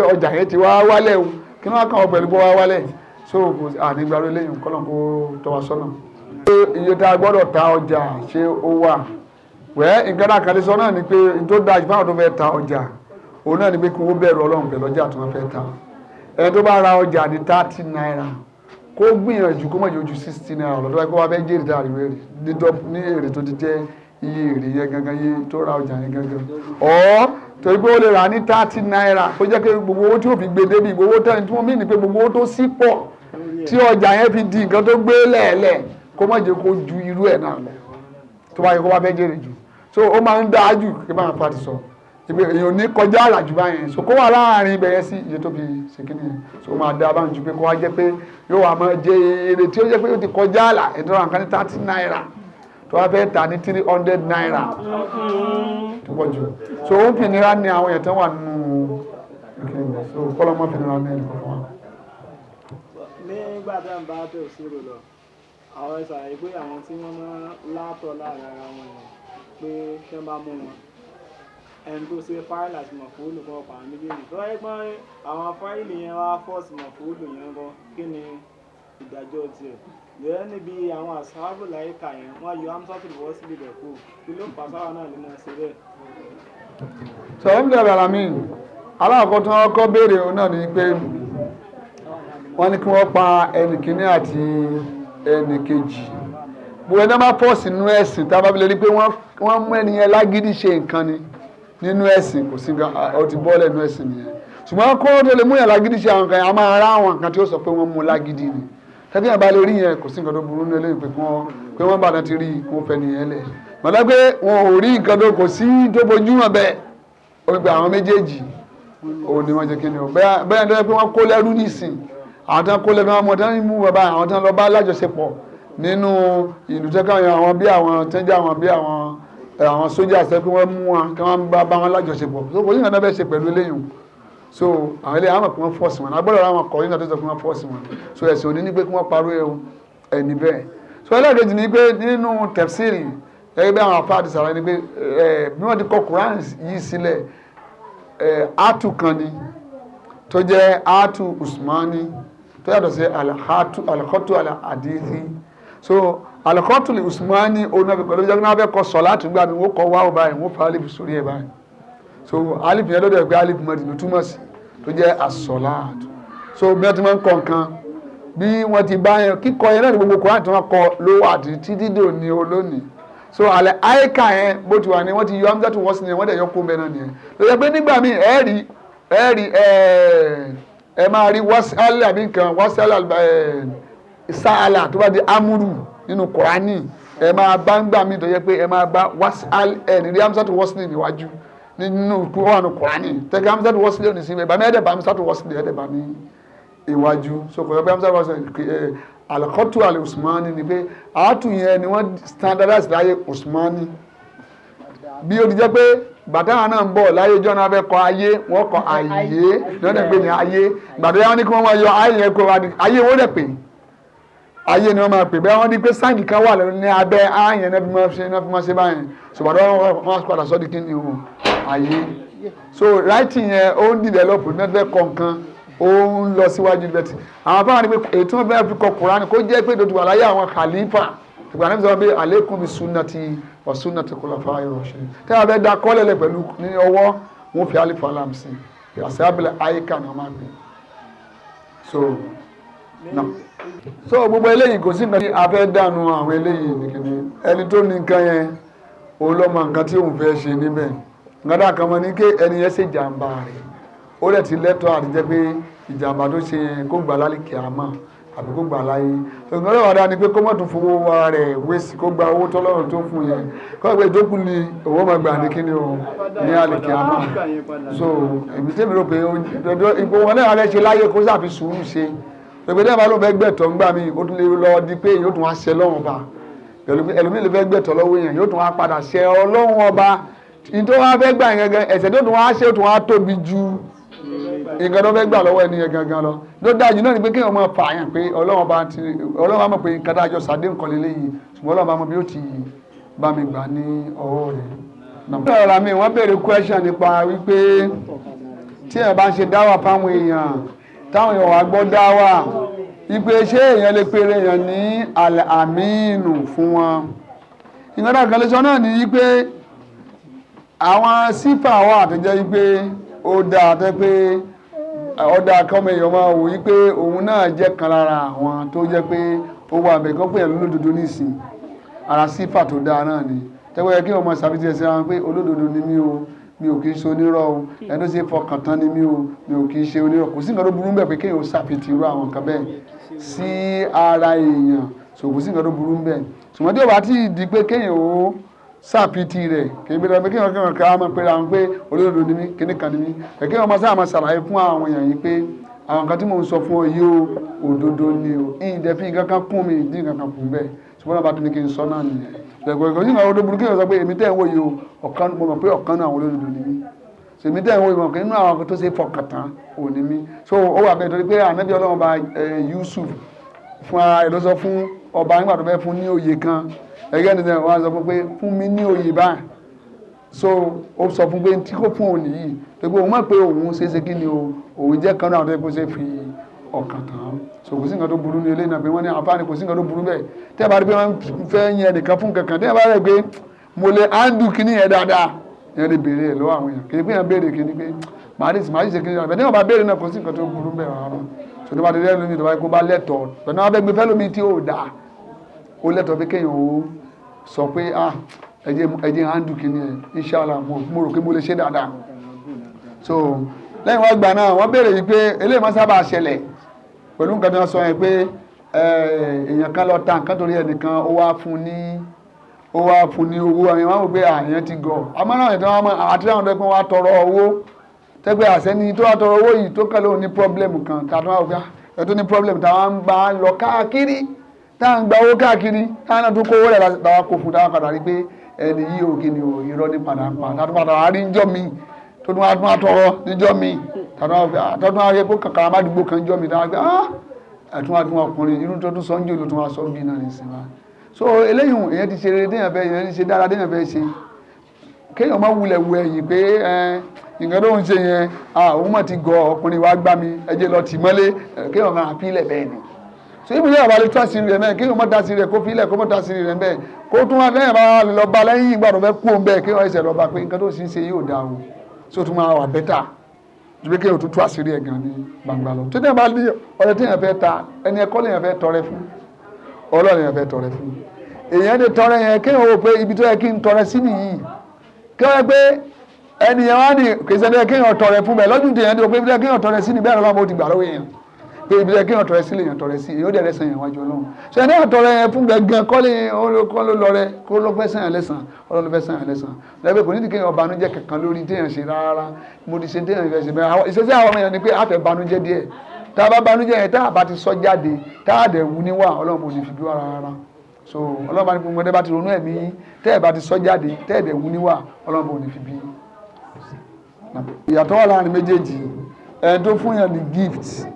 kí wọ́n kàn ọgbẹ́ lùgbọ́ wá wálẹ̀ so kò àdégbàrú eléyìí kọ́lọ̀ kó tọ́ wa sọ́nà. a gbọ́dọ̀ wẹ́ nǹkan náà kàlẹ́ sọ náà ni pé tó dáa jù fáwọn tó fẹ́ ta ọjà òun náà ni pé kí wọ́n bẹ̀rù ọlọ́run pẹ̀lú ọjà tó wọ́n fẹ́ ta ẹni tó bá ra ọjà ní thirty naira kó gbìyànjú kó mọ̀jọ́ ju sixty naira lọ́dọ̀ wáyé kó wá fẹ́ jèrè tá a rí ní èrè tó ti jẹ́ iye èrè yẹn gangan iye tó ra ọjà yẹn gangan ọ̀ torí pé ó lè rà ní thirty naira kó jẹ́ pé gbogbo owó tí ò fi gbé débi gbogbo tẹ́ni tí wọ́n mí ni pé gbogbo owó tó sí pọ̀ tí ọjà yẹn fi di nǹkan tó gbé lẹ̀ẹ́lẹ̀ kó mọ̀jọ́ kó ju irú ẹ̀ náà lọ tó bá kó wá fẹ́ jèrè jù so ó máa ń dáa jù kí báwọn apá ti sọ èèyàn ní kọjá àlàjù báyẹn so kó wà láàrin ibẹ̀yẹ sí iye tó fi ṣèké nìyẹn so ó máa dáa báyìí ju pé kó wá jẹ́ pé yóò wá máa jẹ èrè tí ó jẹ́ pé ó ti kọjá àlà ẹ̀dọ́ ra ní thirty naira tó wá fẹ́ tà ní three hundred naira tó pọ̀ jù so ó ń fi nira ní àwọn èèyàn tó wà nínú so kọ́lọ́mọ́ fi nira ní ẹ̀dọ́ wọn. nígbà tá à ń bá tẹ̀ sí rò lọ àwọn ẹ̀sà ìgbé àwọn tí wọ́n máa pé tí wọ́n bá mú wọn ẹni tó ṣe fáìlì àti mọ̀fóòlù kan ọkọ̀ àwọn méjèèjì tó wáyé pọ́n àwọn fáìlì yẹn wá fọ́ọ̀sì mọ̀fóòlù yẹn gan kí ni ìdájọ́ tiẹ̀ lẹ́yìn níbi àwọn àṣàbò láyìíká yẹn wọ́n yọ amsọ́tò bọ́ síbi ibẹ̀ kú kí ló fà sáwọn náà nínú ẹsẹ̀ bẹ́ẹ̀. sọ̀rọ̀ ní ọ̀rẹ́ àmì aláàkọ́ tí wọ́n kọ́ béèrè òun náà ni pé wọ́n ní kí wọ́n pa ẹnì kìíní àti ẹnì kejì gbogbo ẹni máa fọ́ọ̀sì nínú ẹ̀sìn tá a bá fi lè rí i pé wọ́n mú ẹni lágídí ṣe nǹkan ni nínú ẹ̀sìn kò sí nǹkan ọ ti bọ́ọ̀lẹ̀ nínú ẹ̀sìn nìyẹn ṣùgbọ́n kó tó lè mú yẹn lágídí ṣe àwọn kan yẹn a máa rá àwọn kan tí ó sọ pé wọ́n mú lágídí ni tẹ́bí yẹn bá lè rí yẹn kò sí nǹkan tó burú nílé pé pé wọ́n bá náà ti rí kó fẹ́ nìyẹn lẹ̀ mọ̀lá pé wọn ò rí nǹkan tó kò sí tó bojú hàn bẹ́ẹ̀ ó gbé àwọn méjèèjì òun ni wọ́n jẹ́ kíni o bẹ́ẹ̀ ni wọ́n kó lẹ́rú nísìn àwọn tán kó lẹ́rú àwọn tán mú bàbá àwọn tán lọ bá lájọṣepọ̀ nínú ìlú tẹ́kọ̀ọ́ àwọn bí àwọn tẹ́jà àwọn bí àwọn eh, àwọn sójà sọ pé wọ́n mú wọn kí wọ́n bá bá wọn lájọṣepọ̀ so kò sí nǹkan tó ṣe pẹ̀lú eléyìí so àwọn eléyìí àwọn pé wọ́n fọ́ọ̀sì wọn agbọ́dọ̀ àwọn kọ̀ nígbà tó sọ pé wọ́n fọ́ọ̀sì wọn so ẹ̀sìn òní ní pé kí wọ́n parọ́ ẹni bẹ́ẹ̀ so ẹlẹ́ẹ̀kejì ni pé nínú tẹ̀síìrì gẹ́gẹ́ bí àwọn afáàdì sàrà ni pé eh, bí wọ́n ti kọ Quran yìí sílẹ̀ áàtù eh, kan ni tó jẹ́ áàtù Usmani tó yàtọ̀ sí alakọ́tù alakọ́tù aladizi. Al so alikọ́tù usmani onabi pẹ̀lú jẹ́ náà fẹ́ kọ sọ láti gbà mí wọ́n kọ wá fa alif sórí ẹ̀ báyìí so alif yẹn lọ́dọ̀ ẹ̀ pé alif mọ̀dì ló túmọ̀ sí tó jẹ́ asọ̀láàtù so bí wọ́n ti máa ń kọ nǹkan bí wọ́n ti bá yẹn kíkọ yẹn náà ní gbogbo kòrán tí wọ́n kọ ló wà títí dídò ní olónìí so àlẹ́ àyíká yẹn bó ti wà ní wọ́n ti yọ amúdátù wọ́n sì ní wọ́n dẹ̀ yọ kó bẹ́ẹ̀ náà nìyẹn ló yẹ pé nígbà míì ẹ rí ẹ rí ẹ ẹ máa rí wọ́sálẹ̀ àbí nǹkan wọ́sálẹ̀ sáàlà tó bá di amúrù nínú kùránì ẹ máa bá ń gbà mí tó yẹ pé ẹ máa bá wasal ẹ ní rí amúsàtú wọ́sílì níwájú nínú kúránì kùránì tẹ́kẹ́ amúsàtú wọ́sílì ò ní sí ẹ̀bà mi ẹ̀dẹ̀ bá amúsàtú wọ́sílì ẹ̀dẹ̀ bá ní ìwájú so kò yẹ pé amúsàtú wọ́sílì alakọ́tù alẹ́ usmani ni pé àátù yẹn ni wọ́n standardize láyé usmani bí o ti jẹ́ pé bàtàwọn náà ń bọ̀ láyé ìjọ náà fẹ́ kọ ayé wọ́n kọ ayé lọ́dẹ̀ pé ní ayé gbàdúrà wọn ni kí wọ́n máa yọ ayé yẹn kó wa ni ayé wọ́n dẹ̀ pè é ayé ni wọ́n máa pè bẹ́ẹ̀ wọ́n di pé sáìnì kan wà lẹ́nu ní abẹ́ ààyàn náà fi máa ṣe náà fi báyìí ṣùgbọ́n wọ́n padà sọ́ di kí ni o ayé so writing yẹn ó ń develop ní ẹgbẹ́ kọ̀ọ̀kan ó ń lọ síwájú bẹ́tì àwọn afáwọn ni pé èyí tí wọ́n fẹ́ fi kọ kùránì kó jẹ́ pé dòdò àlàyé àwọn khalifa ìgbà náà sọ pé àlékún mi sunnati wa sunnati khulafa rashidin tẹ́ a fẹ́ da kọ́lẹ̀lẹ̀ pẹ̀lú ní ọwọ́ wọn fi alifu alam sí àṣẹ abẹ́lẹ̀ ayika ni wọ́n máa gbé so. Now so gbogbo eléyìí kò sí nǹkan tí a fẹ́ dànù àwọn eléyìí nìkìní ẹni tó ní nǹkan yẹn òun lọ́mọ nǹkan tí òun fẹ́ ṣe níbẹ̀ nǹkan tá a kàn mọ́ ni pé ẹni yẹn ṣe jàǹbá rẹ̀ ó rẹ̀ ti lẹ́tọ̀ọ́ àti jẹ́ pé ìjàǹbá tó ṣe yẹn kó gbà lálẹ́ kìámà àbí kó gbà láyé nǹkan lọ́wọ́ dáa ni pé kó mọ̀ tó fowó wa rẹ̀ wéṣì kó gba owó tọ́lọ́run tó fún yẹn kó ẹgbẹ́ ìjókòó ni owó máa gbà ní kíni o ní alẹ́ kìámà so èmi tẹ́mi rò pé ipò wọn náà ṣe láyé kó sàfi sùúrù ṣe pẹ̀pẹ́ dábàá ló fẹ́ gbẹ̀tọ̀ ńgbà mi ó tún lè lọ di pé yóò tún wá ṣe lọ́wọ́n ọba ẹlòmíì lè fẹ́ gbẹ̀tọ̀ lọ́wọ́ yẹn yóò tún wá padà ṣe ọlọ́wọ́n ọba nítorí wọn fẹ́ gbà yẹn gẹ́gẹ́ ẹ̀ṣẹ̀ tó tún wá ṣe tún wá tóbi ju nǹkan tó fẹ́ gbà lọ́wọ́ ẹni yẹn gangan lọ ló dájú náà ni pé kéèyàn máa fà yàn pé ọlọ́wọ́n bá ti ọlọ́wọ́n mọ̀ pé nǹkan dájọ́ sàdé nǹkan lélẹ́yìí ṣùgbọ́n ọlọ́wọ́n bá mọ̀ bí ó ti bá mi gbà ní ọwọ́ rẹ̀. nígbà táwọn èèyàn wá gbọ́ dá wà ìpè ṣé èèyàn lè pèrè èèyàn ní àmínù fún wọn ìgbàdà kan lè sọ náà ní wípé àwọn sípà wà àtẹ̀jẹ́ wípé ó dáa tẹ́ pé ọ̀dà kọ́mọ èèyàn máa wò wípé òun náà jẹ́ kan lára àwọn tó jẹ́ pé ó wà bẹ̀ kọ́ lódodo nísìn ara sípà tó dáa náà ni tẹ́wọ́ yẹ kí wọ́n máa ṣàfihàn sí ara pé olódodo ni mí o mi ò kí ń ṣe onírọ́ o ẹni ṣe fọkàn tán ni mi ò mi ò kí ń ṣe onírọ́ kò sí nǹkan tó burú bẹ́ẹ̀ pé kéèyàn ó ṣàfitì irú àwọn nǹkan bẹ́ẹ̀ sí ara èèyàn so kò sí nǹkan tó burú bẹ́ẹ̀ ṣùgbọ́n tí ó bá ti di pé kéèyàn ó ṣàfitì rẹ̀ kéèyàn bẹ́ẹ̀ kéèyàn kéèyàn ká máa pera wọn pé olódodo ni mí kíní kan ni mí kéèyàn máa sáà máa ṣàlàyé fún àwọn èèyàn yìí pé àwọn kan tí mò ń sọ fún ọ yìí ó òdodo ni o ìdẹ̀fín kankan kún mi ìdí kankan kún bẹ́ẹ̀ ṣùgbọ́n àbá tó ní kí n sọ náà nìyẹn ṣùgbọ́n ìkọ̀sí ìgbà wo tó burú kí n sọ pé èmi tẹ́ ń wò yìí o ọ̀kan mo mọ̀ pé ọ̀kan náà àwọn olódodo ni mí èmi tẹ́ ń wò mọ̀ pé inú àwọn tó ṣe fọkàn ò ní mí so ó wà bẹ́ẹ̀ torí pé ànábì ọlọ́run bá Yusuf fún ara ẹ̀ ló sọ fún ọba nígbà tó fẹ́ fún ní oyè kan ẹgẹ́ ni wọ́n sọ fún pé fún mi ní oyè báyìí so ó sọ fún pé tí kò fún òun nìyí pé òun mọ̀ pé òun ṣe kí ni o òun jẹ́ kan náà tó ṣe fi ọkàn tán so kò sí nǹkan tó burú ní eléyìí náà pé wọ́n ní àǹfààní kò sí nǹkan tó burú bẹ́ẹ̀ tẹ́ bá rí pé wọ́n fẹ́ yẹn nìkan fún kankan tẹ́ bá rẹ̀ pé mo lè áńdù kíní yẹn dáadáa yẹn lè béèrè ẹ̀ lọ́wọ́ àwọn èèyàn kì í pé yẹn béèrè kíní pé màá dìsí màá dìsí kíní dáadáa bẹ́ẹ̀ bá béèrè náà kò sí nǹkan tó burú bẹ́ẹ̀ rárá so tó bá dé lẹ́nu tó bá kó bá lẹ́tọ̀ọ́ pẹ̀lú abẹ́ gbé fẹ́ lómi tí ò dáa ó lẹ́tọ̀ọ́ pé kéèyàn ó so lẹ́yìn wọ́n gbà náà wọ́n béèrè yìí pé eléyìí máa sábà ṣẹlẹ̀ pẹ̀lú nǹkan tí wọ́n sọ yẹn pé èèyàn kan lọ ta nǹkan torí ẹnìkan ó wá fún ní ó wá fún ní owó àwọn ìwọ̀n pé àyàn ti gọ̀ àmọ́ràn ẹ̀tọ́ wọn máa àti àwọn ọ̀dọ́ pé wọ́n á tọrọ owó tẹ́gbẹ́ àsẹ́ni tó wá tọrọ owó yìí tó kẹ́lẹ́ òní pọ́blẹ́mù kan tàbí wọn gbà ẹ̀tọ́ ní pọ́blẹ́mù táwọn ń bá lọ káàkiri táwọn ń gba owó káàkiri táwọn tó kó owó rẹ̀ táwọn kò fún táwọn padà rí pé ẹni yìí ò ni ò irọ́ ní padà tó tún wá tún níjọ́ mi tàbí àtọ́tún ààrẹ bó kankan amádùúgbò kan jọ́ mi tàbí àgbà àtún àtún ọkùnrin irú tó tún sọ́njú ló tún wá sọ́njú náà ní sinmi so eléyìí èèyàn ti ṣe rere déyàn fẹ́ èèyàn ti ṣe dára déyàn fẹ́ ṣe kéèyàn má wulẹ̀ wù ẹ̀yìn pé nǹkan tó ń ṣe yẹn òun so ibi yàrá lè tún àṣírí rẹ̀ náà kéèyàn má dasí rẹ̀ kó pílẹ̀ kó má dasí rẹ̀ bẹ́ẹ̀ kó tún wá lẹ́yìn bá lọ bá lẹ́yìn ìgbà tó fẹ́ kú òun bẹ́ẹ̀ lọ bá pé nǹkan tó ṣe ń ṣe yóò dáa tí o tún máa wà bẹ́tà ju pé kéèyàn tún tú àṣírí ẹ̀ gan ní gbangba lọ. tètè bá ní ọ̀rẹ́ téèyàn fẹ́ ta ẹni ẹ̀kọ́ lèèyàn fẹ́ tọrẹ fún ọlọ́run èèyàn fẹ́ tọrẹ fún èèyàn lè tọrẹ yẹn kéèyàn wò pé ibi tó yẹ kí n tọrẹ sí nìyí kéèyàn pé ẹnìyàn wá ní kèsì tọrẹ fún bẹ́ẹ̀ lọ́dún tó pé ibi tọrẹ sí ni bẹ́ẹ̀ lọ́wọ́ mo ti gbà lọ́wọ́ èèyàn pé ibi tẹ́ kí èèyàn tọrẹ sí lèèyàn tọrẹ sí èyí ó dẹ̀ lẹ́sàn yẹn wájú ọlọ́run ṣe ní àtọrẹ yẹn fún gangan kọ́ lè kọ́ ló lọ rẹ kó ló fẹ́ sàn yẹn lẹ́sàn ọlọ́run fẹ́ sàn yẹn lẹ́sàn lẹ́gbẹ̀ẹ́ kò ní kí èèyàn banújẹ́ kankan lórí téèyàn ṣe rárá mo ti ṣe téèyàn fẹ́ ṣe bẹ́ẹ̀ ìṣesí àwọn èèyàn ni pé àfẹ́ banújẹ́ díẹ̀ tá a bá banújẹ́ yẹn tá a bá ti sọ jáde tá a dẹ̀ wu níwà ọlọ́run kò ní fi bí wà rárá so ọlọ́run bá ní gbogbo ẹ̀ bá ti ronú ẹ̀mí tẹ́ ẹ̀ bá ti sọ jáde tẹ́ ẹ̀ dẹ̀ wu níwà ọlọ́run kò ní fi bí. ìyàtọ̀ ẹni tó fún yàn ní gift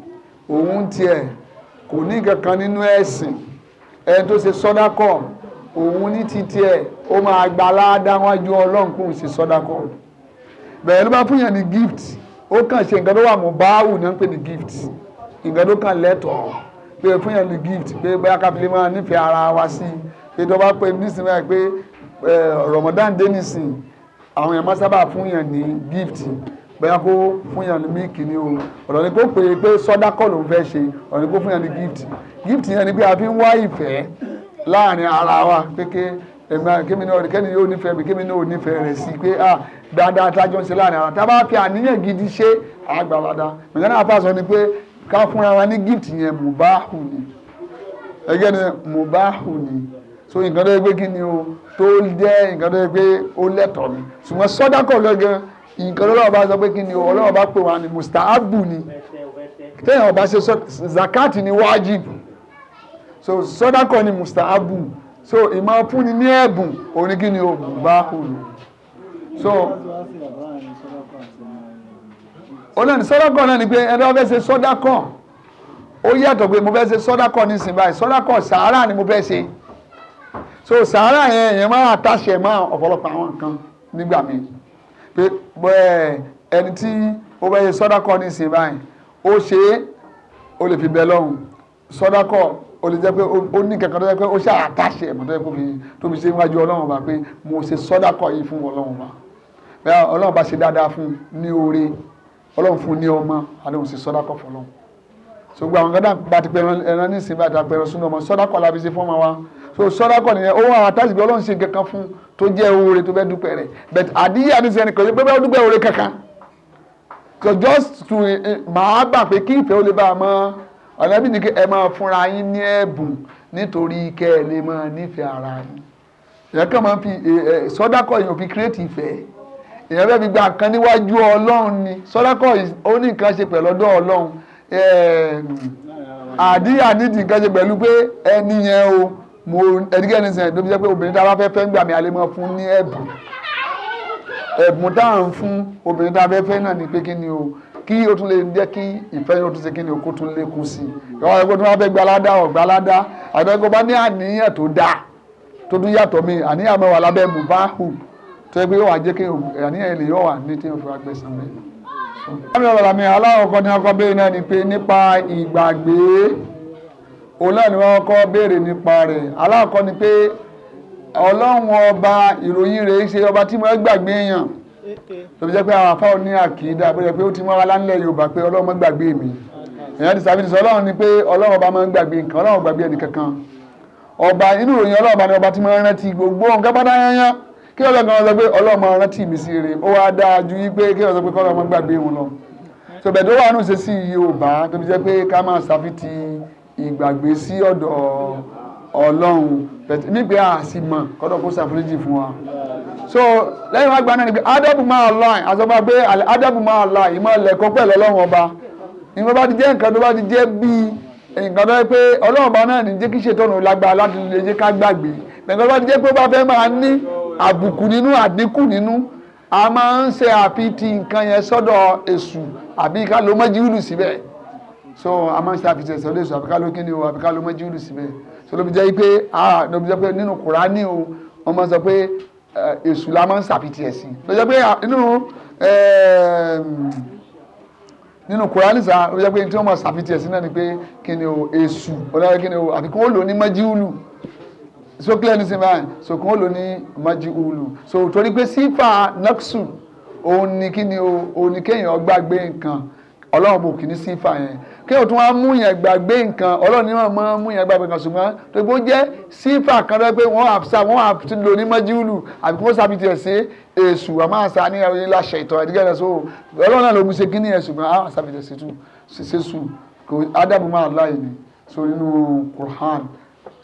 òun tiẹ̀ kò ní kankan nínú ẹ̀sìn ẹni tó ṣe sọ́dákọ̀ òun ní ti tiẹ̀ ó máa gba aláàdá wájú ọlọ́run kóun ṣe sọ́dákọ̀ bẹ́ẹ̀ ló bá fún yàn ní gift ó kàn ṣe nǹkan tó wà mú báwù náà ń pè ní gift nǹkan tó kàn lẹ́tọ̀ọ́ pé fún yàn ní gift pé bóyá kábílẹ̀ máa nífẹ̀ẹ́ ara wa sí pé tó bá pè nísìnyí báyìí pé Ramadan dé nísìnyí àwọn èèyàn máa sábà fún yàn ní gift bẹ́ẹ̀ kó fún yàn ní mílìkì ni o ọ̀rọ̀ ni kó pè é pé sọ́dá kọ́ ló ń fẹ́ ṣe ọ̀rọ̀ ni kó fún yàn ní gift gift yẹn ni pé a fi ń wá ìfẹ́ láàrin ara wa kéke ẹ̀mí kémi náà rí kẹ́ni yóò nífẹ̀ẹ́ mi kémi náà ò nífẹ̀ẹ́ rẹ̀ sí pé ah dáadáa tájọ́ ń ṣe láàrin ara tá a bá fi àníyàn gidi ṣe àgbàlada nǹkan náà fà sọ ni pé ká fúnra wa ní gift yẹn mùbáhù ni ẹgẹ́ ni mùbáhù ni so nǹkan tó yẹ pé kí ni o tó jẹ́ nǹkan tó yẹ pé ó lẹ́tọ̀ọ́ ni ṣùgbọ́n sọ́dákọ̀ lọ́gán nǹkan lọ́wọ́ bá sọ pé kí ni o ọlọ́wọ́ bá pè wá ní mustahabu ni téèyàn bá ṣe zakati ni wajib so sọdakọ ni mustahabu so ìmọ̀ fúnni ní ẹ̀bùn oníkí ni o bá kúrò so olóòní sọdakọ náà ni pé ẹni wọ́n fẹ́ ṣe sọdakọ ó yàtọ̀ pé mo fẹ́ ṣe sọdakọ nísìnyí báyìí sọdakọ sàárà ni mo fẹ́ ṣe so sàárà yẹn yẹn máa àtàṣe máa ọ̀pọ̀lọpọ̀ àwọn nǹkan nígbà míì pé bẹ́ẹ̀ eh, ẹni tí ó bá yẹ sọ́dákọ̀ ní ìsìn báyìí ó ṣe é ó lè fi bẹ lọ́hùn sọ́dákọ̀ ó lè jẹ́ pé ó ní kankan tó jẹ́ pé ó ṣe àtàṣe ẹ̀mọ́ tó yẹ kó fi tó fi ṣe níwájú ọlọ́run bá pé mo ṣe sọ́dákọ̀ yìí fún ọlọ́run bá bẹ́ẹ̀ ọlọ́run bá ṣe dáadáa fún ní oore ọlọ́run fún ní ọmọ àdéhùn ṣe sọ́dákọ̀ fọlọ́run so gbogbo àwọn gádà bá ti pẹ̀rọ ẹran ní ìsìn bá ti pẹ̀rọ ọmọ sọ́dákọ̀ la fi ṣe fọ́ọ̀mù wa so sọ́dákọ̀ nìyẹn owó àwọn àtàzì bí ọlọ́run ṣe kankan fún tó jẹ́ owó rẹ tó fẹ́ dúpẹ́ rẹ̀ but àdíyà ní sẹ́ni kọ̀ọ̀yẹ́ pé bẹ́ẹ̀ dúpẹ́ òwe kankan so just to eh, màá gbà pé kí ìfẹ́ ó lè bá a mọ́ ọ̀nàbí ni ẹ máa fúnra yín ní ẹ̀bùn nítorí kẹ́ ẹ lè máa nífẹ̀ẹ́ ara yín èèyàn kàn máa fi eh, eh, sọ́dákọ̀ yìí ò fi create ìfẹ́ èèyàn fẹ́ fi gba nǹkan níwájú ọlọ́run ni sọ́dákọ̀ yìí ó ní nǹkan ṣe pẹ̀lú ọ̀dọ̀ ọlọ́run àdíyà nídìí nǹkan ṣe pẹ̀lú pé ẹni yẹn o mo ẹnikẹ́ni sẹ̀yìn tó fi jẹ́ pé obìnrin tá a bá fẹ́ fẹ́ ń gbà mí alẹ́ fún ní ẹ̀bùn ẹ̀bùn tá à ń fún obìnrin tá a fẹ́ fẹ́ náà ni pé kí ni o kí o tún lè jẹ́ kí ìfẹ́ yóò tún ṣe kí ni o kó tún lékún sí i ìwọ ẹgbẹ́ tó bá fẹ́ gba aládá ọ̀ gba aládá àbẹ́ kó bá ní àníyàn tó dáa tó tún yàtọ̀ mi àníyàn mẹ́wàá lábẹ́ mùbáhù tó yẹ pé yóò wá jẹ́ kí àníyàn ilé yóò wà ní tí yóò fi wá gbẹ̀sán mẹ́rin. lábẹ́ ọ̀rọ̀ mi aláwọ̀kọ́ ni ọkọ̀ béèrè náà ni pé nípa ìgbàgbé òun ni wọ́n kọ́ béèrè nípa rẹ̀ aláwọ̀kọ́ ni pé ọlọ́run ọba ìròyìn rẹ̀ ṣe ọba tí mo gbàgbé yàn tó fi jẹ́ pé àwọn afáwọn ní àkìdá pé ó Yorùbá pé ọlọ́run gbàgbé mi ti sàbí sọ ọlọ́run ọba gbàgbé nǹkan ọlọ́run gbàgbé ẹnì ọba inú ìròyìn ọba ni ọba rántí gbogbo nǹkan bá dá yányán kí ọlọ́run kan sọ pé ọlọ́run máa rántí mi sí rere ó wáá dáa ju yí pé kí ọlọ́run pé kọ́lọ́run gbàgbé òun lọ sọ̀bẹ̀ wà nù ṣe sí Yorùbá tó jẹ́ pé ká máa ṣàfitì ìgbàgbé sí ọ̀dọ̀ ọlọ́run nígbẹ́ àsìmọ̀ kọ́dọ̀ kó ṣàforíjì fún wa so lẹ́yìn wá gba náà ni pé adabu máa láì àsọba pé adabu máa láì ìmọ̀ ẹ̀lẹ́kọ́ pẹ̀lú ọlọ́run ọba ìmọ̀ bá ti jẹ́ nǹkan tó bá ti jẹ́ bíi nǹkan tó yẹ pé ọlọ́run ọba náà ní jẹ́ kí ṣètọ́nù lágbára láti lè jẹ́ ká gbàgbé nǹkan tó bá ti jẹ́ pé ó bá fẹ́ máa ní àbùkù nínú àdínkù nínú a máa ń ṣe àfitì nǹkan yẹn sọ́dọ̀ èṣù àbí ká ló mọ́ jíwìlù síbẹ̀ so a máa ń ṣe àfitì sọ́dọ̀ èṣù àbí ká ló kíni o àbí ká ló mọ́ jíwìlù síbẹ̀ so ló fi jẹ́ pé ah ló fi jẹ́ pé nínú Kùránì o wọ́n máa sọ pé eh, èṣù la máa ń ṣàfitì ẹ̀ sí ló jẹ́ pé nínú ehm, nínú Kùránì sá ló jẹ́ pé tí wọ́n máa ṣàfitì ẹ̀ sí náà ni pé kíni o èṣù ọ̀dọ́ kíni o àbí kí wọ́n lò ní mọ́jíwìlù sókè ẹni sinmi báyìí sòkun ó lò ní mọ́jú ulu so torí pé sífà nọ́ọ̀sù òun ni kí ni o òun ni kéèyàn gbàgbé nǹkan ọlọ́run bò kí ní sífà yẹn kéèyàn tún wá mú yẹn gbàgbé nǹkan ọlọ́run níwọ̀n máa mú yẹn gbàgbé nǹkan ṣùgbọ́n tó gbó jẹ́ sífà kan rẹ pé wọ́n àfisà wọ́n àti lò ní mọ́jú ulu àbí kó sábì tiẹ̀ sí èṣù àmọ́ àṣà ní ẹ̀rọ ilé àṣẹ ìtọ́ ẹ̀dígẹ́ rẹ̀ so ọlọ́run náà ló mú ṣe kí ní yẹn ṣùgbọ́n àwọn àṣà fi tiẹ̀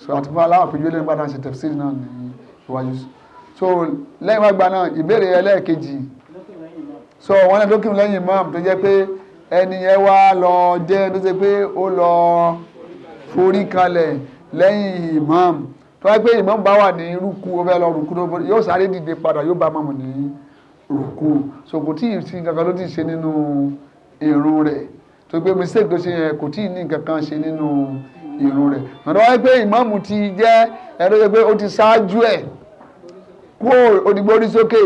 so àti fún aláwọ̀ àpèjúwe lẹ́nu gbàdá ṣe tẹ̀síìrì náà ní iwájú so lẹ́yìn wàgbà náà ìbéèrè ẹlẹ́ẹ̀kejì so wọn náà lókè lẹ́yìn imam tó jẹ́ pé ẹni yẹn wá lọ jẹ́ tó ṣe pé ó lọ forí kalẹ̀ lẹ́yìn imam tó wáyé pé imam bá wà ní rúkú ó fẹ́ lọ rúkú yóò sáré dìde padà yóò bá mamu ní rúkú so kò tí ì sí kankan ló ti ṣe nínú irun rẹ̀ tó gbé mistake tó ṣe yẹn kò tí ì ní kankan ṣe nínú irun rẹ̀ mọ̀tọ́ wáyé pé ìmáàmù ti jẹ́ ẹ̀rọ yẹ pé ó ti ṣáájú ẹ̀ kúrò òdìgbò orí sókè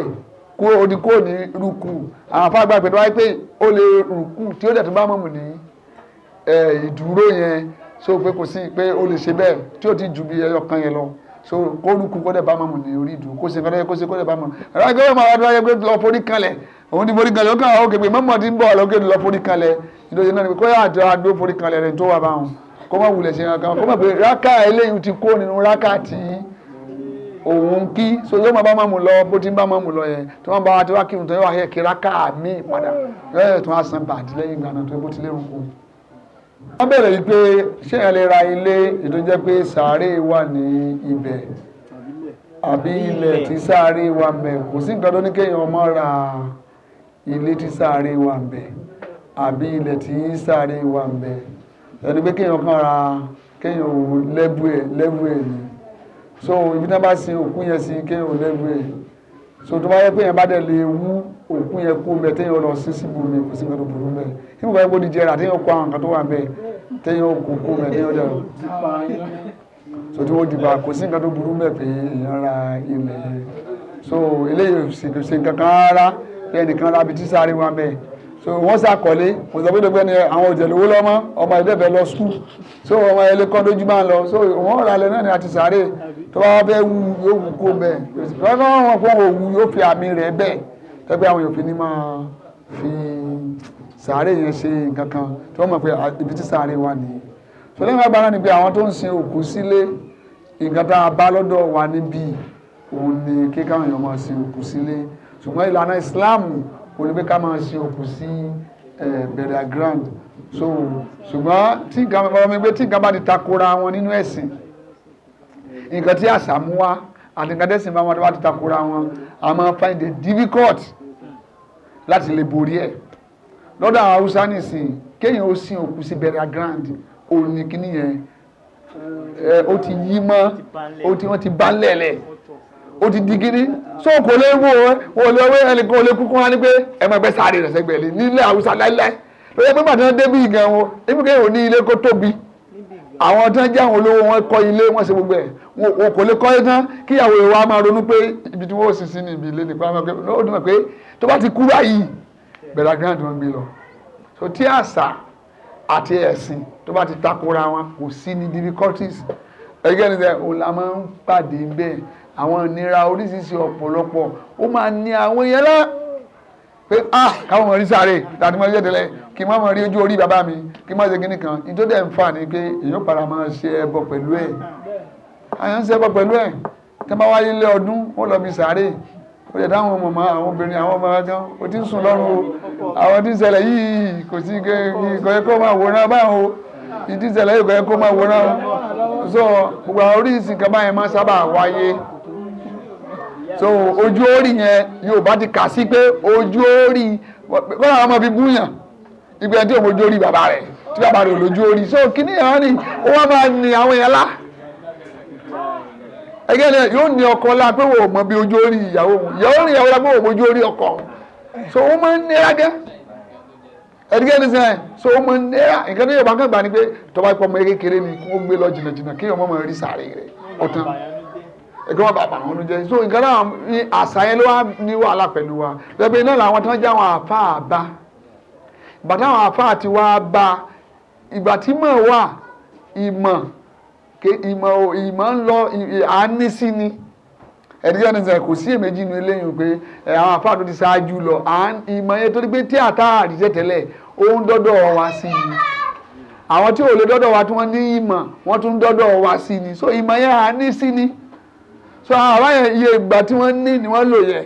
kúrò òdìkò ní rúkù àwọn afáàgbà pẹ̀lú wáyé pé ó lè rúkù tí ó dẹ̀ tó bá mọ̀mù ní ìdúró yẹn so pé kò sí pé ó lè ṣe bẹ́ẹ̀ tí ó ti ju bí ẹyọ kan yẹn lọ so kó rúkú kó dẹ̀ bá mọ̀mù ní orí ìdúró kó ṣe kó dẹ̀ kó ṣe kó dẹ̀ bá mọ̀mù ẹ̀rọ ẹgbẹ́ wọn máa wáyé pé lọ forí kanlẹ̀ òun ti forí kanlẹ̀ ó kàn ó képe mọ́mọ́ ti ń bọ̀ lọ́kẹ́ lọ forí kanlẹ̀ nítorí náà ni kó yà àdó forí kanlẹ̀ rẹ̀ tó wà báwọn kó má wulẹ̀ ṣe kankan kó má pé rákà eléyìí ti kó nínú rákà tí òun kí so ló máa bá máa mú lọ bó ti ń bá máa mú lọ yẹn tó máa bá wa ti wá kírun tó yẹ wá yẹ kí rákà mí padà lẹ́yìn tó wá san bàtí lẹ́yìn ìgbà náà tó yẹ bó ti lérò kù. wọ́n bẹ̀rẹ̀ wípé ṣé ẹ lè ra ilé ètò jẹ́ pé sàárè wà ní ibẹ̀ àbí ilẹ̀ tí sàárè wà mẹ́ kò sí nǹkan tó ní kéèyàn ọmọ ra ilé tí sàárè wà mẹ́ àbí ilẹ̀ tí sàárè wà mẹ́ ẹni pé kéèyàn kàn ra kéèyàn wò lẹ́bù ẹ̀ lẹ́bù ẹ̀ ni so ibi náà bá sin òkú yẹn sí kéèyàn wò lẹ́bù ẹ̀ so tó bá yẹ pé yẹn bá dẹ̀ lè wú òkú yẹn kú mẹ́ téèyàn lọ sí síbu mi kò sí nǹkan tó burú mẹ́ nígbà bá yẹ kó di jẹ́ra téèyàn kó àwọn nǹkan tó wà mẹ́ téèyàn kú kú mẹ́ téèyàn dẹ̀ so tí wọ́n dìbà kò sí nǹkan tó burú mẹ́ pé ara ilẹ̀ so eléyìí sì kò sí nǹkan kan rárá pé ẹnìkan rábi tí sáré wa mẹ́ẹ̀ so wọ́n ṣàkọlé mo sọ pé dọ́gbẹ́ ni àwọn òjèlówó lọ́mọ ọmọ ẹ̀dẹ́fẹ́ lọ skul so ọmọ ẹlẹ́kọ́ lójú máa lọ so wọ́n rà lẹ́ náà ni àti sàárè tó bá fẹ́ wú yóò wú kó bẹ́ẹ̀ lọ́nà wọn fún òwú yóò fi àmì rẹ̀ bẹ́ẹ̀ tẹ́gbẹ́ àwọn òfin ni máa fi sàárè yẹn ṣe nǹkan kan tí wọ́n mọ̀ pé ibi tí sàárè wà nìyí so lẹ́yìn agbára ni pé àwọn tó ń sin òkú sílé nǹkan tá a bá lọ́dọ̀ wa níbí òun ni kíkà olùgbé ká máa ṣe òkú sí burial ground so ṣùgbọ́n tí nǹkan ọmọ ẹgbẹ́ tí nǹkan bá ti takora wọn nínú ẹ̀sìn nǹkan tí àṣà àti nǹkan tẹ̀sìn bá wọn ti takora wọn a máa find it difficult láti lè borí ẹ̀ lọ́dọ̀ àwọn haúsá nìsín kéèyàn ó sin òkú sí burial ground òun ni kíní yẹn ó ti yí mọ́ ó ti wọ́n ti bá lẹ̀lẹ̀ ó ti di gírí so kò lè wo wọn lè wé ẹnìkan lè kúkú wá ní pé ẹ máa bẹ sáré rẹ sẹgbẹ lé nílẹ̀ haúsá láíláí lóye pé bàtà débí gan wọn ibi kéèyàn ò ní ilé kó tóbi àwọn tán jẹ́ àwọn olówó wọn kọ́ ilé wọn ṣe gbogbo ẹ̀ wọn kò lè kọ́ ẹ tán kíyàwó ìwà máa ronú pé ibi tí wọ́n sì sí ní ibi ilé nìkan máa ó dùn pé tó bá ti kúrò yìí bẹ̀rẹ̀ grand wọn gbé lọ so tí àṣà àti ẹ̀sìn tó bá ti takora wọn kò sí ní difficulties ẹgbẹ́ ni sẹ́ máa ń pàdé bẹ́ẹ̀ àwọn ìnira oríṣiríṣi ọ̀pọ̀lọpọ̀ ó máa ní àwọn èèyàn lá pé ah káwọn mọ̀ rí sáré tàbí mọ̀ rí ẹ̀dẹ̀lẹ̀ kí n má mọ̀ rí ojú orí bàbá mi kí n má ṣe kíní kan ìjọ dẹ̀ ń fà ní pé èèyàn padà máa ṣe ẹbọ pẹ̀lú ẹ̀ àyàn ń ṣe ẹbọ pẹ̀lú ẹ̀ tí wọ́n bá wáyé lé ọdún ó lọ mi sáré ó lè dáhùn ọmọ àwọn obìnrin àwọn ọmọ ọjọ́ ó ti ń sùn lọ́rùn o àwọn tí ń ṣẹlẹ̀ yìí kò sí kò kó máa wòran báwọn o ìdí ìṣẹ̀lẹ̀ yìí kó máa wòran o so gbogbo àwọn oríṣi kan báyẹn máa sábà wáyé so ojú orí yẹn Yorùbá ti kà sí pé ojú orí báwọn àwọn ọmọ fi búyàn ìgbẹ́ tí òun ojú orí bàbá rẹ̀ tí bàbá rẹ̀ lójú orí so kíní yẹn ni ó wá máa ní àwọn yẹn lá ẹgẹ́ náà yóò ní ọkọ la pé wò ó mọ bí ojú orí ìyàwó òun ìyàwó rí ìyàwó la pé wò ó ojú orí ọkọ so ó máa ń nira gẹ́ ẹ̀dígẹ́ ní sẹ́yìn so ó máa ń nira nǹkan tó yẹ bá kàn gbà ni pé tọ́ba ìpọ́nmọ́ kékeré ni kó gbé lọ jìnnàjìnnà kí ọmọ mọ̀ rí sàárè rẹ̀ ọ̀tán ẹgbẹ́ wọn bàbá àwọn oúnjẹ so nǹkan náà ní àṣà yẹn ló wá ní wàhálà pẹ̀lú wa lẹ́gbẹ̀ẹ́ náà làwọn tán já àwọn àfáà bá bàtà àwọn àfáà ti wá bá ìgbà tí mọ̀ wà ìmọ̀ ìmọ̀ ìmọ̀ ń lọ àánísí ni ẹ̀dígbà ní sẹ́yìn kò sí èméjì inú eléyìí pé àwọn àfáà tó ti ṣáájú lọ ìmọ̀ yẹn torí pé tí àtàrí tẹ̀tẹ̀lẹ̀ ó ń dọ́dọ̀ wa sí i àwọn tí ò lè dọ́dọ̀ wa tí wọ́n ní ìmọ̀ wọ́n tún dọ́dọ̀ wa sí ni so ìmọ̀ yẹn àánísí ni so àwa yẹn iye ìgbà tí wọ́n ní ni wọ́n lò yẹ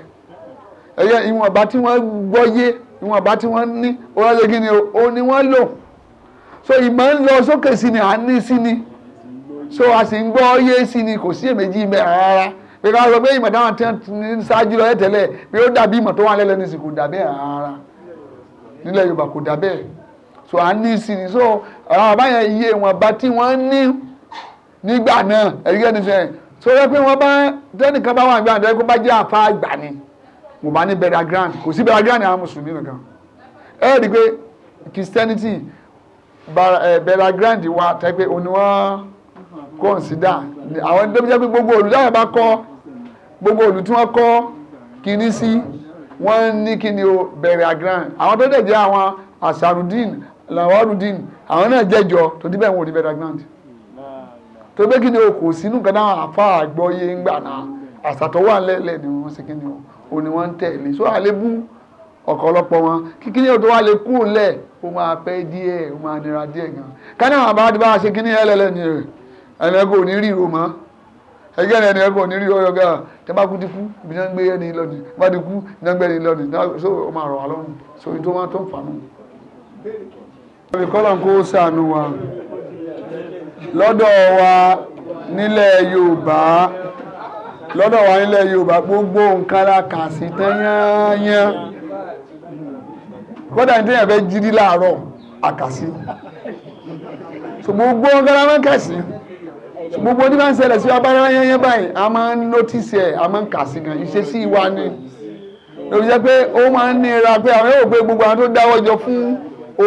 ẹ̀yẹ ìwọ̀nba tí wọ́n gbọ́yé ìwọ̀nba tí wọ́n ní orílẹ̀ gíní o ni wọ́n lò so ìmọ̀ ń lọ sókè sí ni à ń ní sí ni so a sì ń gbọ́ yé sí ni kò sí èméjì mẹ́ rárá pé ká sọ pé ìmọ̀ táwọn tí wọ́n ń ṣáájú lọ tẹ́lẹ̀ pé ó dàbí ìmọ̀ tó wà lẹ́lẹ́ ní sìn kò rárá nílẹ̀ Yorùbá kò dà so à ń ní sí ni so àwọn àbáyẹn iye ìwọ̀nba tí wọ́n ní nígbà náà ẹ̀rí ẹni so yẹ pé wọ́n bá tẹ́nìkan bá wà ní gbàǹdẹ́ kó bá jẹ́ àfa àgbà ni mo bá ní bẹ̀rẹ̀ grand kò sí bẹ̀rẹ̀ grand àwọn mùsùlùmí nìkan ẹ rí i pé christianity bẹ̀rẹ̀ grand wa tẹ́ pé òní wọ́n consider àwọn tó jẹ́ pé gbogbo òlù táwọn bá kọ́ gbogbo òlù tí wọ́n kọ́ kìíní sí wọ́n ní kíni o bẹ̀rẹ̀ grand àwọn tó dẹ̀ jẹ́ àwọn asarudin lawarudin àwọn náà jẹ́jọ tó dí bẹ́ẹ̀ wọn ò ní bẹ̀rẹ̀ grand tó bẹ́ẹ̀ kí ni o kò sínú kan náà àfa àgbọ̀yé ńgbà náà àṣàtọ̀ wà lẹ́lẹ̀ ni wọ́n ṣe kí ni o ò ní wọ́n ń tẹ̀lé so àlébù ọ̀kọ̀lọpọ̀ wọn kíkí ni o tó wá lè kú lẹ̀ o máa pẹ́ díẹ̀ o máa nira díẹ̀ gan káná àwọn àbá ti bá a ṣe kí ní ẹlẹ́lẹ́ ni rẹ̀ ẹnìyẹn kò ní ríro mọ́ ẹgbẹ́ rẹ̀ ẹnìyẹn kò ní rí ọyọ gan tẹ bá kú ti kú ibi náà ń gbé ẹni lọ́nì bá ti kú so o máa so ibi tó máa tó ń fà nù. olùkọ́ lọ́dọ̀ wa nílẹ̀ Yorùbá lọ́dọ̀ wa nílẹ̀ Yorùbá gbogbo nǹkan la kà sí tán yányán kódà ní téèyàn fẹ́ jírí láàárọ̀ àkàsí gbogbo nǹkan la máa ń kà sí gbogbo ní máa ń ṣẹlẹ̀ sí abára yányán báyìí a máa ń nọ́tìsì ẹ̀ a máa ń kà sí gan ìṣesí wa ni lórí jẹ́ pé ó máa ń nira pé àwọn yóò pé gbogbo àwọn tó dáwọ́ jọ fún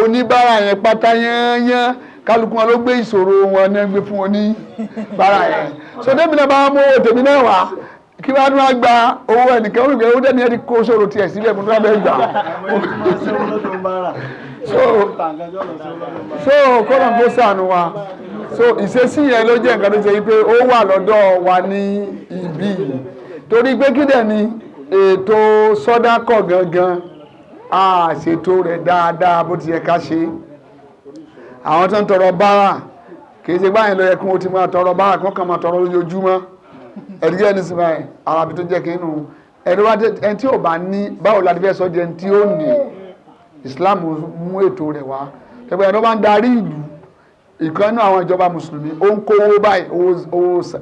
oníbàárà yẹn pátá yányán kálukú wọn ló gbé ìṣòro wọn náà gbé fún wọn ní bára yẹn so débi náà bá mú owó tèmi náà wá kí wàá dún àgbà owó ẹnìkan ó rí pé ó dẹ́ni ẹni kó sòrò tiẹ̀ sílẹ̀ fún tó bẹ́ẹ̀ gbà. so so kọ́nà kó sànù wa so ìṣesí yẹn ló jẹ́ nǹkan tó ṣe pé ó wà lọ́dọ̀ wa ní ibi torí pé kí dẹ̀ ni ètò sọ́dákọ̀ gangan a ṣètò rẹ̀ dáadáa bó ti yẹ ká ṣe é àwọn tó ń tọrọ báárà kìí ṣe báyìí ló yẹ kí wọ́n ti máa tọrọ báárà kí wọ́n kàn máa tọrọ lójoojúmọ́ ẹ̀dígẹ́ ní sinmi báyìí àwọn àbí tó jẹ́ kí nù ẹni tí ò bá ní báwo la ti fẹ́ sọ di ẹni tí ó ní Islam mú ètò rẹ̀ wá tẹ̀gbọ́n ẹni tó bá ń darí ìlú ìkan náà àwọn ìjọba mùsùlùmí ó ń kó owó báyìí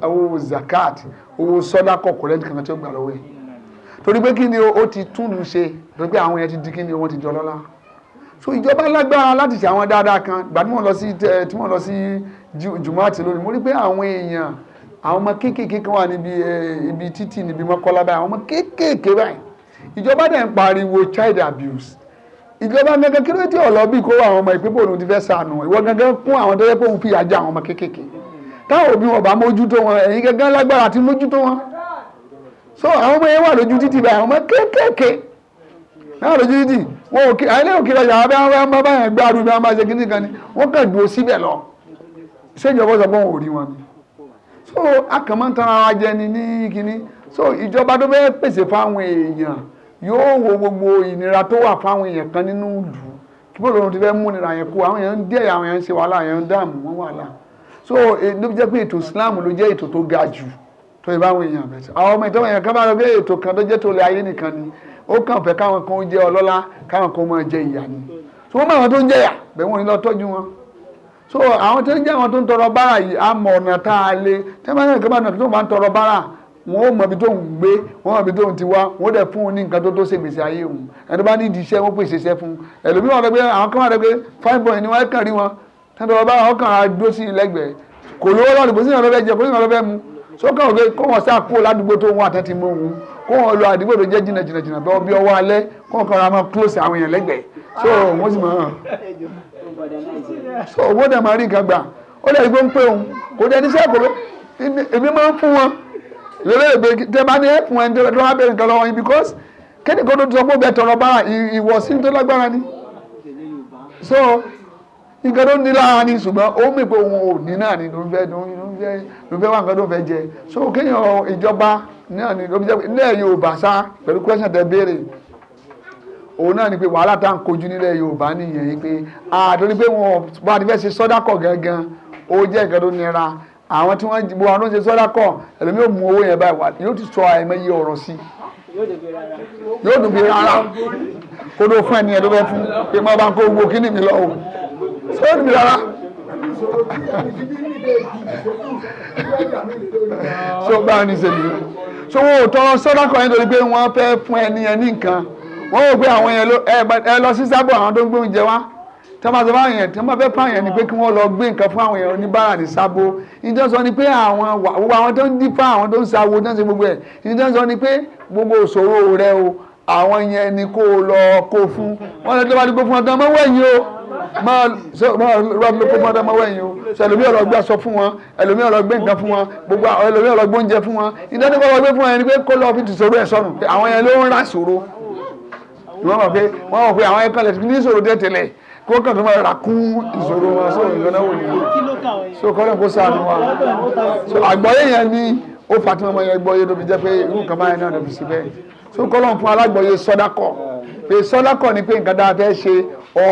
owó zakat owó sọ́dá kọ̀kọ̀rẹ́ nìkan tí ó gbà lọ́wọ́ yìí torí pé kí ni ó ti túnú ṣe torí pé àwọn yẹn ti di kí ni wọ́n ti jọ lọ́lá so ìjọba lágbára láti ṣe àwọn dáadáa kan ìgbà tí mo lọ sí eh, tí mo lọ sí jùmọ̀ àti lónìí mo rí pé àwọn èèyàn àwọn ọmọ kéékèèké kan wà níbi eh, ibi títì níbi mọ́kọ́lá báyìí àwọn ọmọ kéékèèké báyìí ìjọba dẹ̀ ń pariwo child abuse ìjọba gangan kí ló dé ọ̀lọ́ bí kó àwọn ọmọ ìpínpọ̀ òun ti fẹ́ sànù ìwọ gangan kún àwọn tó yẹ kó òun fi àjà àwọn ọmọ kéékèèké táwọn òbí wọn bá mójútó wọn ẹ̀yin gangan lágbára àti mójútó wọn so àwọn ọmọ yẹn wà lójú títì báyìí àwọn ọmọ kéékèèké náà lójú dídì wọn ò kí àyẹlẹ òkè lọjà abẹ àwọn ọmọ báyẹn gbé arúgbó àwọn máa ṣe kíní ni wọn kàn dúró síbẹ̀ lọ ṣèjọba sọ pé ò rí wọn ni so akàmọ́ntàn ara jẹ ni ní kíní so ìjọba tó fẹ́ pèsè fáwọn èèyàn yóò wo gbogbo ìnira tó wà fáwọn èèyàn kan nínú ìlú kí bó lóun ti fẹ́ mú ìnira yẹn kú àwọn èèyàn ń díẹ̀ àwọn èèyàn ń ṣe wàhálà àwọn èèyàn ń dààmú so e, ló jẹ́ pé ètò Islam ló jẹ́ ètò tó ga jù tó yẹ báwọn èèyàn bẹ̀rẹ̀ àwọn ọmọ ìtọ́wọ̀n èèyàn kan bá lọ pé ètò kan tó jẹ́ tó lé ayé nìkan ni ó kàn fẹ́ káwọn kan ó jẹ́ ọlọ́lá káwọn kan ó máa jẹ ìyà ni so wọ́n mọ àwọn tó ń jẹyà bẹ́ẹ̀ wọ́n ní lọ tọ́jú wọn so àwọn tó ń jẹ́ àwọn tó ń tọrọ bára yìí á mọ ọ̀nà tá a lé tẹ́lẹ̀ náà kẹ́bà náà tó máa ń tọrọ bára wọn ó mọ ibi tó ń gbé wọn mọ ibi tó ń ti wá wọn ó dẹ̀ fún un ní nǹkan tó tó ṣe gbèsè ayé òun ẹni bá ní ìdí iṣẹ́ wọn pèsè iṣẹ́ fún un ẹlòmíràn rẹ pé àwọn kan wà rẹ pé fine boy ni wọ́n kàn rí wọn tẹ́lẹ̀ bá wọn kàn á dúró sí ilẹ̀gbẹ̀ẹ́ kò lówó kó wọn lọ àdúgbò tó jẹ́ jìnnà jìnnà jìnnà bẹ́ẹ̀ bí kó wọn kọ́ra máa close àwọn èèyàn lẹ́gbẹ̀ẹ́ so wọ́n sì máa so owó dẹ̀ máa rí nǹkan gbà ó dẹ̀ gbé ń pé òun kò dẹ̀ níṣẹ́ kò èmi máa ń fún wọn lélẹ́gbẹ̀ tẹ́ bá ní ẹ̀fún ẹni tó wá bẹ̀rẹ̀ nǹkan lọ́wọ́ yín because kéde kó tó sọ pé ó tọrọ bára ìwọ̀sí tó lágbára ni so nǹkan tó ní lára ni ṣùgbọ́n ó mì pé òun ò ní náà ni ló ń fẹ́ ló ń fẹ́ ló ń fẹ́ wà nǹkan tó ń fẹ́ jẹ so kéèyàn ìjọba náà ni ló fi jẹ́ pé ilẹ̀ Yorùbá sá pẹ̀lú question tẹ béèrè òun náà ni pé wàhálà tá à ń kojú nílẹ̀ Yorùbá nìyẹn yìí pé àtòrí pé wọn bá ti fẹ́ ṣe sọ́dákọ̀ gangan ó jẹ́ nǹkan tó nira àwọn tí wọ́n bó àwọn tó ń ṣe sọ́dákọ̀ ẹlòmí ò mú owó yẹn báyìí yóò ti sọ àìmọye ọ̀rọ̀ sí yóò dùn bí rárá kó ló fún ẹni ẹ ló fẹ́ fún pé má bá ń kó gbogbo kíní mi lọ o ṣé ó dìbò rárá. so báwo ni sèlú so wọn ò tọrọ sọdọ kan nítorí pé wọn fẹ́ fún ẹni ẹni nǹkan wọn ò gbé àwọn yẹn ẹ lọ sí sábọ àwọn tó ń gbé oúnjẹ wá tọ́mọ̀tò báwọn yẹn tọ́mọ̀ fẹ́ pààyàn ni pé kí wọ́n lọ gbé nǹkan fún àwọn yẹn oníbàárà ní sábó ìjọ sọ ni pé àwọn gbogbo àwọn tó ń dífá àwọn tó ń sáwó tó ń ṣe gbogbo ẹ̀ ìjọ sọ ni pé gbogbo òṣòro rẹ o àwọn yẹn ni kó o lọ kó fún wọn lè dábàá ní kó fún ọdún ọmọ wẹ̀yìn o máa rọ mi kó fún ọdún ọmọ wẹ̀yìn o sọ ẹlòmíì ọ̀rọ̀ gbé aṣọ fún wọn ẹlòmíì ọ̀rọ̀ gbé nǹkan fún wọn gbogbo ẹlòmíì ọ̀rọ̀ gbé oúnjẹ fún wọn ìdájọ́ kọ́ gbé fún wọn ẹni pé kó lọ fi tìṣòro ẹ̀ sọnù àwọn yẹn ló ń ra ṣòro wọ́n mọ̀ pé wọ́n mọ̀ pé àwọn yẹn kan lè ní ìṣòro tẹ́tẹ̀lẹ̀ kó kàn tó máa ra kún ìṣòro wọn sóòrùn lọ́nà wò ní so kọ́lẹ̀ kó sàánú wa so àgbọ̀yé yẹn ni ó fàtí wọn mọ yẹn gbọ́ yé tóbi jẹ́ pé irú nǹkan báyìí náà lè fi sí bẹ́ẹ̀ so kọ́lọ́n fún alágbọ̀yé sọ́dákọ̀ pé sọ́dákọ̀ ni pé nǹkan tá a fẹ́ ṣe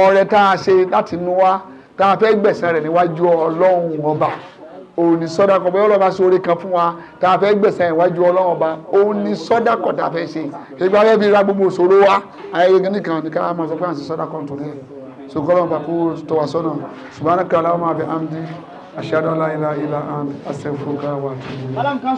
ọ̀rẹ́ tá a ṣe láti nu wá tá a fẹ́ gbẹ̀sán rẹ̀ níwájú ọlọ́run ọba òun ni sọ́dákọ̀ bẹ́ẹ̀ ọlọ́ba ṣe oore kan fún wa tá a fẹ́ gbẹ̀sán ìwájú ọlọ́run ọba òun ni sọ́dákọ̀ tá a fẹ́ ṣe ìgbà fẹ́ fi ra gbogbo òṣòro wa ayẹyẹ nìkan ní ká máa sọ pé à ń ṣe sọ́dákọ̀ tó ní so kọ́lọ́n bá kó tọ́ wa sọ́nà subhanaka allahumma bihamdi ashhadu an la ilaha illa anta astaghfiruka wa atubu